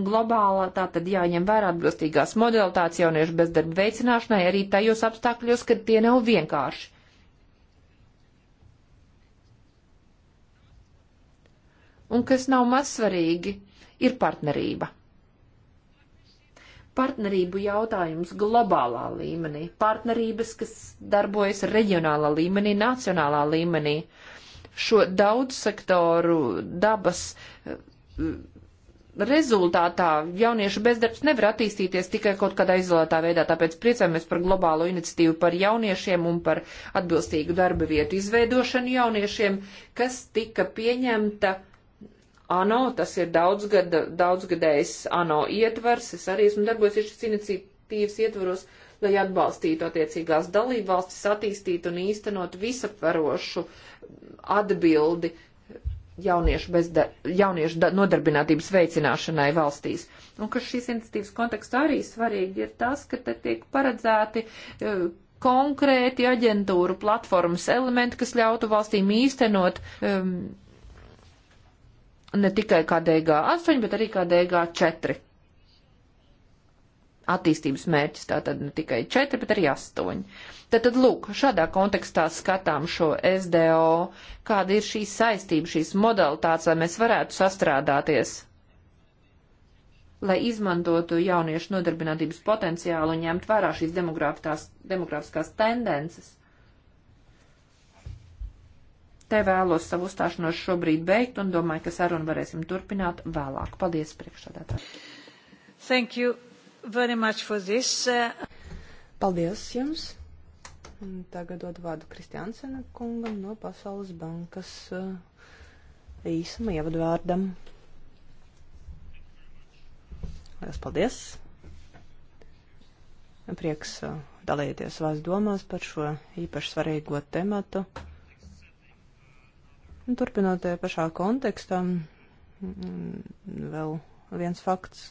Speaker 4: Un globālā tā tad jāņem vērā atbilstīgās modelitātes jauniešu bezdarba veicināšanai arī tajos apstākļos, kad tie nav vienkārši. Un kas nav mazsvarīgi, ir partnerība. Partnerību jautājums globālā līmenī, partnerības, kas darbojas reģionālā līmenī, nacionālā līmenī šo daudzsektoru dabas eh, rezultātā jauniešu bezdarbs nevar attīstīties tikai kaut kādā izolētā veidā, tāpēc priecājamies par globālo iniciatīvu par jauniešiem un par atbilstīgu darba vietu izveidošanu jauniešiem, kas tika pieņemta ANO, tas ir daudzgada, daudzgadējs ANO ietvars, es arī esmu darbojusies šis iniciatīvas ietvaros, lai atbalstītu attiecīgās dalībvalstis, attīstītu un īstenot visaptverošu atbildi jauniešu, bezda, jauniešu da, nodarbinātības veicināšanai valstīs. Un kas šīs iniciatīvas kontekstā arī svarīgi ir tas, ka te tiek paredzēti uh, konkrēti aģentūru platformas elementi, kas ļautu valstīm īstenot um, ne tikai kā DG8, bet arī kā DG4 attīstības mērķis, tātad ne tikai 4, bet arī 8. Tātad, lūk, šādā kontekstā skatām šo SDO, kāda ir šī saistība, šīs modalitātes, lai mēs varētu sastrādāties, lai izmantotu jauniešu nodarbinātības potenciālu un ņemt vērā šīs demografiskās tendences. Te vēlos savu uzstāšanos šobrīd beigt un domāju, ka sarunu varēsim turpināt vēlāk. Paldies, priekšsādātāji!
Speaker 1: Thank you very much for
Speaker 2: this. Uh, paldies jums! Un tagad dod vārdu Kristiānsena kungam no Pasaules bankas uh, īsam ievadvārdam. Lielas paldies! Prieks uh, dalīties savās domās par šo īpaši svarīgo tematu. Turpinot pašā kontekstā, mm, mm, vēl Viens fakts,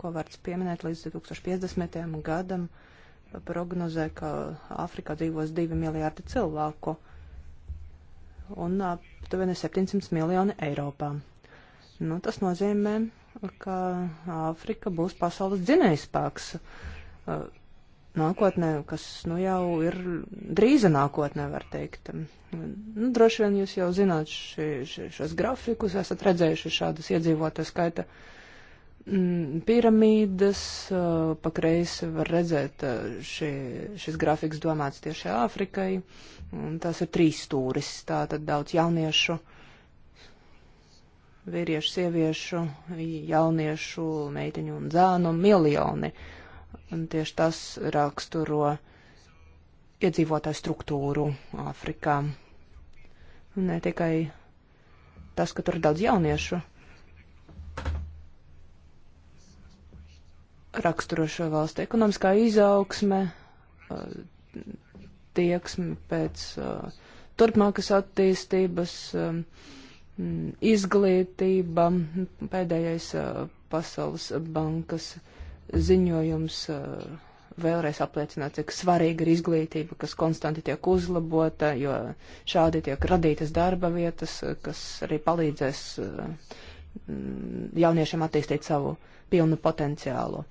Speaker 2: ko vērts pieminēt līdz 2050. gadam, prognozē, ka Āfrikā dzīvos 2 miljārdi cilvēku un aptuveni 700 miljoni Eiropā. Nu, tas nozīmē, ka Āfrika būs pasaules dzinējspēks nākotnē, kas nu, jau ir drīza nākotnē, var teikt. Nu, droši vien jūs jau zināt ši, ši, šos grafikus, esat redzējuši šādas iedzīvotāju skaita uh, Mm, piramīdas, uh, pa kreisi var redzēt uh, šī, šis grafiks domāts tieši Āfrikai. Tās ir trīs stūris, tātad daudz jauniešu, vīriešu, sieviešu, jauniešu, meitiņu un dzēnu miljoni. Un tieši tas raksturo iedzīvotāju struktūru Āfrikā. Ne tikai tas, ka tur ir daudz jauniešu raksturo šo valstu ekonomiskā izaugsme, eh, tieksme pēc eh, turpmākas attīstības, eh, izglītība, pēdējais Pasaules bankas ziņojums vēlreiz apliecināt, cik svarīga ir izglītība, kas konstanti tiek uzlabota, jo šādi tiek radītas darba vietas, kas arī palīdzēs uh, Mm, jauniešiem attīstīt savu pilnu potenciālu.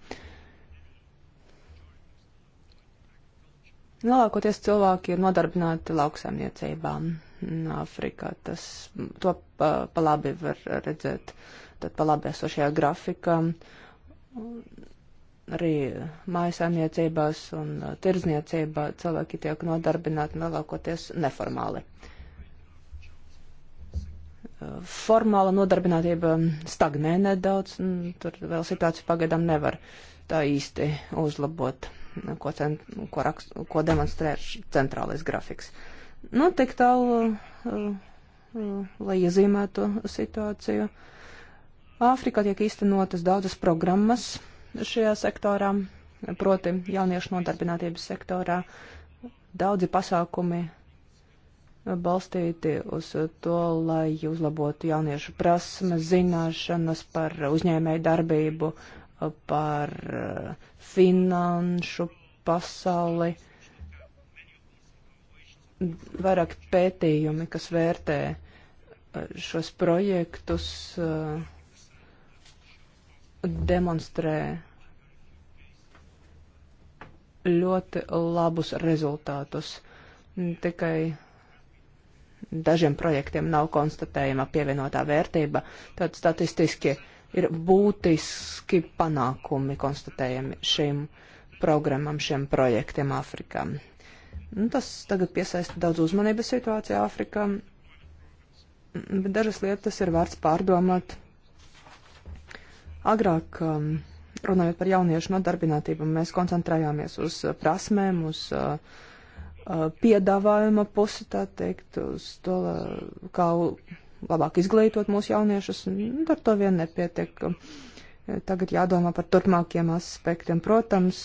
Speaker 2: Lielākoties cilvēki ir nodarbināti lauksaimniecībām. Āfrikā tas to pa, pa labi var redzēt, tad pa labi esošajā grafikā. Arī mājasaimniecībās un tirzniecībā cilvēki tiek nodarbināti lielākoties neformāli formāla nodarbinātība stagnē nedaudz, un tur vēl situāciju pagaidām nevar tā īsti uzlabot, ko, cent, ko, rakst, ko demonstrē centrālais grafiks. Nu, tik tālu, uh, uh, lai iezīmētu situāciju. Āfrikā tiek īstenotas daudzas programmas šajā sektorā, proti jauniešu nodarbinātības sektorā. Daudzi pasākumi balstīti uz to, lai uzlabotu jauniešu prasmes, zināšanas par uzņēmēju darbību, par eh, finanšu pasauli. Vairāk pētījumi, kas vērtē eh, šos projektus, eh, demonstrē ļoti labus rezultātus. Tikai dažiem projektiem nav konstatējama pievienotā vērtība, tad statistiski ir būtiski panākumi konstatējami šīm programmam, šiem projektiem Āfrikā. Nu, tas tagad piesaista daudz uzmanības situācijā Āfrikā, bet dažas lietas ir vērts pārdomāt. Agrāk, um, runājot par jauniešu nodarbinātību, mēs koncentrējāmies uz prasmēm, uz uh, piedāvājuma pusi, tā teikt, uz to, kā labāk izglītot mūsu jauniešus, ar to vien nepietiek. Tagad jādomā par turpmākiem aspektiem. Protams,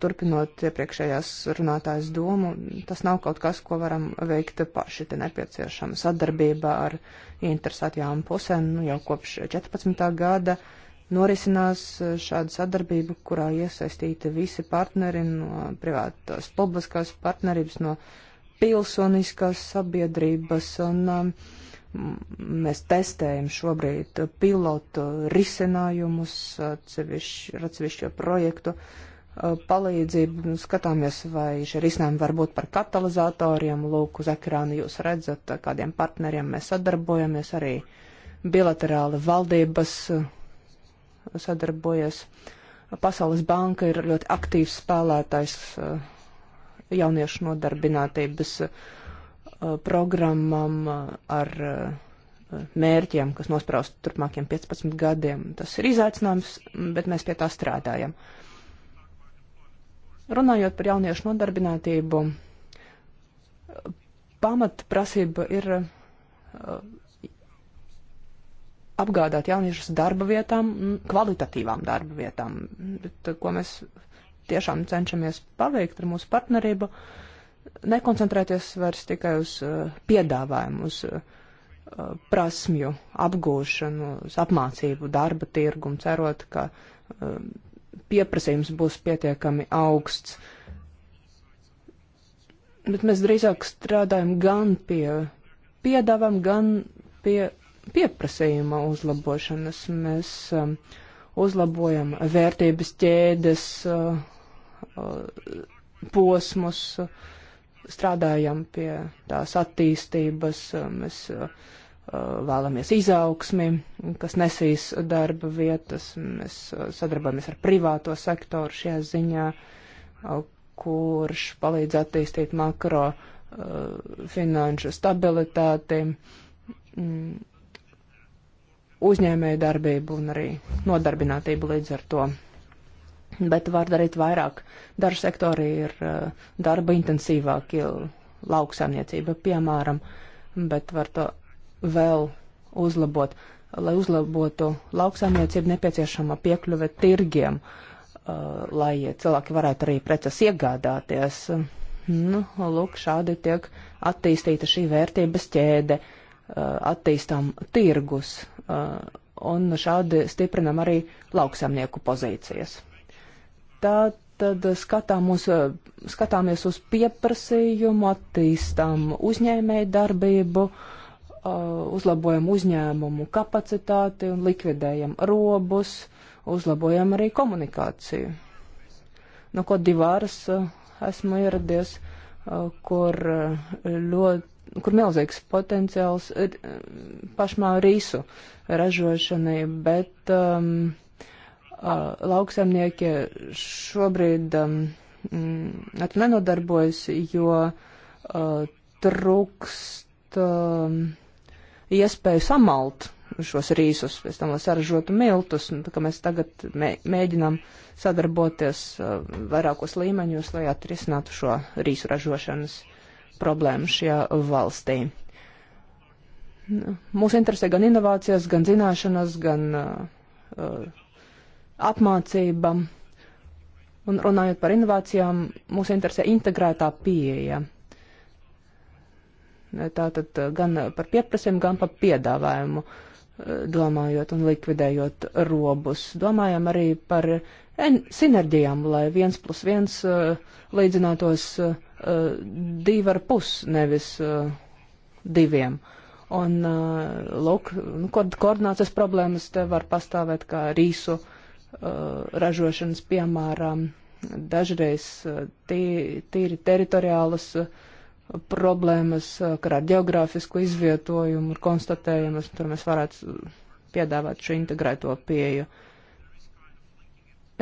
Speaker 2: turpinot iepriekšējās runātājas domu, tas nav kaut kas, ko varam veikt paši. Te nepieciešama sadarbība ar interesētajām pusēm, nu, jau kopš 14. gada. Uh, norisinās eh, šāda sadarbība, kurā iesaistīti visi partneri no privātās publiskās partnerības, no pilsoniskās sabiedrības, un um, mēs testējam šobrīd pilotu risinājumus atsevišķi, ar atsevišķo projektu eh, palīdzību, skatāmies, vai šie risinājumi var būt par katalizatoriem, lūk, uz ekrāna jūs redzat, kādiem partneriem mēs sadarbojamies, arī bilaterāli valdības sadarbojies. Pasaules banka ir ļoti aktīvs spēlētājs eh, jauniešu nodarbinātības eh, programmam eh, ar mērķiem, kas nospraust turpmākiem 15 gadiem. Tas ir izaicinājums, bet mēs pie tā strādājam. Runājot par jauniešu nodarbinātību, pamatprasība ir apgādāt jauniešus darba vietām, kvalitatīvām darba vietām. Bet, uh, ko mēs tiešām cenšamies paveikt ar mūsu partnerību, nekoncentrēties vairs tikai uz uh, piedāvājumu, uz uh, prasmju apgūšanu, uz apmācību darba tirgu un cerot, ka um, pieprasījums būs pietiekami augsts. Bet mēs drīzāk strādājam gan pie piedāvājuma, gan pie pieprasījuma uzlabošanas. Mēs um, uzlabojam vērtības ķēdes uh, uh posmus, strādājam pie tās attīstības, uh, mēs uh, uh, vēlamies izaugsmi, kas nesīs darba vietas, mēs uh, sadarbojamies ar privāto sektoru šajā ziņā, kurš palīdz attīstīt makro finanšu stabilitāti. Mm uzņēmēju darbību un arī nodarbinātību līdz ar to. Bet var darīt vairāk. Daži sektori ir eh, darba intensīvāki, lauksaimniecība, piemēram, bet var to vēl uzlabot. Lai uzlabotu lauksaimniecību, nepieciešama piekļuve tirgiem, eh, lai cilvēki varētu arī preces iegādāties. Nu, lūk, šādi tiek attīstīta šī vērtības ķēde, eh, attīstām tirgus, Eh, un šādi stiprinam arī lauksamnieku pozīcijas. Tā tad skatāmus, skatāmies uz pieprasījumu, attīstām uzņēmēju darbību, eh, uzlabojam uzņēmumu kapacitāti un likvidējam robus, uzlabojam arī komunikāciju. No nu, ko divāras eh, esmu ieradies, kur ļoti kur milzīgs potenciāls ir e, pašmā rīsu ražošanai, bet um, lauksaimnieki šobrīd um, mm, ar to nenodarbojas, jo uh, trūkst um, iespēju samalt šos rīsus, pēc tam, lai saražotu miltus. Un, tā kā mēs tagad mē, mēģinām sadarboties uh, vairākos līmeņos, lai atrisinātu šo rīsu ražošanas uh, problēmu šajā valstī. Mūs interesē gan inovācijas, gan zināšanas, gan uh, apmācība. Un runājot par inovācijām, mūs interesē integrētā pieeja. Tātad uh, gan par pieprasījumu, gan par piedāvājumu uh, domājot un likvidējot robus. Domājam arī par sinerģijām, lai viens plus viens uh, līdzinātos uh, Eh, divi ar pus, nevis eh, diviem. Un, eh, lūk, nu, koordinācijas problēmas te var pastāvēt kā rīsu ražošanas, piemēram, dažreiz tī, tīri teritoriālas problēmas, kā ar geogrāfisku izvietojumu ir konstatējamas, tur mēs varētu piedāvāt šo integrēto pieju.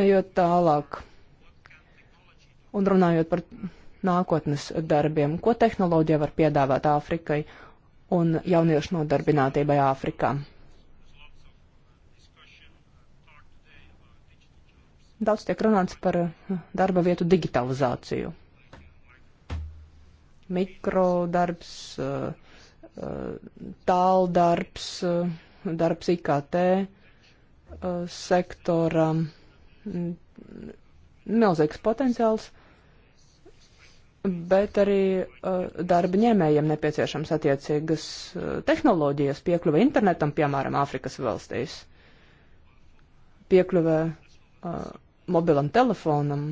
Speaker 2: Ejot tālāk un runājot par nākotnes darbiem, ko tehnoloģija var piedāvāt Āfrikai un jauniešu nodarbinātībai Āfrikā. Daudz tiek runāts par darba vietu digitalizāciju. Mikrodarbs, tāldarbs, darbs IKT sektoram, milzīgs potenciāls bet arī uh, darba ņēmējiem nepieciešams attiecīgas uh, tehnoloģijas piekļuve internetam, piemēram, Āfrikas valstīs. Piekļuve uh, mobilam telefonam,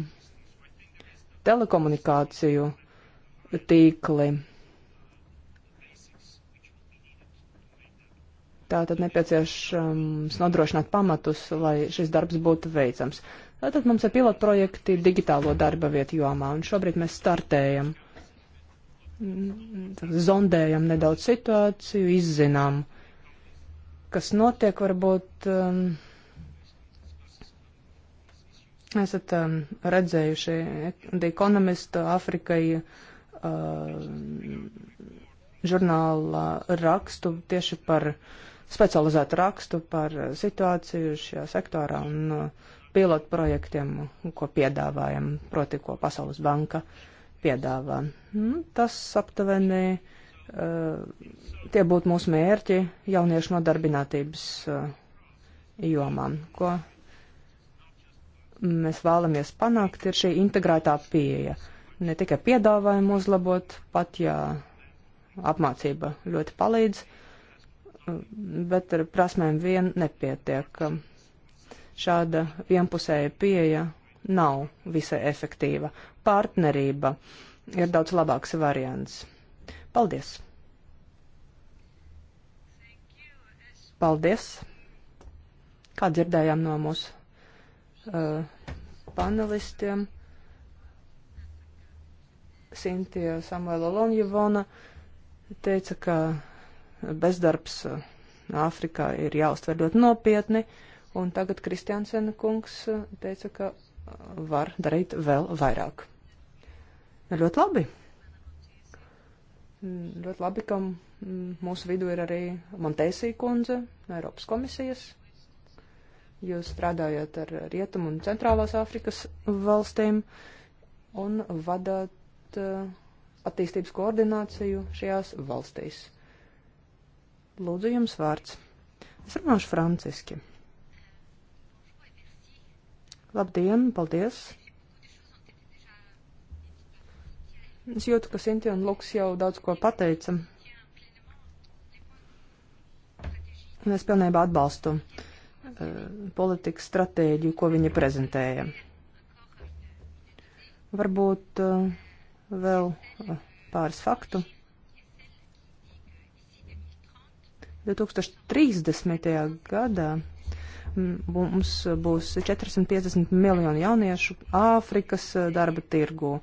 Speaker 2: telekomunikāciju tīkli. Tātad nepieciešams nodrošināt pamatus, lai šis darbs būtu veicams. Tad mums ir pilotprojekti digitālo darba vietu jomā, un šobrīd mēs startējam, zondējam nedaudz situāciju, izzinām, kas notiek varbūt. Um, Esat um, redzējuši The Economist Afrikai uh, žurnāla rakstu tieši par specializētu rakstu par situāciju šajā sektorā un uh, pilotprojektiem, ko piedāvājam, proti, ko Pasaules banka piedāvā. Nu, tas aptuveni eh, tie būtu mūsu mērķi jauniešu nodarbinātības eh, jomām, ko mēs vēlamies panākt, ir šī integrētā pieeja. Ne tikai piedāvājumu uzlabot, pat ja apmācība ļoti palīdz, eh, bet ar prasmēm vien nepietiek šāda vienpusēja pieeja nav visai efektīva. Partnerība ir daudz labāks variants. Paldies! Paldies! Kā dzirdējām no mūsu uh, panelistiem, Sintie Samuela Lonjevona teica, ka bezdarbs uh, Āfrikā ir jāuztver ļoti nopietni. Uh, Un tagad Kristiansena kungs uh, teica, ka uh, var darīt vēl vairāk. Nu, ļoti labi. Mm, ļoti labi, ka mm, mūsu vidū ir arī Montēsī kundze no Eiropas komisijas. Jūs strādājat ar Rietumu un Centrālās Āfrikas valstīm un vadāt uh, attīstības koordināciju šajās valstīs. Lūdzu, jums vārds. Es runāšu franciski. Labdien, paldies! Es jūtu, ka Sinti un Luks jau daudz ko pateica. Un es pilnībā atbalstu uh, politikas stratēģiju, ko viņi prezentēja. Varbūt uh, vēl uh, pāris faktu. 2030. gadā mums būs 450 miljoni jauniešu Āfrikas eh, darba tirgu,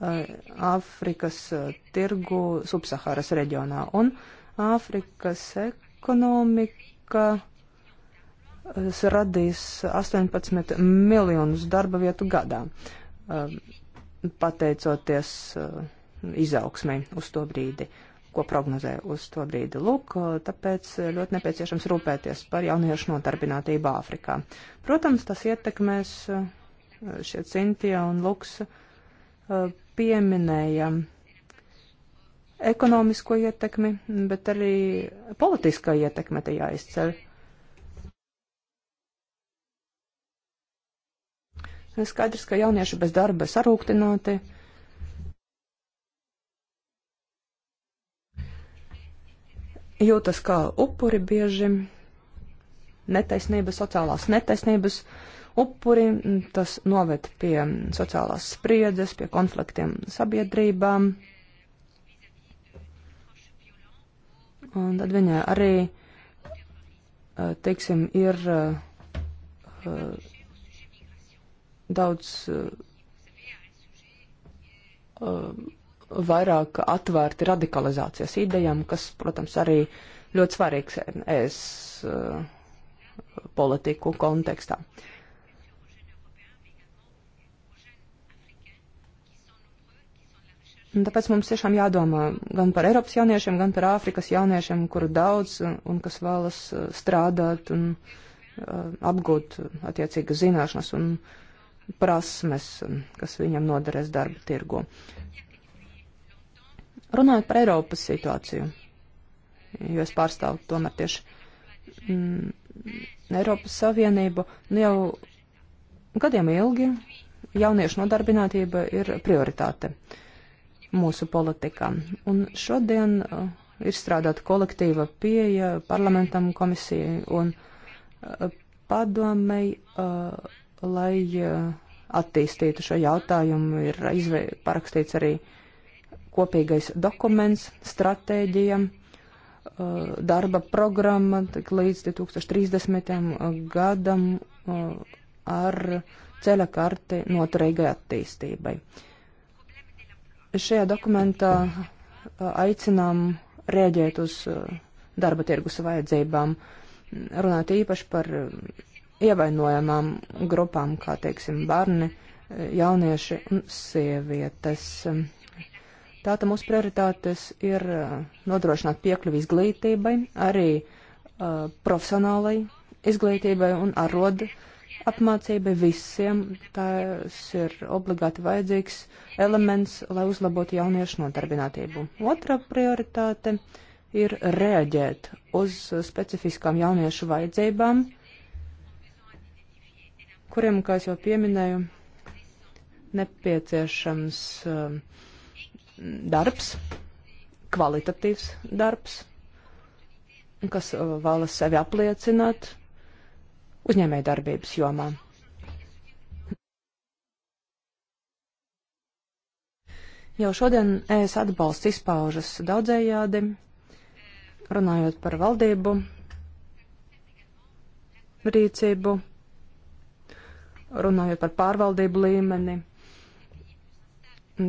Speaker 2: eh, Āfrikas eh, tirgu subsaharas reģionā. Un Āfrikas ekonomika radīs 18 miljonus darba vietu gadā, pateicoties izaugsmai uz to brīdi ko prognozē uz to brīdi. Lūk, tāpēc ļoti nepieciešams rūpēties par jauniešu nodarbinātību Āfrikā. Protams, tas ietekmēs eh, šie Cintija un Luks eh, pieminēja ekonomisko ietekmi, bet arī politiskā ietekme te jāizceļ. Skaidrs, ka jaunieši bez darba sarūktināti. Uh, jūtas kā upuri bieži, netaisnības, sociālās netaisnības upuri, tas noved pie sociālās spriedzes, pie konfliktiem sabiedrībām. Un tad viņai arī, eh, teiksim, ir eh, daudz eh, vairāk atvērti radikalizācijas idejām, kas, protams, arī ļoti svarīgs es eh, politiku kontekstā. Un tāpēc mums tiešām jādomā gan par Eiropas jauniešiem, gan par Āfrikas jauniešiem, kuru daudz un kas vēlas eh, strādāt un uh, apgūt attiecīgas zināšanas un prasmes, kas viņam noderēs darba tirgu. Runājot par Eiropas situāciju, jo es pārstāvu tomēr tieši mm, Eiropas Savienību, nu jau gadiem ilgi jauniešu nodarbinātība ir prioritāte mūsu politikā. Un šodien uh, ir strādāta kolektīva pieeja parlamentam, komisijai un uh, padomei, uh, lai uh, attīstītu šo jautājumu. Ir izvei, parakstīts arī uh, kopīgais dokuments, stratēģija, uh, darba programma līdz 2030. Uh, gadam uh, ar ceļa karti noturīgai attīstībai. Šajā dokumentā aicinām rēģēt uz darba tirgus vajadzībām, runāt īpaši par ievainojamām grupām, kā teiksim bērni, jaunieši un sievietes. Tātad mūsu prioritātes ir uh, nodrošināt piekļuvi izglītībai, arī uh, profesionālai izglītībai un arodu apmācībai visiem. Tas ir obligāti vajadzīgs elements, lai uzlabotu jauniešu nodarbinātību. Otra prioritāte ir reaģēt uz specifiskām jauniešu vajadzībām, kuriem, kā es jau pieminēju, nepieciešams uh, darbs, kvalitatīvs darbs, kas uh, vēlas sevi apliecināt uzņēmēja darbības jomā. Jau šodien es atbalstu izpaužas daudzējādi, runājot par valdību, rīcību, runājot par pārvaldību līmeni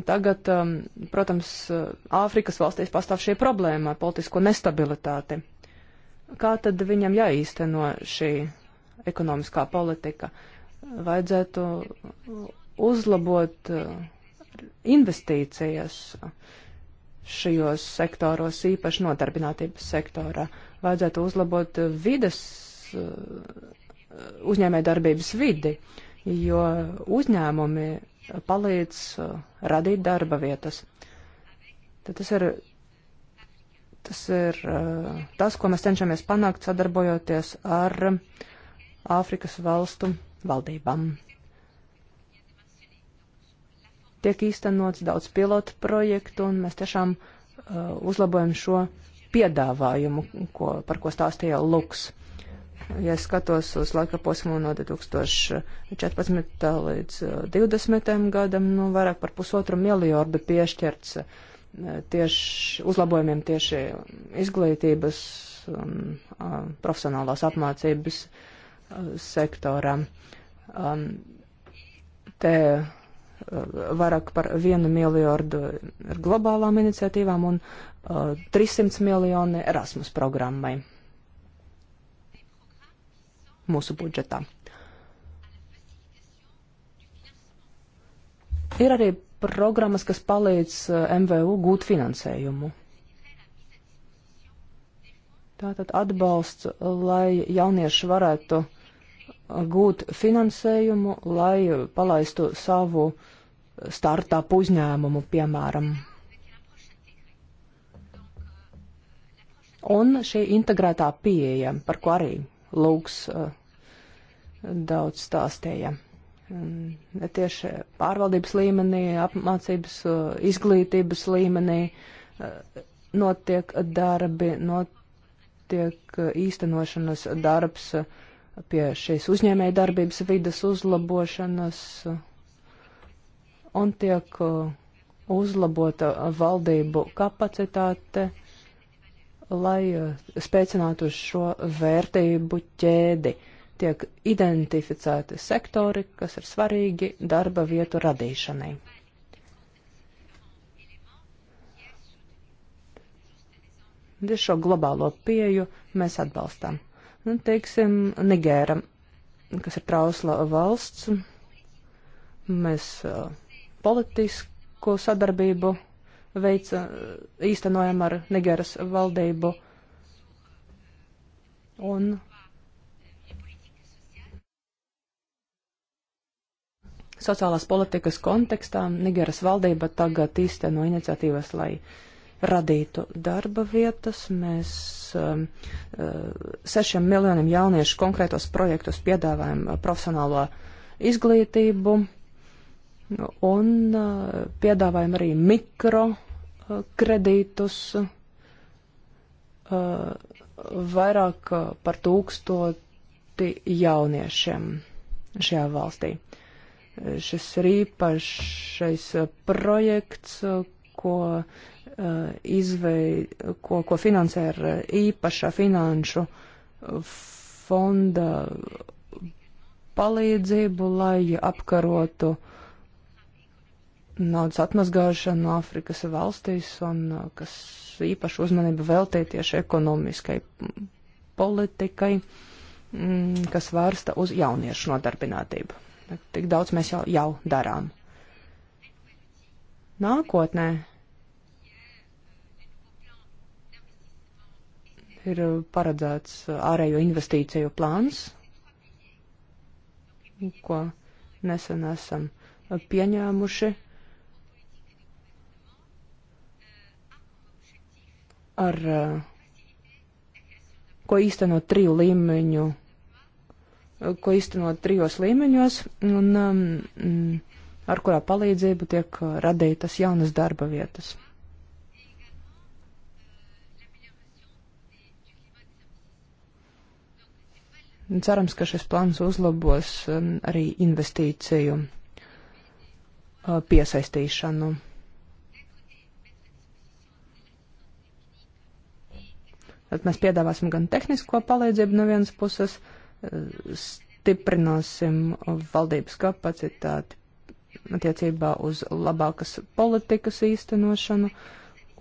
Speaker 2: Tagad, um, protams, uh, Āfrikas valstīs pastāv šī problēma ar politisko nestabilitāti. Kā tad viņam jāīsteno šī ekonomiskā politika? Vajadzētu uzlabot uh, investīcijas šajos sektoros, īpaši nodarbinātības sektorā. Vajadzētu uzlabot uh, vides uzņēmē darbības vidi, jo uzņēmumi palīdz uh, radīt darba vietas. Tad tas ir, tas ir uh, tas, ko mēs cenšamies panākt sadarbojoties ar Āfrikas valstu valdībām. Tiek īstenots daudz pilotu projektu, un mēs tiešām uh, uzlabojam šo piedāvājumu, ko, par ko stāstīja Luks. Uh, ja skatos uz laika posmu no 2014. līdz 2020. Uh, gadam, nu, vairāk par pusotru miljardu piešķirts uh, tieši uzlabojumiem tieši izglītības un uh, profesionālās apmācības sektorā. Um, te vairāk par vienu miljardu ir globālām iniciatīvām un 300 miljoni Erasmus programmai mūsu budžetā. Ir arī programmas, kas palīdz eh, MVU gūt finansējumu. Tātad atbalsts, lai jaunieši varētu eh, gūt finansējumu, lai palaistu savu startup uzņēmumu, piemēram. Un šī integrētā pieeja, par ko arī Lūks eh, daudz stāstīja. Ne tieši pārvaldības līmenī, apmācības, eh, izglītības līmenī eh, notiek darbi, notiek īstenošanas darbs pie šīs uzņēmēja darbības vidas uzlabošanas un tiek uzlabota valdību kapacitāte lai eh, spēcinātu šo vērtību ķēdi. Tiek identificēti sektori, kas ir svarīgi darba vietu radīšanai. Visu šo globālo pieju mēs atbalstām. Nu, teiksim, Nigēra, kas ir trausla valsts, mēs uh, eh, politisku sadarbību veica, eh, īstenojam ar Nigeras valdību. Un sociālās politikas kontekstā Nigeras valdība tagad īsteno iniciatīvas, lai radītu darba vietas. Mēs um, sešiem miljoniem jauniešu konkrētos projektus piedāvājam profesionālo izglītību un uh, piedāvājam arī mikro kredītus eh, vairāk eh, par tūkstoti jauniešiem šajā valstī. Eh, šis ir īpašais projekts, ko, izveid, ko, ko finansē ar īpašā finanšu fonda palīdzību, lai apkarotu uh, naudas atmazgāšanu Āfrikas valstīs un uh, kas īpaši uzmanību veltīja tieši ekonomiskai politikai, mm, kas vērsta uz jauniešu nodarbinātību. Tik daudz mēs jau, jau darām. Nākotnē ir paredzēts ārējo investīciju plāns, ko nesen esam pieņēmuši ar ko īstenot triju līmeņu, ko īstenot trijos līmeņos un um, ar kurā palīdzību tiek radītas jaunas darba vietas. Cerams, ka šis plāns uzlabos arī investīciju piesaistīšanu. Tad mēs piedāvāsim gan tehnisko palīdzību no vienas puses, eh, stiprināsim valdības kapacitāti attiecībā uz labākas politikas īstenošanu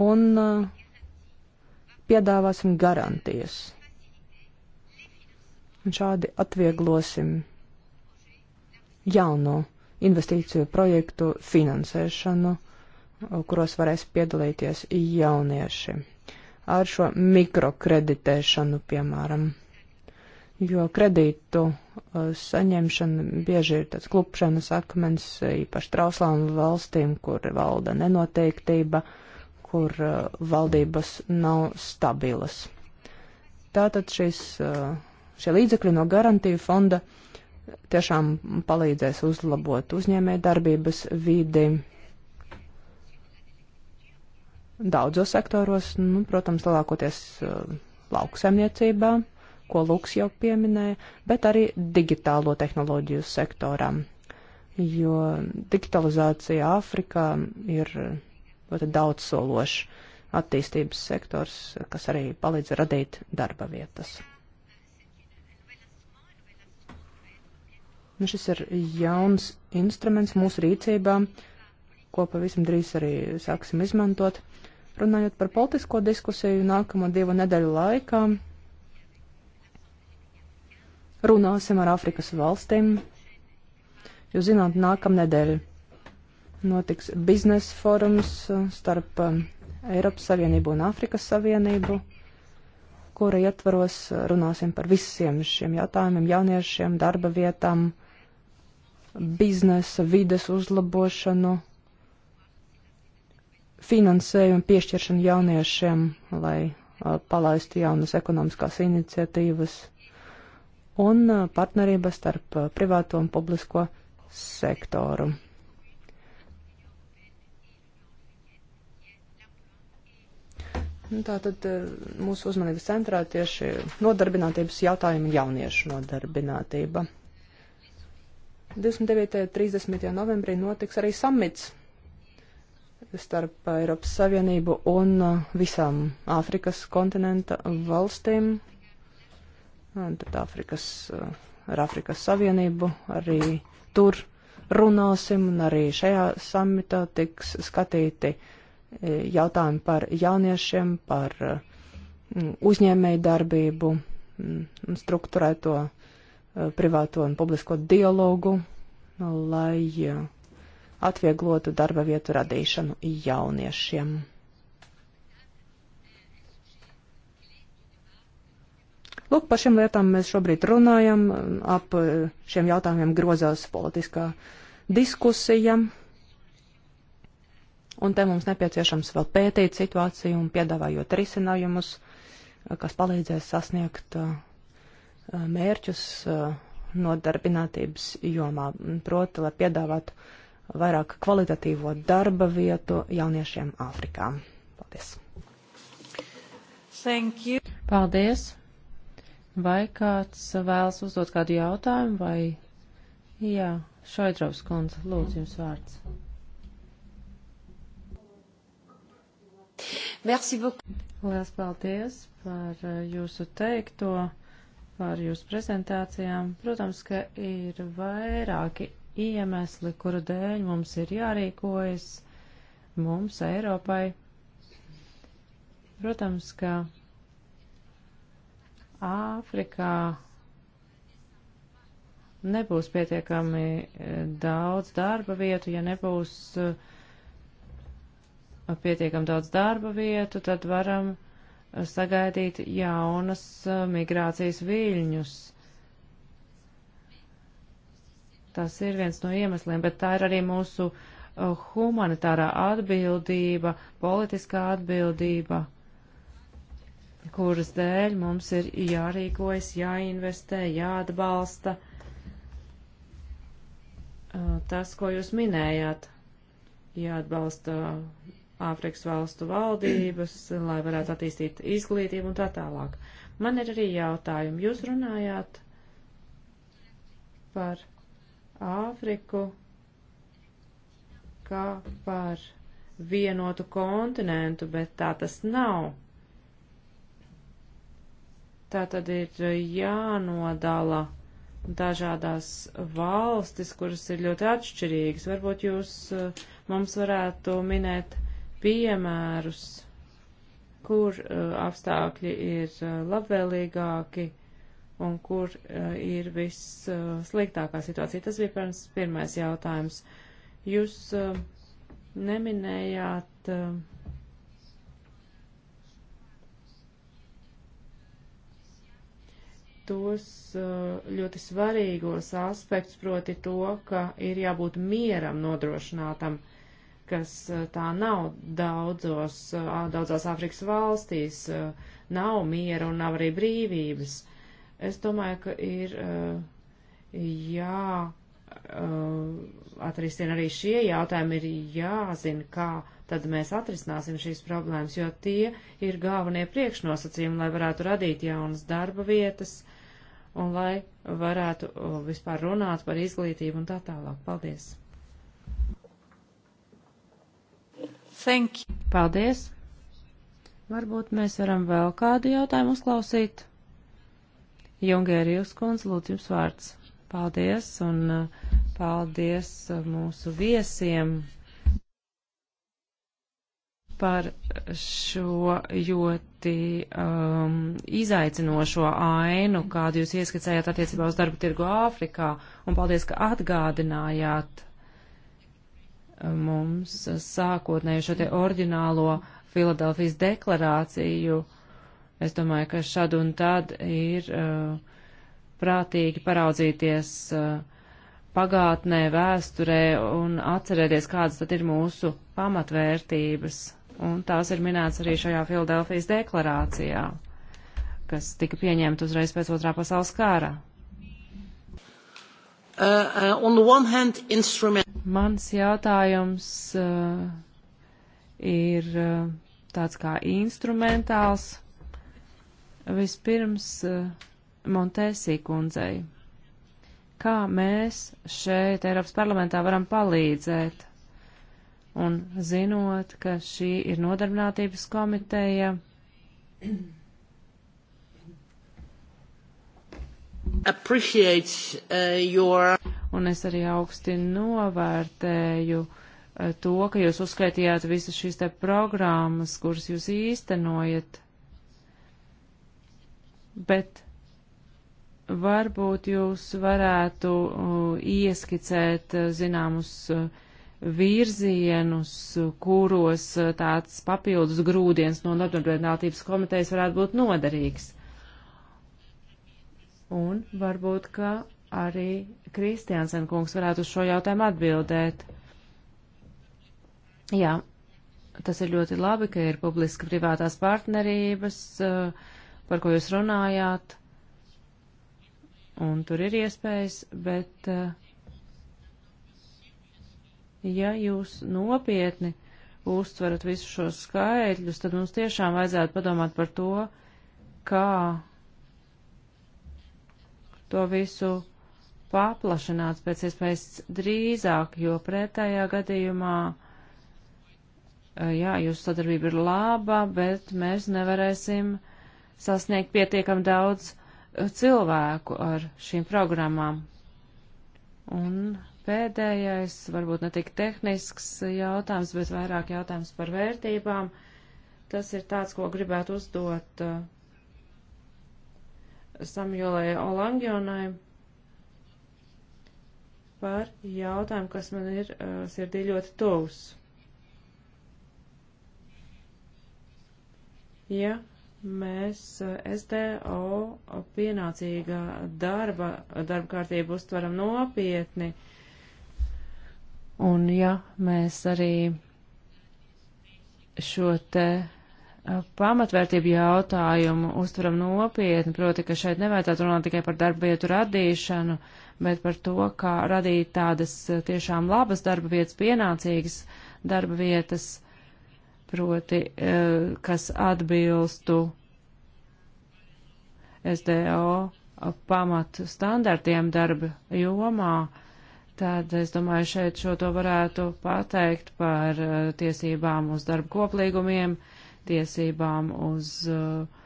Speaker 2: un eh, piedāvāsim garantijas. Un šādi atvieglosim jauno investīciju projektu finansēšanu, eh, kuros varēs piedalīties jaunieši ar šo mikrokreditēšanu, piemēram. Jo kredītu uh, saņemšana bieži ir tāds klupšanas akmens, īpaši trauslām valstīm, kur valda nenoteiktība, kur uh, valdības nav stabilas. Tātad šis, uh, šie līdzekļi no garantiju fonda tiešām palīdzēs uzlabot uzņēmē darbības vidi daudzos sektoros, nu, protams, lielākoties uh, lauksaimniecībā, ko Lūks jau pieminēja, bet arī digitālo tehnoloģiju sektorā, jo digitalizācija Āfrikā ir ļoti daudzsološa attīstības sektors, kas arī palīdz radīt darba vietas. Nu, šis ir jauns instruments mūsu rīcībā, ko pavisam drīz arī sāksim izmantot. Uh, Runājot par politisko diskusiju nākamo divu nedēļu laikā, runāsim ar Afrikas valstīm. Jūs zināt, nākamnedēļ notiks biznesa forums uh, starp um, Eiropas Savienību un Afrikas Savienību, kura ietvaros uh, runāsim par visiem šiem jautājumiem - jauniešiem, darba vietām, biznesa, vides uzlabošanu finansējumu piešķiršanu jauniešiem, lai palaistu jaunas ekonomiskās iniciatīvas un partnerība starp privāto un publisko sektoru. Nu, Tātad mūsu uzmanības centrā tieši nodarbinātības jautājumi un jauniešu nodarbinātība. 29. un 30. novembrī notiks arī samits starp Eiropas Savienību un uh, visām Āfrikas kontinenta valstīm. Un tad Āfrikas, uh, ar Āfrikas Savienību arī tur runāsim un arī šajā samitā tiks skatīti uh, jautājumi par jauniešiem, par uzņēmēju darbību, mm, struktūrēto privāto un publisko dialogu, lai atvieglotu darba vietu radīšanu jauniešiem. Lūk, par šiem lietām mēs šobrīd runājam, ap šiem jautājumiem grozās politiskā diskusija. Un te mums nepieciešams vēl pētīt situāciju un piedāvājot risinājumus, kas palīdzēs sasniegt uh, mērķus uh, nodarbinātības jomā. Proti, lai piedāvātu vairāk kvalitatīvo darba vietu jauniešiem Āfrikā. Paldies! Thank you. Paldies! Vai kāds vēlas uzdot
Speaker 3: kādu jautājumu vai? Jā, Šaidrovs kundze, lūdzu jums vārds. Merci beaucoup. Lielas paldies par uh, jūsu teikto, par jūsu prezentācijām. Protams, ka ir vairāki iemesli, kuru dēļ mums ir jārīkojas mums, Eiropai. Protams, ka Āfrikā nebūs pietiekami e, daudz darba vietu, ja nebūs e, pietiekami daudz darba vietu, tad varam e, sagaidīt jaunas migrācijas viļņus. Tas ir viens no iemesliem, bet tā ir arī mūsu uh, humanitārā atbildība, politiskā atbildība, kuras dēļ mums ir jārīkojas, jāinvestē, jāatbalsta uh, tas, ko jūs minējāt, jāatbalsta Āfrikas valstu valdības, lai varētu attīstīt izglītību un tā tālāk. Man ir arī jautājumi. Jūs runājāt par Āfriku kā par vienotu kontinentu, bet tā tas nav. Tā tad ir jānodala dažādās valstis, kuras ir ļoti atšķirīgas. Varbūt jūs eh, mums varētu minēt piemērus, kur eh, apstākļi ir eh, labvēlīgāki un kur uh, ir vissliktākā uh, situācija. Tas bija pirms pirmais jautājums. Jūs uh, neminējāt. Uh, tos uh, ļoti svarīgos aspektus, proti to, ka ir jābūt mieram nodrošinātam, kas uh, tā nav daudzos, uh, daudzās Āfrikas valstīs, nav miera un nav arī brīvības. Uh, Es domāju, ka ir eh, jā. Eh, atrisina arī šie jautājumi, ir jāzina, kā tad mēs atrisināsim šīs problēmas, jo tie ir galvenie priekšnosacījumi, lai varētu radīt jaunas darba vietas un lai varētu eh, vispār runāt par izglītību un tā tālāk. Paldies! Thank you. Paldies! Varbūt mēs varam vēl kādu jautājumu uzklausīt. Jungērijas kundze, lūdzu jums vārds. Paldies un uh, paldies uh, mūsu viesiem par šo ļoti um, izaicinošo ainu, kādu jūs ieskicējāt attiecībā uz darbu tirgu Āfrikā, un paldies, ka atgādinājāt uh, mums sākotnēju šo te orģinālo Filadelfijas deklarāciju uh, Es domāju, ka šad un tad ir uh, prātīgi paraudzīties uh, pagātnē, vēsturē un atcerēties, kādas tad ir mūsu pamatvērtības. Un tās ir minēts arī šajā Filadelfijas deklarācijā, kas tika pieņemta uzreiz pēc otrā pasaules kara. Uh, uh, hand, instrument... Mans jautājums uh, ir uh, tāds kā instrumentāls Vispirms eh, Montēsī kundzei. Kā mēs šeit Eiropas parlamentā varam palīdzēt? Un zinot, ka šī ir nodarbinātības komiteja. Appreciate uh, your. Un es arī augsti novērtēju uh, to, ka jūs uzskaitījāt visas šīs te programmas, kuras jūs īstenojat bet varbūt jūs varētu ieskicēt e, zināmus e, virzienus, kuros e, tāds papildus grūdienis no nodarbinātības komitejas varētu būt noderīgs. Un varbūt, ka arī Kristiansen kungs varētu uz šo jautājumu atbildēt. Jā, tas ir ļoti labi, ka ir publiski privātās partnerības. Uh, par ko jūs runājāt, un tur ir iespējas, bet eh, ja jūs nopietni uztverat visus šos skaitļus, tad mums tiešām vajadzētu padomāt par to, kā to visu paplašināt pēc iespējas drīzāk, jo pretējā gadījumā, eh, jā, jūsu sadarbība ir laba, bet mēs nevarēsim uh, sasniegt pietiekam daudz eh, cilvēku ar šīm programmām. Un pēdējais, varbūt ne tik tehnisks jautājums, bet vairāk jautājums par vērtībām. Tas ir tāds, ko gribētu uzdot uh, eh, Samjolai Olangionai par jautājumu, kas man ir uh, sirdī ļoti tuvs. Ja mēs eh, SDO pienācīga darba, darba kārtību uztveram nopietni. Un ja mēs arī šo te eh, pamatvērtību jautājumu uztveram nopietni, proti, ka šeit nevajadzētu runāt tikai par darba vietu radīšanu, bet par to, kā radīt tādas eh, tiešām labas darba vietas, pienācīgas darba vietas, proti, e, kas atbilstu SDO pamatu standartiem darba jomā. Tad es domāju, šeit šo to varētu pateikt par e, tiesībām uz darba koplīgumiem, tiesībām uz uh,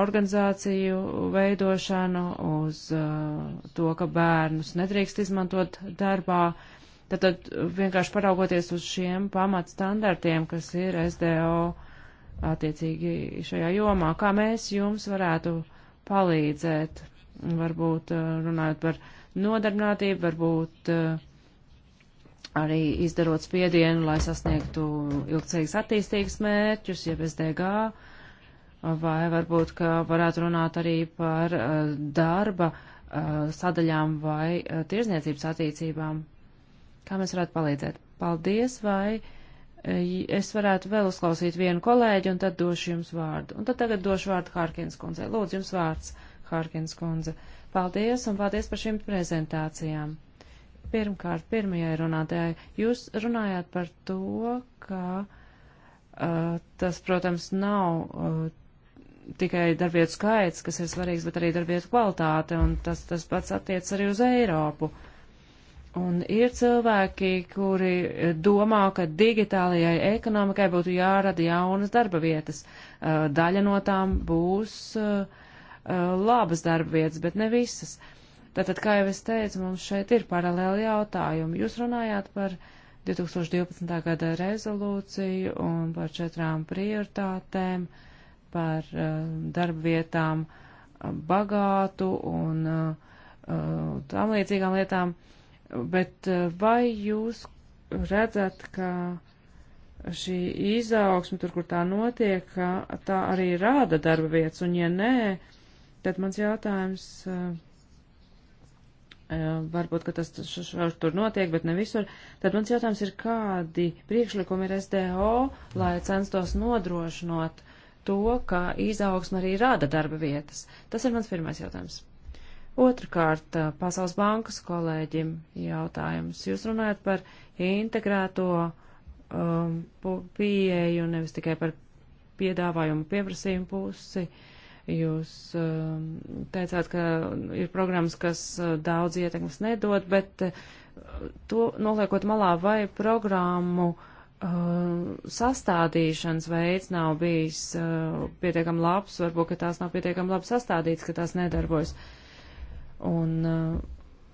Speaker 3: organizāciju veidošanu, uz to, ka bērnus nedrīkst izmantot darbā, Tad, tad vienkārši paraugoties uz šiem pamatstandartiem, kas ir SDO attiecīgi šajā jomā, kā mēs jums varētu palīdzēt, varbūt eh, runājot par nodarbinātību, varbūt eh, arī izdarot spiedienu, lai sasniegtu ilgcīgas attīstīgas mērķus, jeb SDG, vai varbūt, ka varētu runāt arī par eh, darba sadaļām vai tirzniecības attīstībām Kā mēs varētu palīdzēt? Paldies, vai e, es varētu vēl uzklausīt vienu kolēģi un tad došu jums vārdu. Un tad tagad došu vārdu Hārkins kundzei. Lūdzu, jums vārds, Hārkins kundze. Paldies un paldies par šīm prezentācijām. Pirmkārt, pirmajai runātājai, jūs runājāt par to, ka uh, tas, protams, nav uh, tikai darbietu skaits, kas ir svarīgs, bet arī darbietu kvalitāte, un tas, tas pats attiec arī uz Eiropu. Uh, Un ir cilvēki, kuri domā, ka digitālajai ekonomikai būtu jārada jaunas darba vietas. Uh, daļa no tām būs uh, uh, labas darba vietas, bet ne visas. Tātad, kā jau es teicu, mums šeit ir paralēli jautājumi. Jūs runājāt par 2012. gada rezolūciju un par četrām prioritātēm, par darba vietām bagātu un tam līdzīgām lietām. Uh, Bet eh, vai jūs redzat, ka šī izaugsme, tur, kur tā notiek, ka tā arī rāda darba vietas, un ja nē, tad mans jautājums, eh, eh, varbūt, ka tas tur notiek, bet ne visur, tad mans jautājums ir, kādi priekšlikumi ir SDO, lai censtos nodrošinot to, ka izaugsme arī rāda darba vietas? Tas ir mans pirmais jautājums. Otrakārt, Pasaules bankas kolēģim jautājums. Jūs runājat par integrēto um, pieeju, nevis tikai par piedāvājumu pieprasījumu pusi. Jūs um, teicāt, ka ir programmas, kas daudz ietekmes nedod, bet to noliekot malā vai programmu um, sastādīšanas veids nav bijis uh, pietiekam labs, varbūt, ka tās nav pietiekam labi sastādīts, ka tās nedarbojas. Uh, Un uh,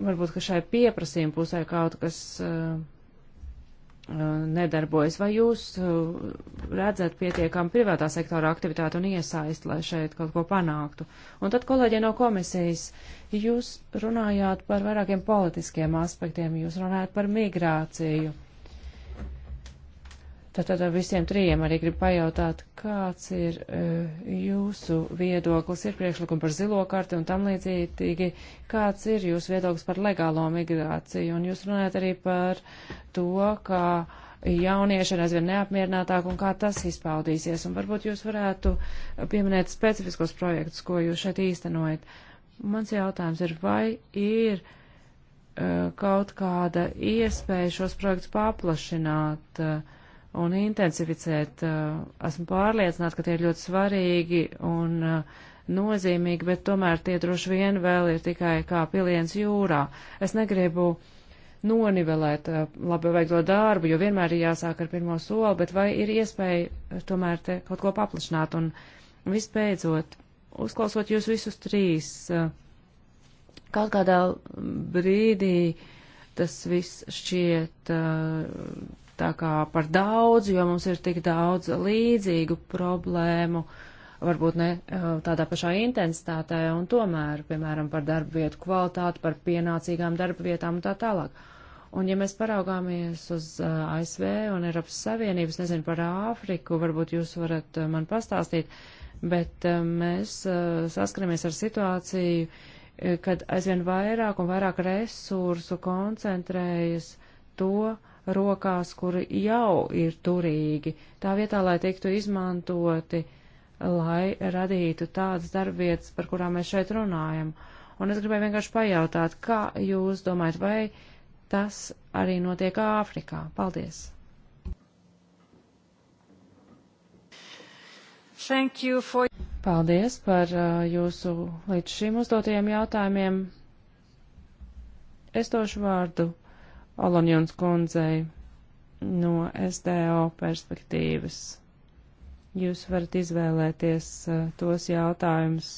Speaker 3: varbūt, ka šai pieprasījuma pusē kaut kas uh, uh, nedarbojas. Vai jūs uh, redzat pietiekami privātā sektora aktivitāti un iesaisti, lai šeit kaut ko panāktu? Un tad, kolēģi no komisijas, jūs runājāt par vairākiem politiskiem aspektiem, jūs runājāt par migrāciju Tātad visiem trījiem arī gribu pajautāt, kāds ir e, jūsu viedoklis, ir priekšlikumi par zilo karti un tam līdzīgi, kāds ir jūsu viedoklis par legālo migrāciju, un jūs runājat arī par to, kā jaunieši ir aizvien neapmierinātāk un kā tas izpaudīsies, un varbūt jūs varētu pieminēt specifiskos projektus, ko jūs šeit īstenojat. Mans jautājums ir, vai ir e, kaut kāda iespēja šos projektus paplašināt? Uh, un intensificēt. Eh, esmu pārliecināta, ka tie ir ļoti svarīgi un eh, nozīmīgi, bet tomēr tie droši vien vēl ir tikai kā piliens jūrā. Es negribu nonivelēt eh, labi veikto darbu, jo vienmēr ir jāsāk ar pirmo soli, bet vai ir iespēja tomēr te kaut ko paplašināt? Un visbeidzot, uzklausot jūs visus trīs, kaut kādā brīdī tas viss šķiet. Uh, tā kā par daudz, jo mums ir tik daudz līdzīgu problēmu, varbūt ne uh, tādā pašā intensitātē, un tomēr, piemēram, par darba vietu kvalitāti, par pienācīgām darba vietām un tā tālāk. Un ja mēs paraugāmies uz uh, ASV un Eiropas Savienības, nezinu par Āfriku, varbūt jūs varat uh, man pastāstīt, bet mēs saskaramies ar situāciju, kad aizvien vairāk un vairāk resursu koncentrējas to, uh, rokās, kuri jau ir turīgi, tā vietā, lai tiktu izmantoti, lai radītu tādas darbvietas, par kurām mēs šeit runājam. Un es gribēju vienkārši pajautāt, kā jūs domājat, vai tas arī notiek Āfrikā? Paldies!
Speaker 1: For...
Speaker 3: Paldies par uh, jūsu līdz šim uzdotajiem jautājumiem. Es došu vārdu Olonjons kundzei no SDO perspektīvas. Jūs varat izvēlēties eh, tos jautājumus,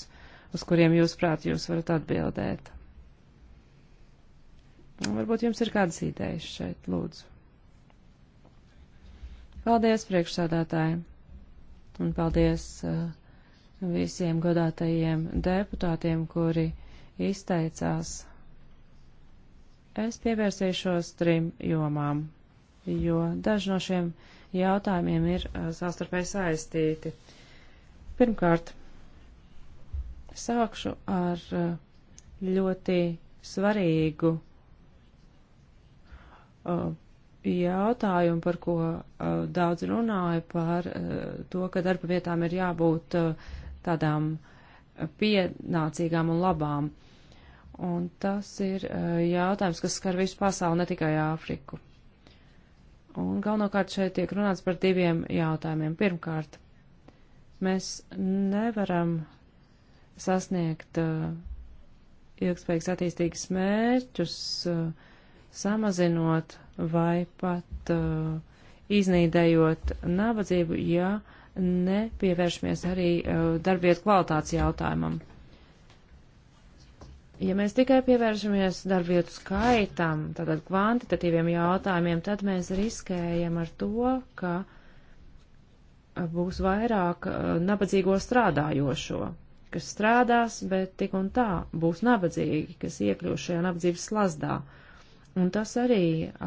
Speaker 3: uz kuriem jūs prāt jūs varat atbildēt. Varbūt jums ir kādas idejas šeit, lūdzu. Paldies priekšsādātājiem un paldies eh, visiem godātajiem deputātiem, kuri izteicās Es pievērsīšos trim jomām, jo daži no šiem jautājumiem ir savstarpēji saistīti. Pirmkārt, sākšu ar ļoti svarīgu jautājumu, par ko daudz runāju, par to, ka darba vietām ir jābūt tādām pienācīgām un labām. Un tas ir eh, jautājums, kas skar visu pasauli, ne tikai Āfriku. Un galvenokārt šeit tiek runāts par diviem jautājumiem. Pirmkārt, mēs nevaram sasniegt uh, ilgspējīgas attīstības mērķus, uh, samazinot vai pat uh, iznīdējot nabadzību, ja nepievēršamies arī darbietu kvalitātes jautājumam. Ja mēs tikai pievēršamies darbvietu skaitam, tātad kvantitatīviem jautājumiem, tad mēs riskējam ar to, ka būs vairāk nabadzīgo strādājošo, kas strādās, bet tik un tā būs nabadzīgi, kas iekļūs šajā nabadzības slazdā. Un tas arī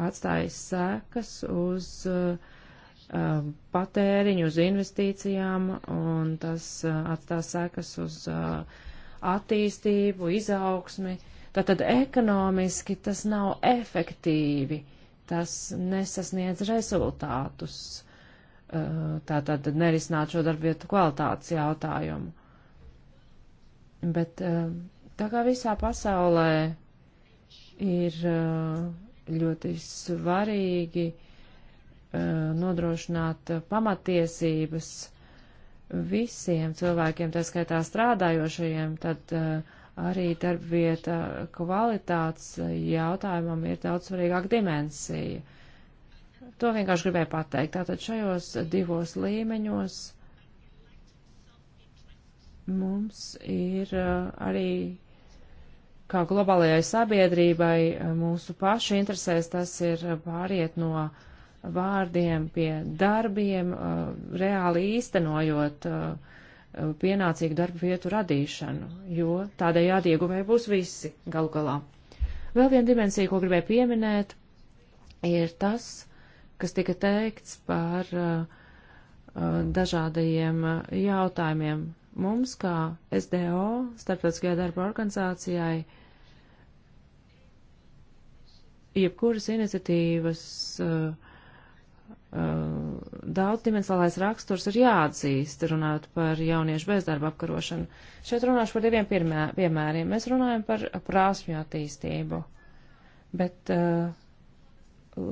Speaker 3: atstājas sēkas uz uh, patēriņu, uz investīcijām, un tas atstās sekas uz uh, attīstību, izaugsmi. Tātad ekonomiski tas nav efektīvi, tas nesasniedz rezultātus, uh, tātad nerisināt šo darbvietu kvalitātes jautājumu. Bet uh, tā kā visā pasaulē ir uh, ļoti svarīgi nodrošināt pamatiesības, visiem cilvēkiem, tā skaitā strādājošajiem, tad uh, arī darbvieta kvalitātes jautājumam ir daudz svarīgāka dimensija. To vienkārši gribēju pateikt. Tātad šajos divos līmeņos mums ir uh, arī kā globālajai sabiedrībai eh, mūsu pašu interesēs tas ir pāriet no uh, vārdiem pie darbiem, uh, reāli īstenojot uh, pienācīgu darba vietu radīšanu, jo tādējādi ieguvēji būs visi galu galā. Vēl viena dimensija, ko gribēju pieminēt, ir tas, kas tika teikts par uh, dažādajiem jautājumiem. Mums, kā SDO, starptautiskajā darba organizācijai, jebkuras iniciatīvas uh, daudzdimensālais raksturs ir jāatzīst, runāt par jauniešu bezdarba apkarošanu. Šeit runāšu par diviem pirmē, piemēriem. Mēs runājam par prāsmju attīstību, bet uh,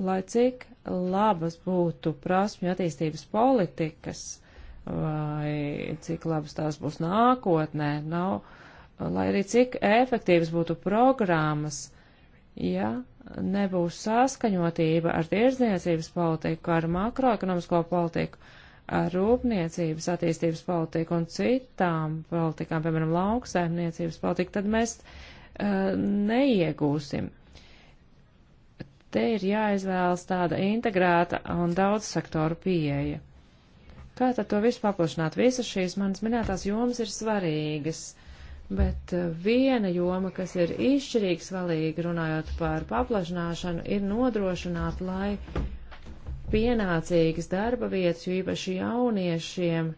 Speaker 3: lai cik labas būtu prāsmju attīstības politikas, vai cik labas tās būs nākotnē, nav, lai arī cik efektīvas būtu programmas, ja nebūs saskaņotība ar tirzniecības politiku, ar makroekonomisko politiku, ar rūpniecības attīstības politiku un citām politikām, piemēram, lauksaimniecības politiku, tad mēs uh, neiegūsim. Te ir jāizvēlas tāda integrēta un daudz sektoru pieeja. Kā tad to visu paplašināt? Visas šīs manas minētās jomas ir svarīgas. Uh, Bet eh, viena joma, kas ir izšķirīgi svarīga, runājot par paplašināšanu, ir nodrošināt, lai pienācīgas darba vietas, jo īpaši jauniešiem,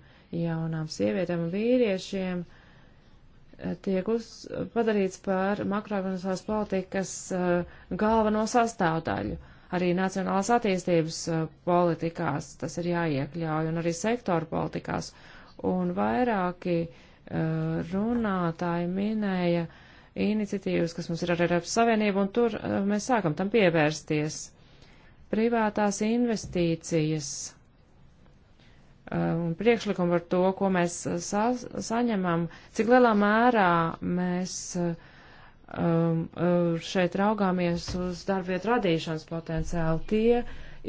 Speaker 3: jaunām sievietēm un vīriešiem, eh, tiek uz, padarīts par makroekonomiskās politikas uh, galveno sastāvdaļu. Arī nacionālās attīstības uh, politikās tas ir jāiekļauj un arī sektoru politikās. Un vairāki uh, Eh, runātāji minēja iniciatīvas, kas mums ir ar Eiropas Savienību, un tur eh, mēs sākam tam pievērsties. Privātās investīcijas eh, un priekšlikumu par to, ko mēs sa saņemam, cik lielā mērā mēs um, šeit raugāmies uz darbvietu radīšanas potenciālu. Tie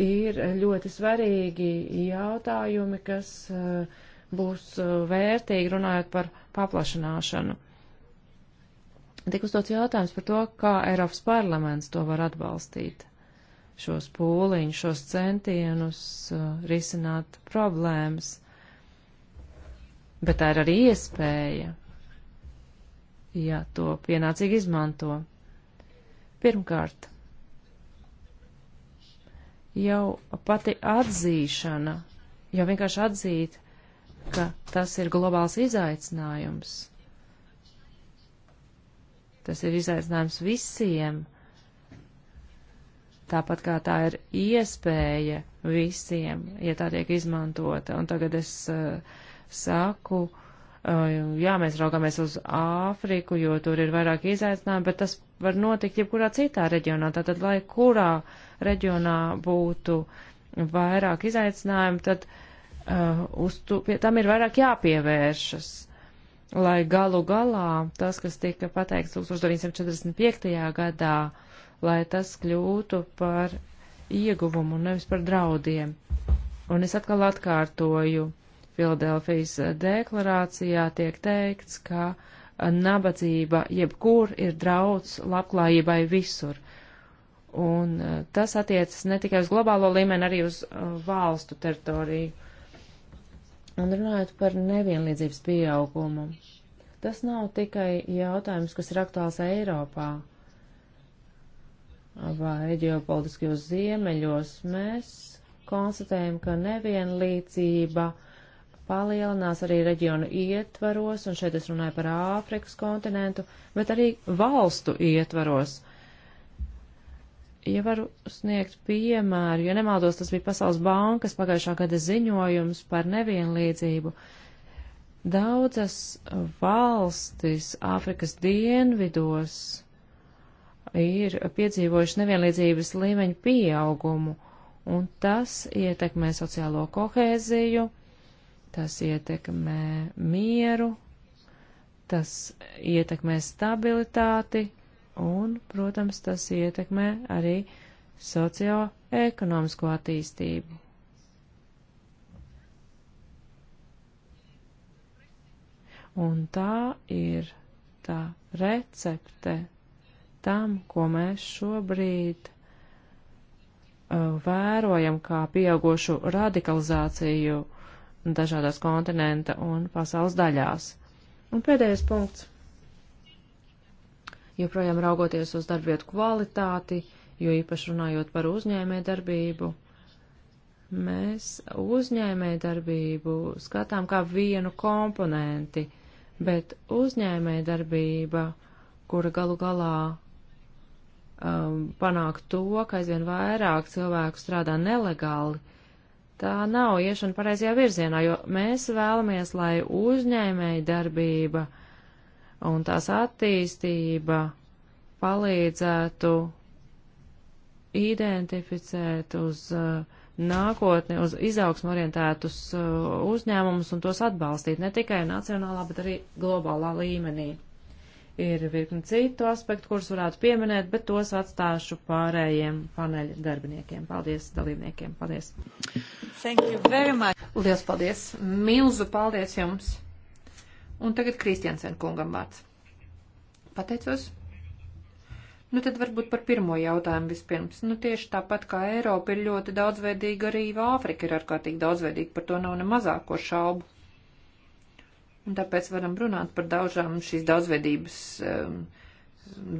Speaker 3: ir ļoti svarīgi jautājumi, kas uh, būs uh, vērtīgi runājot par paplašanāšanu. Tik uzdots jautājums par to, kā Eiropas parlaments to var atbalstīt, šos pūliņus, šos centienus uh, risināt problēmas. Bet tā ir arī iespēja, ja to pienācīgi izmanto. Pirmkārt, jau pati atzīšana, jau vienkārši atzīt ka tas ir globāls izaicinājums. Tas ir izaicinājums visiem, tāpat kā tā ir iespēja visiem, ja tā tiek izmantota. Un tagad es uh, saku, uh, jā, mēs raugāmies uz Āfriku, jo tur ir vairāk izaicinājumu, bet tas var notikt jebkurā citā reģionā. Tātad, lai kurā reģionā būtu vairāk izaicinājumu, tad uh, uh, uz to, tam ir vairāk jāpievēršas, lai galu galā tas, kas tika pateikts 1945. gadā, lai tas kļūtu par ieguvumu un nevis par draudiem. Un es atkal atkārtoju, Filadelfijas deklarācijā tiek teikts, ka nabadzība jebkur ir drauds labklājībai visur. Un uh, tas attiecas ne tikai uz globālo līmeni, arī uz uh, valstu teritoriju. Un runājot par nevienlīdzības pieaugumu, tas nav tikai jautājums, kas ir aktuāls Eiropā vai ģeopolitiskajos ziemeļos. Mēs konstatējam, ka nevienlīdzība palielinās arī reģionu ietvaros, un šeit es runāju par Āfrikas kontinentu, bet arī valstu ietvaros. Uh, Ja varu sniegt piemēru, ja nemaldos, tas bija Pasaules bankas pagājušā gada ziņojums par nevienlīdzību. Daudzas valstis Āfrikas dienvidos ir piedzīvojuši nevienlīdzības līmeņu pieaugumu, un tas ietekmē sociālo kohēziju, tas ietekmē mieru, tas ietekmē stabilitāti un, protams, tas ietekmē arī socioekonomisko attīstību. Un tā ir tā recepte tam, ko mēs šobrīd uh, vērojam kā pieaugušu radikalizāciju dažādās kontinenta un pasaules daļās. Un pēdējais punkts joprojām raugoties uz darbvietu kvalitāti, jo īpaši runājot par uzņēmē darbību, mēs uzņēmē darbību skatām kā vienu komponenti, bet uzņēmē darbība, kura galu galā um, panāk to, ka aizvien vairāk cilvēku strādā nelegāli, tā nav iešana pareizajā virzienā, jo mēs vēlamies, lai uzņēmēji darbība uh, un tās attīstība palīdzētu identificēt uz uh, nākotni, uz izaugsmu orientētus uh, uzņēmumus un tos atbalstīt ne tikai nacionālā, bet arī globālā līmenī. Ir virkni citu aspektu, kurus varētu pieminēt, bet tos atstāšu pārējiem paneļa darbiniekiem. Paldies dalībniekiem.
Speaker 4: Paldies. Thank you very much. Lielas paldies. Milzu paldies jums. Un tagad Kristiansen kungam vārds. Pateicos. Nu, tad varbūt par pirmo jautājumu vispirms. Nu, tieši tāpat kā Eiropa ir ļoti daudzveidīga, arī Āfrika ir ārkārtīgi daudzveidīga, par to nav ne mazāko šaubu. Un tāpēc varam runāt par daužām šīs daudzveidības um,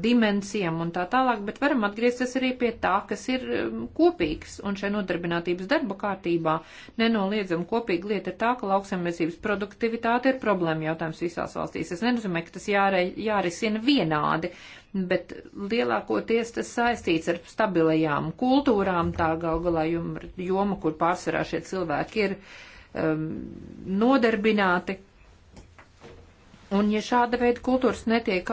Speaker 4: dimensijām un tā tālāk, bet varam atgriezties arī pie tā, kas ir um, kopīgs. Un šai nodarbinātības darba kārtībā nenoliedzam kopīga lieta ir tā, ka lauksaimniecības produktivitāte ir problēma jautājums visās valstīs. Es nenozīmē, ka tas jāre, jārisina vienādi, bet lielākoties tas saistīts ar stabilajām kultūrām, tā gal galā joma, kur pārsvarā šie cilvēki ir um, nodarbināti Un ja šāda veida kultūras netiek,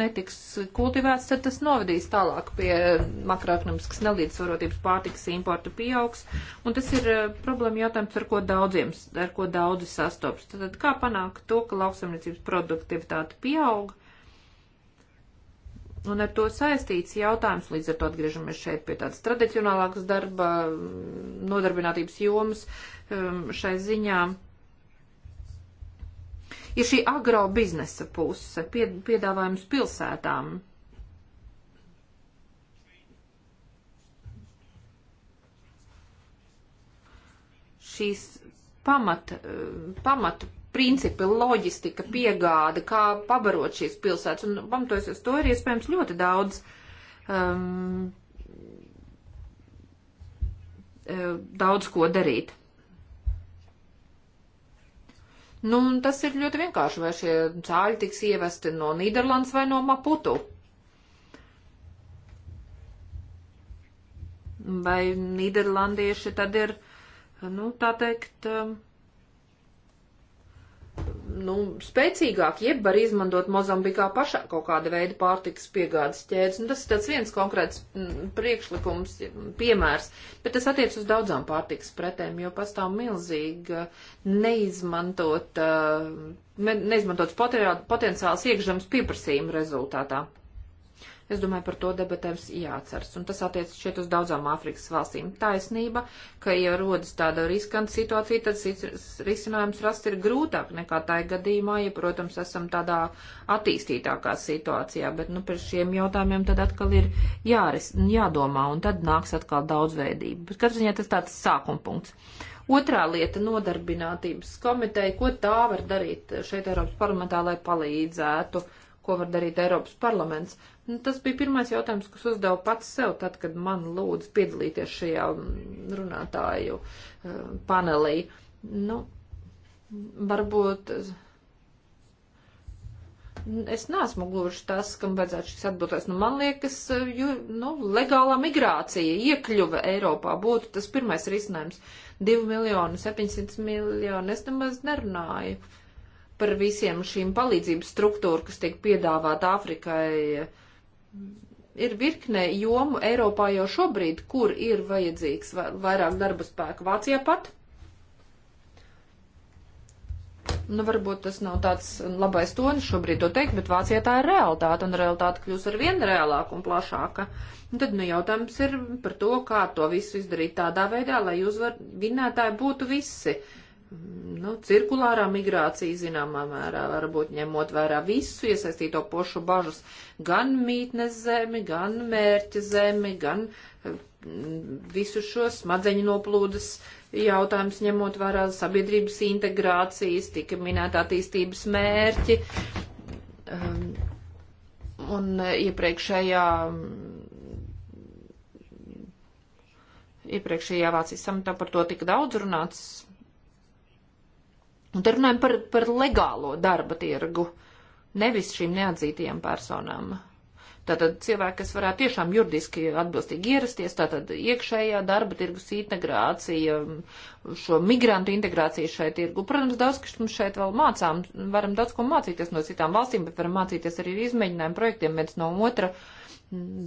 Speaker 4: netiks kultivēts, tad tas novadīs tālāk pie makroekonomiskas nelīdzsvarotības pārtikas importa pieaugs. Un tas ir eh, problēma jautājums, ar ko daudziem, ar ko daudzi sastops. Tad kā panākt to, ka lauksamniecības produktivitāte pieaug? Un ar to saistīts jautājums, līdz ar to atgriežamies šeit pie tādas tradicionālākas darba, mm, nodarbinātības jomas mm, šai ziņā ir šī agro biznesa puse, piedāvājums pilsētām. Šīs pamat, pamat principi, loģistika, piegāde, kā pabarot šīs pilsētas, un pamatojas uz to ir iespējams ļoti daudz. Um, eh, daudz ko darīt. Nu, tas ir ļoti vienkārši, vai šie cāļi tiks ievesti no Nīderlandes vai no Maputu. Vai Nīderlandieši tad ir, nu, tā teikt, um, nu, spēcīgāk, jeb var izmantot Mozambikā pašā kaut kāda veida pārtikas piegādes ķēdes. Un nu, tas ir tāds viens konkrēts mm, priekšlikums, mm, piemērs, bet tas attiec uz daudzām pārtikas pretēm, jo pastāv milzīga neizmantot, neizmantots potenciāls iekšzemes pieprasījuma rezultātā. Es domāju, par to debatēms jāatceras. Un tas attiecas šeit uz daudzām Āfrikas valstīm. Taisnība, ka, ja rodas tāda riskanta situācija, tad risinājums rast ir grūtāk nekā tā ir gadījumā, ja, protams, esam tādā attīstītākā situācijā. Bet, nu, par šiem jautājumiem tad atkal ir jāris, jādomā, un tad nāks atkal daudzveidība. Bet katrā ziņā tas tāds sākuma punkts. Otrā lieta - nodarbinātības komiteja. Ko tā var darīt šeit Eiropas parlamentā, lai palīdzētu? Ko var darīt Eiropas parlaments? Nu, tas bija pirmais jautājums, kas uzdevu pats sev, tad, kad man lūdz piedalīties šajā mm, runātāju eh, panelī. Nu, varbūt mm, es neesmu gluži tas, kam vajadzētu šis atbildēs. Nu, man liekas, eh, ju, nu, legālā migrācija, iekļuva Eiropā būtu tas pirmais risinājums. 2 miljoni, 700 miljoni, es nemaz nerunāju par visiem šīm palīdzības struktūru, kas tiek piedāvāta Āfrikai. Uh, ir virknē jomu Eiropā jau šobrīd, kur ir vajadzīgs vairāk darba spēka Vācijā pat. Nu, varbūt tas nav tāds labais tonis šobrīd to teikt, bet Vācijā tā ir realitāte, un realitāte kļūs ar vien reālāka un plašāka. Un tad, nu, jautājums ir par to, kā to visu izdarīt tādā veidā, lai uzvar vinētāji būtu visi nu, cirkulārā migrācija, zināmā mērā, varbūt ņemot vērā visu iesaistīto pošu bažas, gan mītnes zemi, gan mērķa zemi, gan eh, visu šo smadzeņu noplūdes jautājums ņemot vērā sabiedrības integrācijas, tika minēta attīstības mērķi. Um, un eh, iepriekšējā iepriekšējā Vācijas samitā par to tika daudz runāts, Un te runājam par, par legālo darba tirgu, nevis šīm neatzītajām personām. Tātad cilvēki, kas varētu tiešām juridiski atbilstīgi ierasties, tātad iekšējā darba tirgus integrācija, šo migrantu integrācija šai tirgu. Protams, daudz, kas mums šeit vēl mācām, varam daudz ko mācīties no citām valstīm, bet varam mācīties arī izmēģinājumu projektiem viens no otra.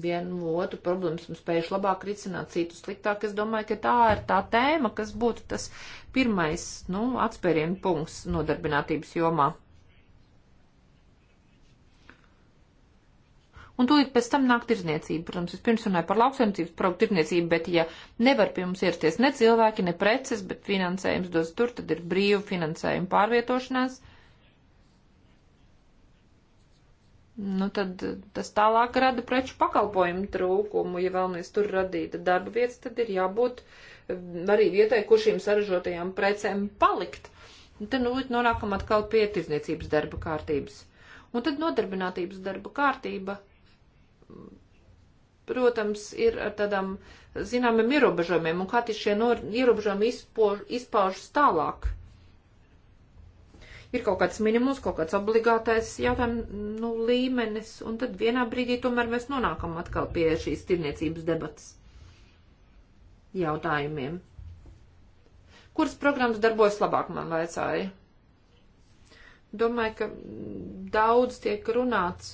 Speaker 4: Vienu otru problēmas un spējuši labāk risināt, citu sliktāk. Es domāju, ka tā ir tā tēma, kas būtu tas pirmais, nu, atspērienu punkts nodarbinātības jomā. Un tūlīt pēc tam nāk tirzniecība. Protams, es pirms runāju par lauksaimniecības produktu tirzniecību, bet ja nevar pie mums ierasties ne cilvēki, ne preces, bet finansējums dos tur, tad ir brīva finansējuma pārvietošanās. Nu, tad tas tālāk rada preču pakalpojumu trūkumu. Ja vēlamies tur radīt darba vietas, tad ir jābūt uh, arī vietai, kur šīm saražotajām precēm palikt. Un tad, nu, nonākam atkal pie tirzniecības darba kārtības. Un tad nodarbinātības darba kārtība, protams, ir ar tādām zināmiem ierobežojumiem, un kā tie šie no, ierobežojumi izpož, izpaužas tālāk. Ir kaut kāds minimums, kaut kāds obligātais jautājums, nu, līmenis, un tad vienā brīdī tomēr mēs nonākam atkal pie šīs tirniecības debatas jautājumiem. Kuras programmas darbojas labāk, man vajadzēja? Domāju, ka daudz tiek runāts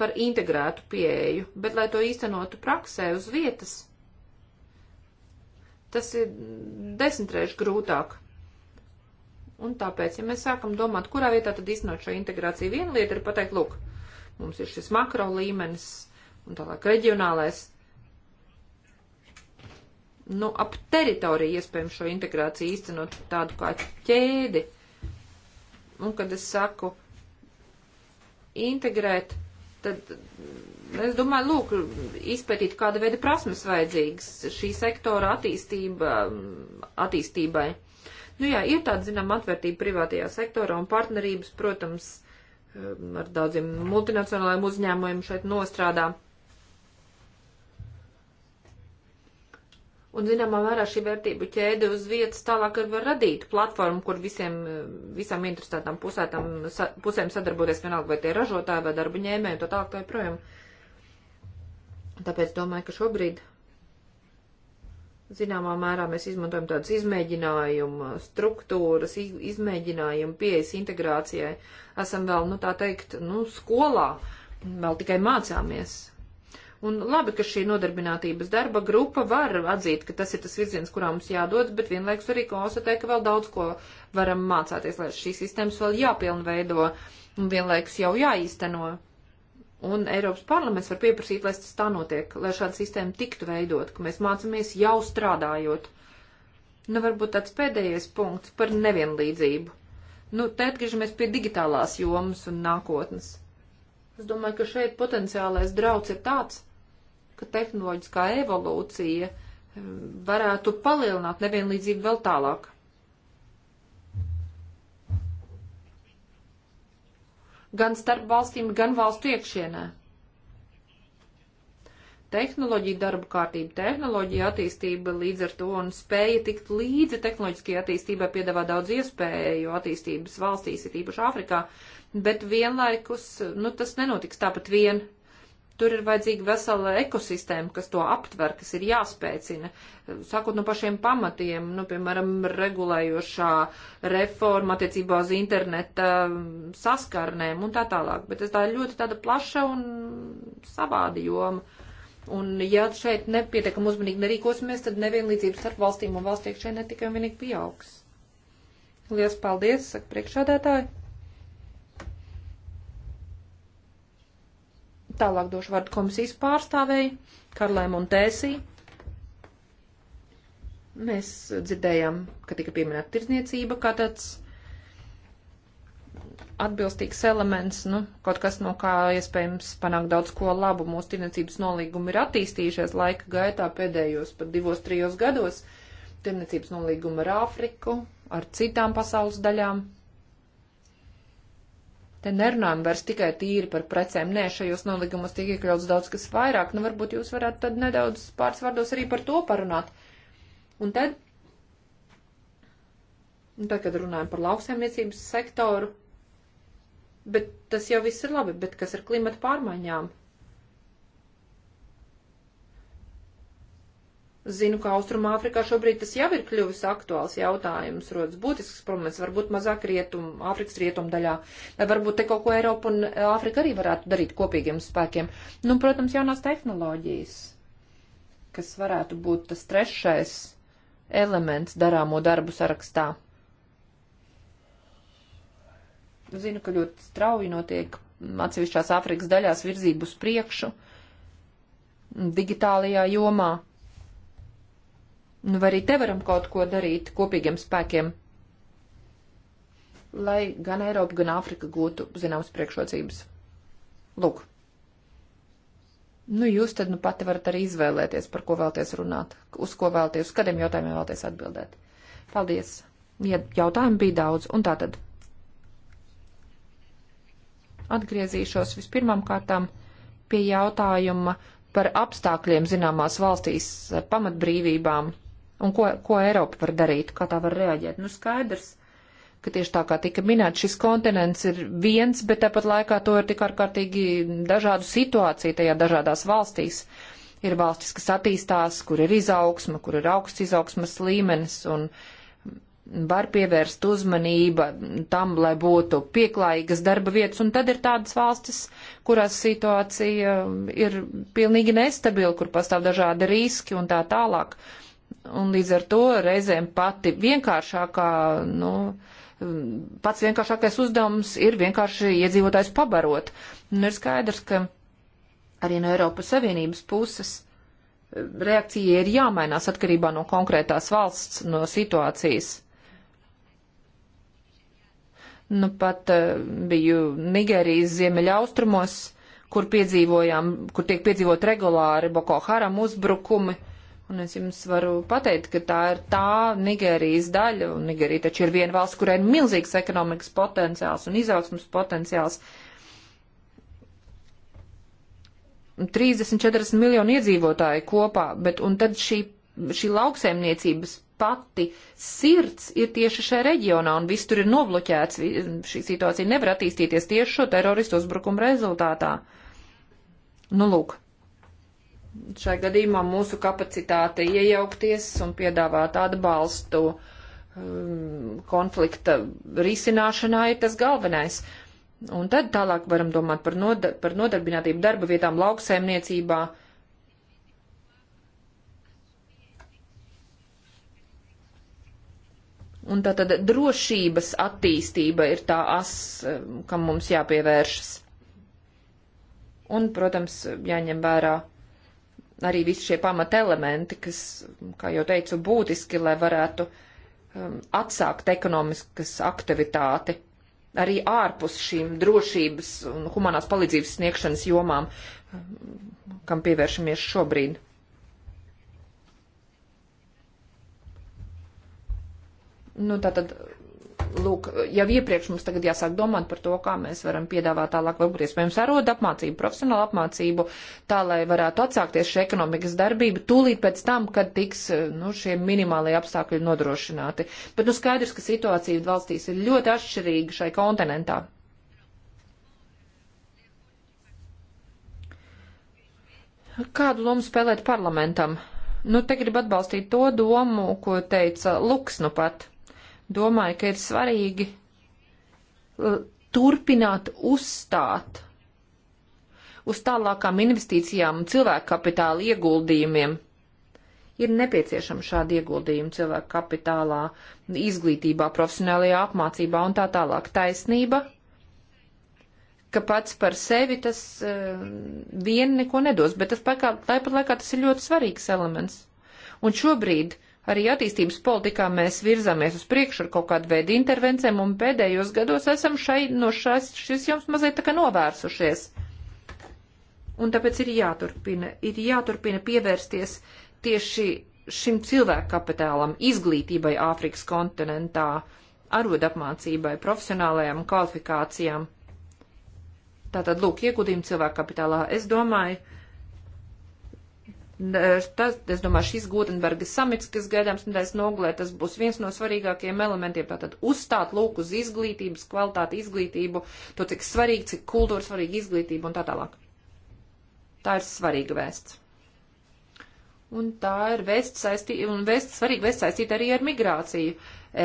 Speaker 4: par integrētu pieeju, bet, lai to īstenotu praksē uz vietas, tas ir desmitreiz grūtāk. Un tāpēc, ja mēs sākam domāt, kurā vietā tad iznāk šo integrāciju, viena lieta ir pateikt, lūk, mums ir šis makro līmenis un tālāk reģionālais, nu, ap teritoriju iespējams šo integrāciju īstenot tādu kā ķēdi. Un, kad es saku integrēt, tad mm, es domāju, lūk, izpētīt, kāda veida prasmes vajadzīgas šī sektora attīstība, mm, attīstībai. Nu jā, ir tāda, zinām, atvērtība privātajā sektorā un partnerības, protams, mm, ar daudziem multinacionālajiem uzņēmumiem šeit nostrādā. Un, zināmā mērā, šī vērtību ķēde uz vietas tālāk var radīt platformu, kur visiem, visām interesētām pusētām, sa, pusēm sadarboties vienalga, vai tie ražotāji, vai darba ņēmēji, to tālāk tā joprojām. Tāpēc domāju, ka šobrīd, zināmā mērā, mēs izmantojam tādas izmēģinājuma struktūras, izmēģinājuma pieejas integrācijai. Esam vēl, nu tā teikt, nu, skolā, vēl tikai mācāmies Un labi, ka šī nodarbinātības darba grupa var atzīt, ka tas ir tas virziens, kurā mums jādod, bet vienlaikus arī konstatē, ka vēl daudz ko varam mācāties, lai šīs sistēmas vēl jāpilnveido un vienlaikus jau jāīsteno. Un Eiropas parlaments var pieprasīt, lai tas tā notiek, lai šāda sistēma tiktu veidot, ka mēs mācāmies jau strādājot. Nu, varbūt tāds pēdējais punkts par nevienlīdzību. Nu, te atgriežamies pie digitālās jomas un nākotnes. Es domāju, ka šeit potenciālais drauds ir tāds, ka tehnoloģiskā evolūcija um, varētu palielināt nevienlīdzību vēl tālāk. Gan starp valstīm, gan valstu iekšienē. Tehnoloģija darba kārtība, tehnoloģija attīstība līdz ar to un spēja tikt līdzi tehnoloģiskajai attīstībai piedāvā daudz iespēju attīstības valstīs, ir īpaši Āfrikā, bet vienlaikus, nu, tas nenotiks tāpat vien. Uh, Tur ir vajadzīga vesela ekosistēma, kas to aptver, kas ir jāspēcina. Sākot no pašiem pamatiem, nu, piemēram, regulējošā reforma attiecībā uz interneta mm, saskarnēm un tā tālāk. Bet tas tā ir ļoti tāda plaša un savāda joma. Un ja šeit nepietiekam uzmanīgi nerīkosimies, tad nevienlīdzības starp valstīm un valstiekšē netikai un vienīgi pieaugs. Lielas paldies, saka priekšādētāji! Tālāk došu vārdu komisijas pārstāvēji Karlai Montēsī. Mēs dzirdējām, ka tika pieminēta tirdzniecība kā tāds atbilstīgs elements, nu, kaut kas, no kā iespējams panākt daudz ko labu. Mūsu tirdzniecības nolīgumi ir attīstījušies laika gaitā pēdējos pat divos, trijos gados. Tirdzniecības nolīgumi ar Āfriku, ar citām pasaules daļām Te nerunājam vairs tikai tīri par precēm. Nē, šajos nolīgumos tiek iekļauts daudz kas vairāk. Nu, varbūt jūs varētu tad nedaudz pāris vārdos arī par to parunāt. Un tad, un tad kad runājam par lauksaimniecības sektoru, bet tas jau viss ir labi, bet kas ar klimata pārmaiņām? Zinu, ka Austrumāfrikā šobrīd tas jau ir kļuvis aktuāls jautājums, rodas būtisks problēmas, varbūt mazāk rietum, Āfrikas rietum daļā, vai varbūt te kaut ko Eiropa un Āfrika arī varētu darīt kopīgiem spēkiem. Nu, protams, jaunās tehnoloģijas, kas varētu būt tas trešais elements darāmo darbu sarakstā. Zinu, ka ļoti strauji notiek atsevišķās Āfrikas daļās virzību uz priekšu digitālajā jomā Nu, vai arī te varam kaut ko darīt kopīgiem spēkiem, lai gan Eiropa, gan Āfrika gūtu zināmas priekšrocības. Lūk. Nu, jūs tad nu pati varat arī izvēlēties, par ko vēlties runāt, uz ko vēlties, uz kādiem jautājumiem vēlties atbildēt. Paldies! Ja jautājumu bija daudz, un tā tad atgriezīšos vispirmām kārtām pie jautājuma par apstākļiem zināmās valstīs pamatbrīvībām Un ko, ko Eiropa var darīt, kā tā var reaģēt? Nu, skaidrs, ka tieši tā kā tika minēts, šis kontinents ir viens, bet tāpat laikā to ir tik ārkārtīgi dažādu situāciju tajā dažādās valstīs. Ir valstis, kas attīstās, kur ir izaugsma, kur ir augsts izaugsmas līmenis, un var pievērst uzmanība tam, lai būtu pieklājīgas darba vietas, un tad ir tādas valstis, kurās situācija ir pilnīgi nestabila, kur pastāv dažādi riski un tā tālāk. Un līdz ar to reizēm pati vienkāršākā, nu, pats vienkāršākais uzdevums ir vienkārši iedzīvotājs pabarot. Un ir skaidrs, ka arī no Eiropas Savienības puses e, reakcija ir jāmainās atkarībā no konkrētās valsts, no situācijas. Nu, pat e, biju Nigērijas ziemeļaustrumos, kur piedzīvojām, kur tiek piedzīvot regulāri Boko Haram uzbrukumi. Uh, Un es jums varu pateikt, ka tā ir tā Nigērijas daļa, un Nigērija taču ir viena valsts, kurai ir milzīgs ekonomikas potenciāls un izaugsmas potenciāls. 30-40 miljonu iedzīvotāju kopā, bet un tad šī, šī lauksēmniecības pati sirds ir tieši šajā reģionā, un viss tur ir nobloķēts, šī situācija nevar attīstīties tieši šo teroristu uzbrukumu rezultātā. Nu, lūk, šai gadījumā mūsu kapacitāte iejaukties un piedāvāt atbalstu um, konflikta risināšanā ir tas galvenais. Un tad tālāk varam domāt par, noda par nodarbinātību darba vietām lauksaimniecībā. Un tā tad drošības attīstība ir tā as, um, kam mums jāpievēršas. Un, protams, jāņem vērā arī visi šie pamatelementi, kas, kā jau teicu, būtiski, lai varētu um, atsākt ekonomiskas aktivitāti arī ārpus šīm drošības un humanās palīdzības sniegšanas jomām, um, kam pievēršamies šobrīd. Nu, tātad lūk, jau iepriekš mums tagad jāsāk domāt par to, kā mēs varam piedāvāt tālāk, varbūt iespējams, arodu apmācību, profesionālu apmācību, tā lai varētu atsākties šī ekonomikas darbība tūlīt pēc tam, kad tiks nu, šie minimālie apstākļi nodrošināti. Bet nu, skaidrs, ka situācija valstīs ir ļoti atšķirīga šai kontinentā. Kādu lomu spēlēt parlamentam? Nu, te grib atbalstīt to domu, ko teica Luks nu pat domāju, ka ir svarīgi uh, turpināt uzstāt uz tālākām investīcijām un cilvēku kapitāla ieguldījumiem. Ir nepieciešama šāda ieguldījuma cilvēku kapitālā, izglītībā, profesionālajā apmācībā un tā tālāk. Taisnība, ka pats par sevi tas uh, vien neko nedos, bet tas tāpat laikā tas ir ļoti svarīgs elements. Un šobrīd Arī attīstības politikā mēs virzāmies uz priekšu ar kaut kādu veidu intervencijām, un pēdējos gados esam šai, no šās, šis jums mazliet tā kā novērsušies. Un tāpēc ir jāturpina, ir jāturpina pievērsties tieši šim cilvēku kapitālam, izglītībai Āfrikas kontinentā, arodapmācībai, profesionālajām kvalifikācijām. Tātad, lūk, ieguldījumi cilvēku kapitālā. Es domāju, Tas, es domāju, šis Gutenberga samits, kas gaidāms nedēļas noglē, tas būs viens no svarīgākajiem elementiem. Tātad uzstāt lūk uz izglītības, kvalitāti izglītību, to, cik svarīgi, cik kultūra svarīga izglītība un tā tālāk. Tā ir svarīga vēsts. Un tā ir vēsts saistīta, un vēsts, svarīga vēsts saistīta arī ar migrāciju.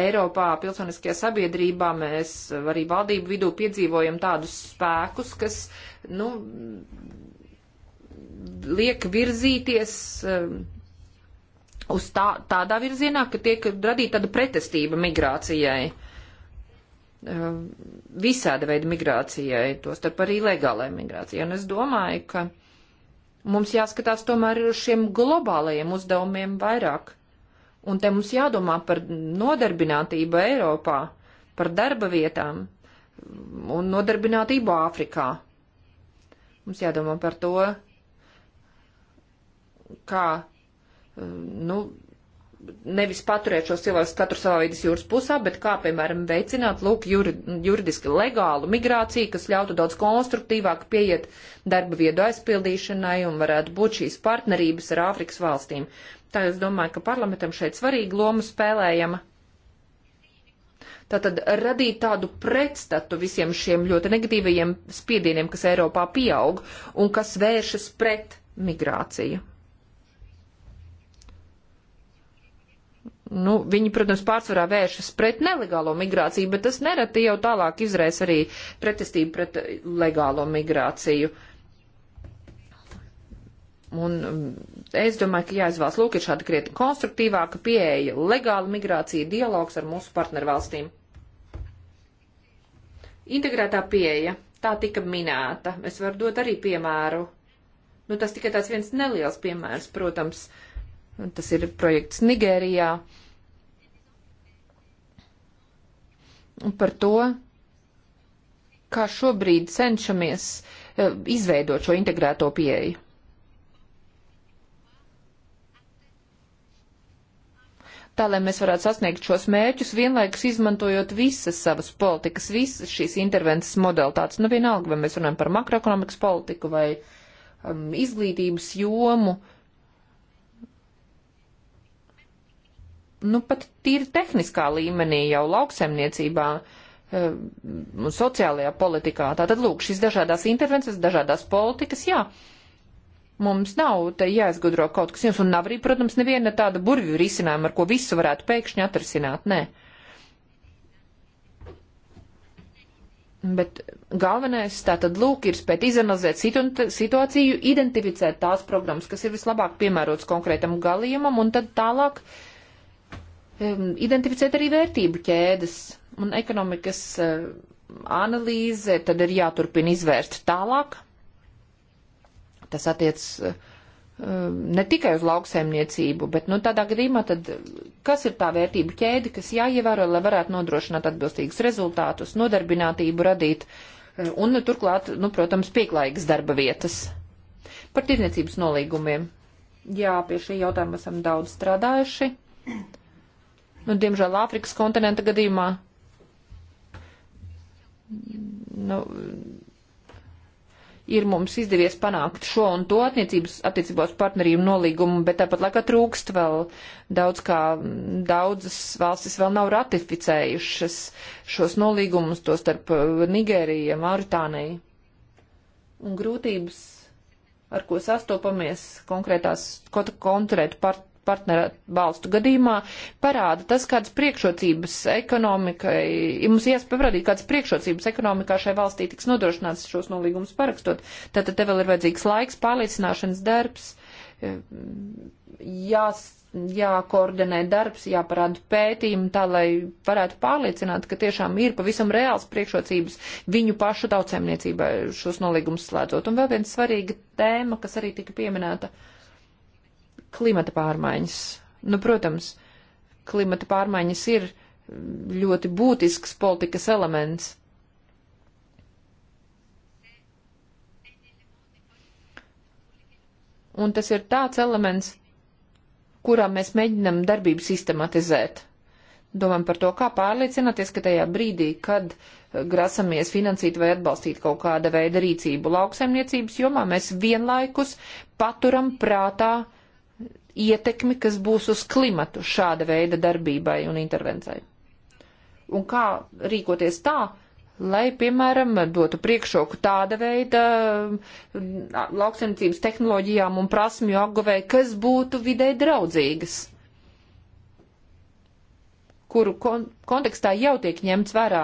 Speaker 4: Eiropā pilsoniskajā sabiedrībā mēs arī valdību vidū piedzīvojam tādus spēkus, kas, nu, liek virzīties um, uz tā, tādā virzienā, ka tiek radīta tāda pretestība migrācijai, um, visāda veida migrācijai, tostarp arī legālai migrācijai. Un es domāju, ka mums jāskatās tomēr ir uz šiem globālajiem uzdevumiem vairāk. Un te mums jādomā par nodarbinātību Eiropā, par darba vietām un nodarbinātību Āfrikā. Mums jādomā par to, kā, eh, nu, nevis paturēt šos cilvēkus katru savā vidas jūras pusā, bet kā, piemēram, veicināt, lūk, juri, juridiski legālu migrāciju, kas ļautu daudz konstruktīvāk pieiet darba viedu aizpildīšanai un varētu būt šīs partnerības ar Āfrikas valstīm. Tā es domāju, ka parlamentam šeit svarīga loma spēlējama. Tātad radīt tādu pretstatu visiem šiem ļoti negatīvajiem spiedieniem, kas Eiropā pieaug un kas vēršas pret migrāciju. nu, viņi, protams, pārsvarā vēršas pret nelegālo migrāciju, bet tas nereti jau tālāk izraisa arī pretestību pret legālo migrāciju. Un um, es domāju, ka jāizvēlas lūk ir šāda krietni konstruktīvāka pieeja, legāla migrācija, dialogs ar mūsu partnervalstīm. Integrētā pieeja, tā tika minēta. Es varu dot arī piemēru. Nu, tas tikai tāds viens neliels piemērs, protams. Uh, Tas ir projekts Nigērijā. Un par to, kā šobrīd cenšamies e, izveidot šo integrēto pieeju. tā, lai mēs varētu sasniegt šos mērķus, vienlaikus izmantojot visas savas politikas, visas šīs intervences modalitātes. Nu, vienalga, vai mēs runājam par makroekonomikas politiku vai um, izglītības jomu. Uh, nu pat tīri tehniskā līmenī jau lauksemniecībā eh, un sociālajā politikā. Tātad, lūk, šīs dažādās intervences, dažādās politikas, jā, mums nav te jāizgudro kaut kas jums, un nav arī, protams, neviena tāda burvju risinājuma, ar ko visu varētu pēkšņi atrisināt, nē. Bet galvenais tātad lūk ir spēt izanalizēt situ situāciju, identificēt tās programmas, kas ir vislabāk piemērotas konkrētam galījumam, un tad tālāk uh, um, identificēt arī vērtību ķēdes un ekonomikas uh, analīze, tad ir jāturpina izvērst tālāk. Tas attiec uh, um, ne tikai uz lauksaimniecību, bet, nu, tādā gadījumā tad, kas ir tā vērtību ķēde, kas jāievēro, lai varētu nodrošināt atbilstīgus rezultātus, nodarbinātību radīt uh, un, turklāt, nu, protams, pieklājīgas darba vietas. Par tirniecības nolīgumiem. Jā, pie šī jautājuma esam daudz strādājuši nu, diemžēl Āfrikas kontinenta gadījumā, nu, ir mums izdevies panākt šo un to attiecības, attiecībās partnerību nolīgumu, bet tāpat laikā trūkst vēl daudz, kā daudzas valstis vēl nav ratificējušas šos nolīgumus, to starp uh, Nigērija, Mauritānija. Un grūtības, ar ko sastopamies konkrētās, konkrētu part, partneru valstu gadījumā parāda tas, kādas priekšrocības ekonomikai, ja mums iespēja parādīt, kādas priekšrocības ekonomikā šai valstī tiks nodrošināts šos nolīgumus parakstot. Tātad te vēl ir vajadzīgs laiks, pārliecināšanas darbs, jās, jākoordinē darbs, jāparāda pētījumi, tā lai varētu pārliecināt, ka tiešām ir pavisam reāls priekšrocības viņu pašu tautsēmniecībai šos nolīgumus slēdzot. Un vēl viena svarīga tēma, kas arī tika pieminēta. Uh, Klimata pārmaiņas. Nu, protams, klimata pārmaiņas ir ļoti būtisks politikas elements. Un tas ir tāds elements, kurā mēs mēģinam darbību sistematizēt. Domājam par to, kā pārliecināties, ka tajā brīdī, kad grasamies finansīt vai atbalstīt kaut kāda veida rīcību lauksaimniecības jomā, mēs vienlaikus paturam prātā uh, ietekmi, kas būs uz klimatu šāda veida darbībai un intervencei. Un kā rīkoties tā, lai, piemēram, dotu priekšroku tāda veida lauksaimniecības tehnoloģijām un prasmju apguvē, kas būtu vidē draudzīgas kuru kon kontekstā jau tiek ņemts vērā,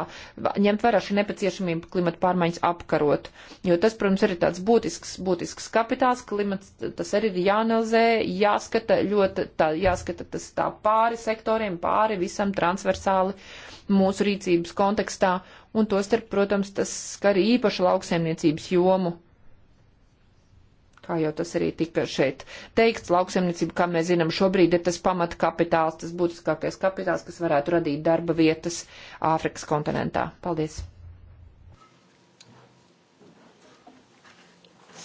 Speaker 4: ņemt vērā šī nepieciešamība klimata pārmaiņas apkarot. Jo tas, protams, arī tāds būtisks, būtisks kapitāls, klimats, tas arī ir jāanalizē, jāskata ļoti, tā, jāskata tas tā pāri sektoriem, pāri visam transversāli mūsu rīcības kontekstā, un to starp, protams, tas skar īpaši lauksēmniecības jomu kā jau tas arī tika šeit teikts, lauksemniecība, kā mēs zinām, šobrīd ir tas pamata kapitāls, tas būtiskākais kapitāls, kas varētu radīt darba vietas Āfrikas kontinentā. Paldies!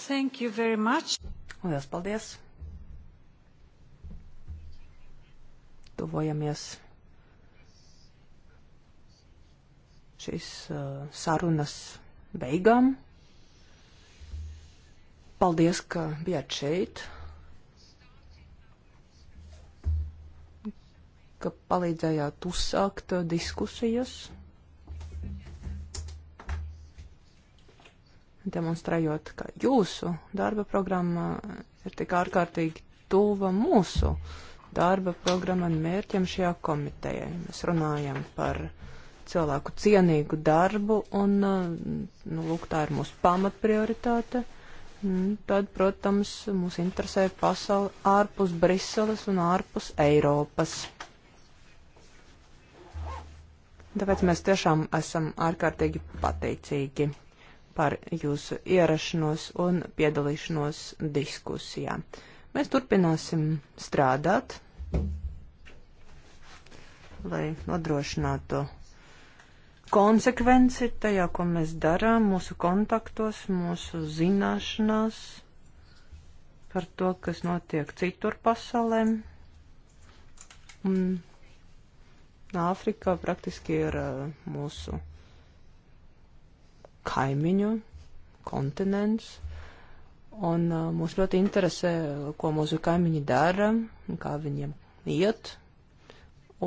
Speaker 1: Thank you very much. Lielas paldies!
Speaker 2: Tuvojamies šīs uh, sarunas beigām. Paldies, ka bijāt šeit, ka palīdzējāt uzsākt diskusijas, demonstrējot, ka jūsu darba programma ir tik ārkārtīgi tuva mūsu darba programma un mērķiem šajā komitejā. Mēs runājam par cilvēku cienīgu darbu, un nu, lūk, tā ir mūsu pamatprioritāte. Mm, tad, protams, mūs interesē pasauli ārpus Briseles un ārpus Eiropas. Tāpēc mēs tiešām esam ārkārtīgi pateicīgi par jūsu ierašanos un piedalīšanos diskusijā. Mēs turpināsim strādāt, lai nodrošinātu konsekvenci tajā, ko mēs darām, mūsu kontaktos, mūsu zināšanās par to, kas notiek citur pasaulē. Un Āfrikā praktiski ir mūsu kaimiņu kontinents. Un uh, mūs ļoti interesē, ko mūsu kaimiņi dara, kā viņiem iet,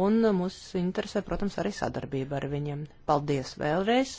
Speaker 2: un mūs interesē, protams, arī sadarbība ar viņiem. Paldies vēlreiz!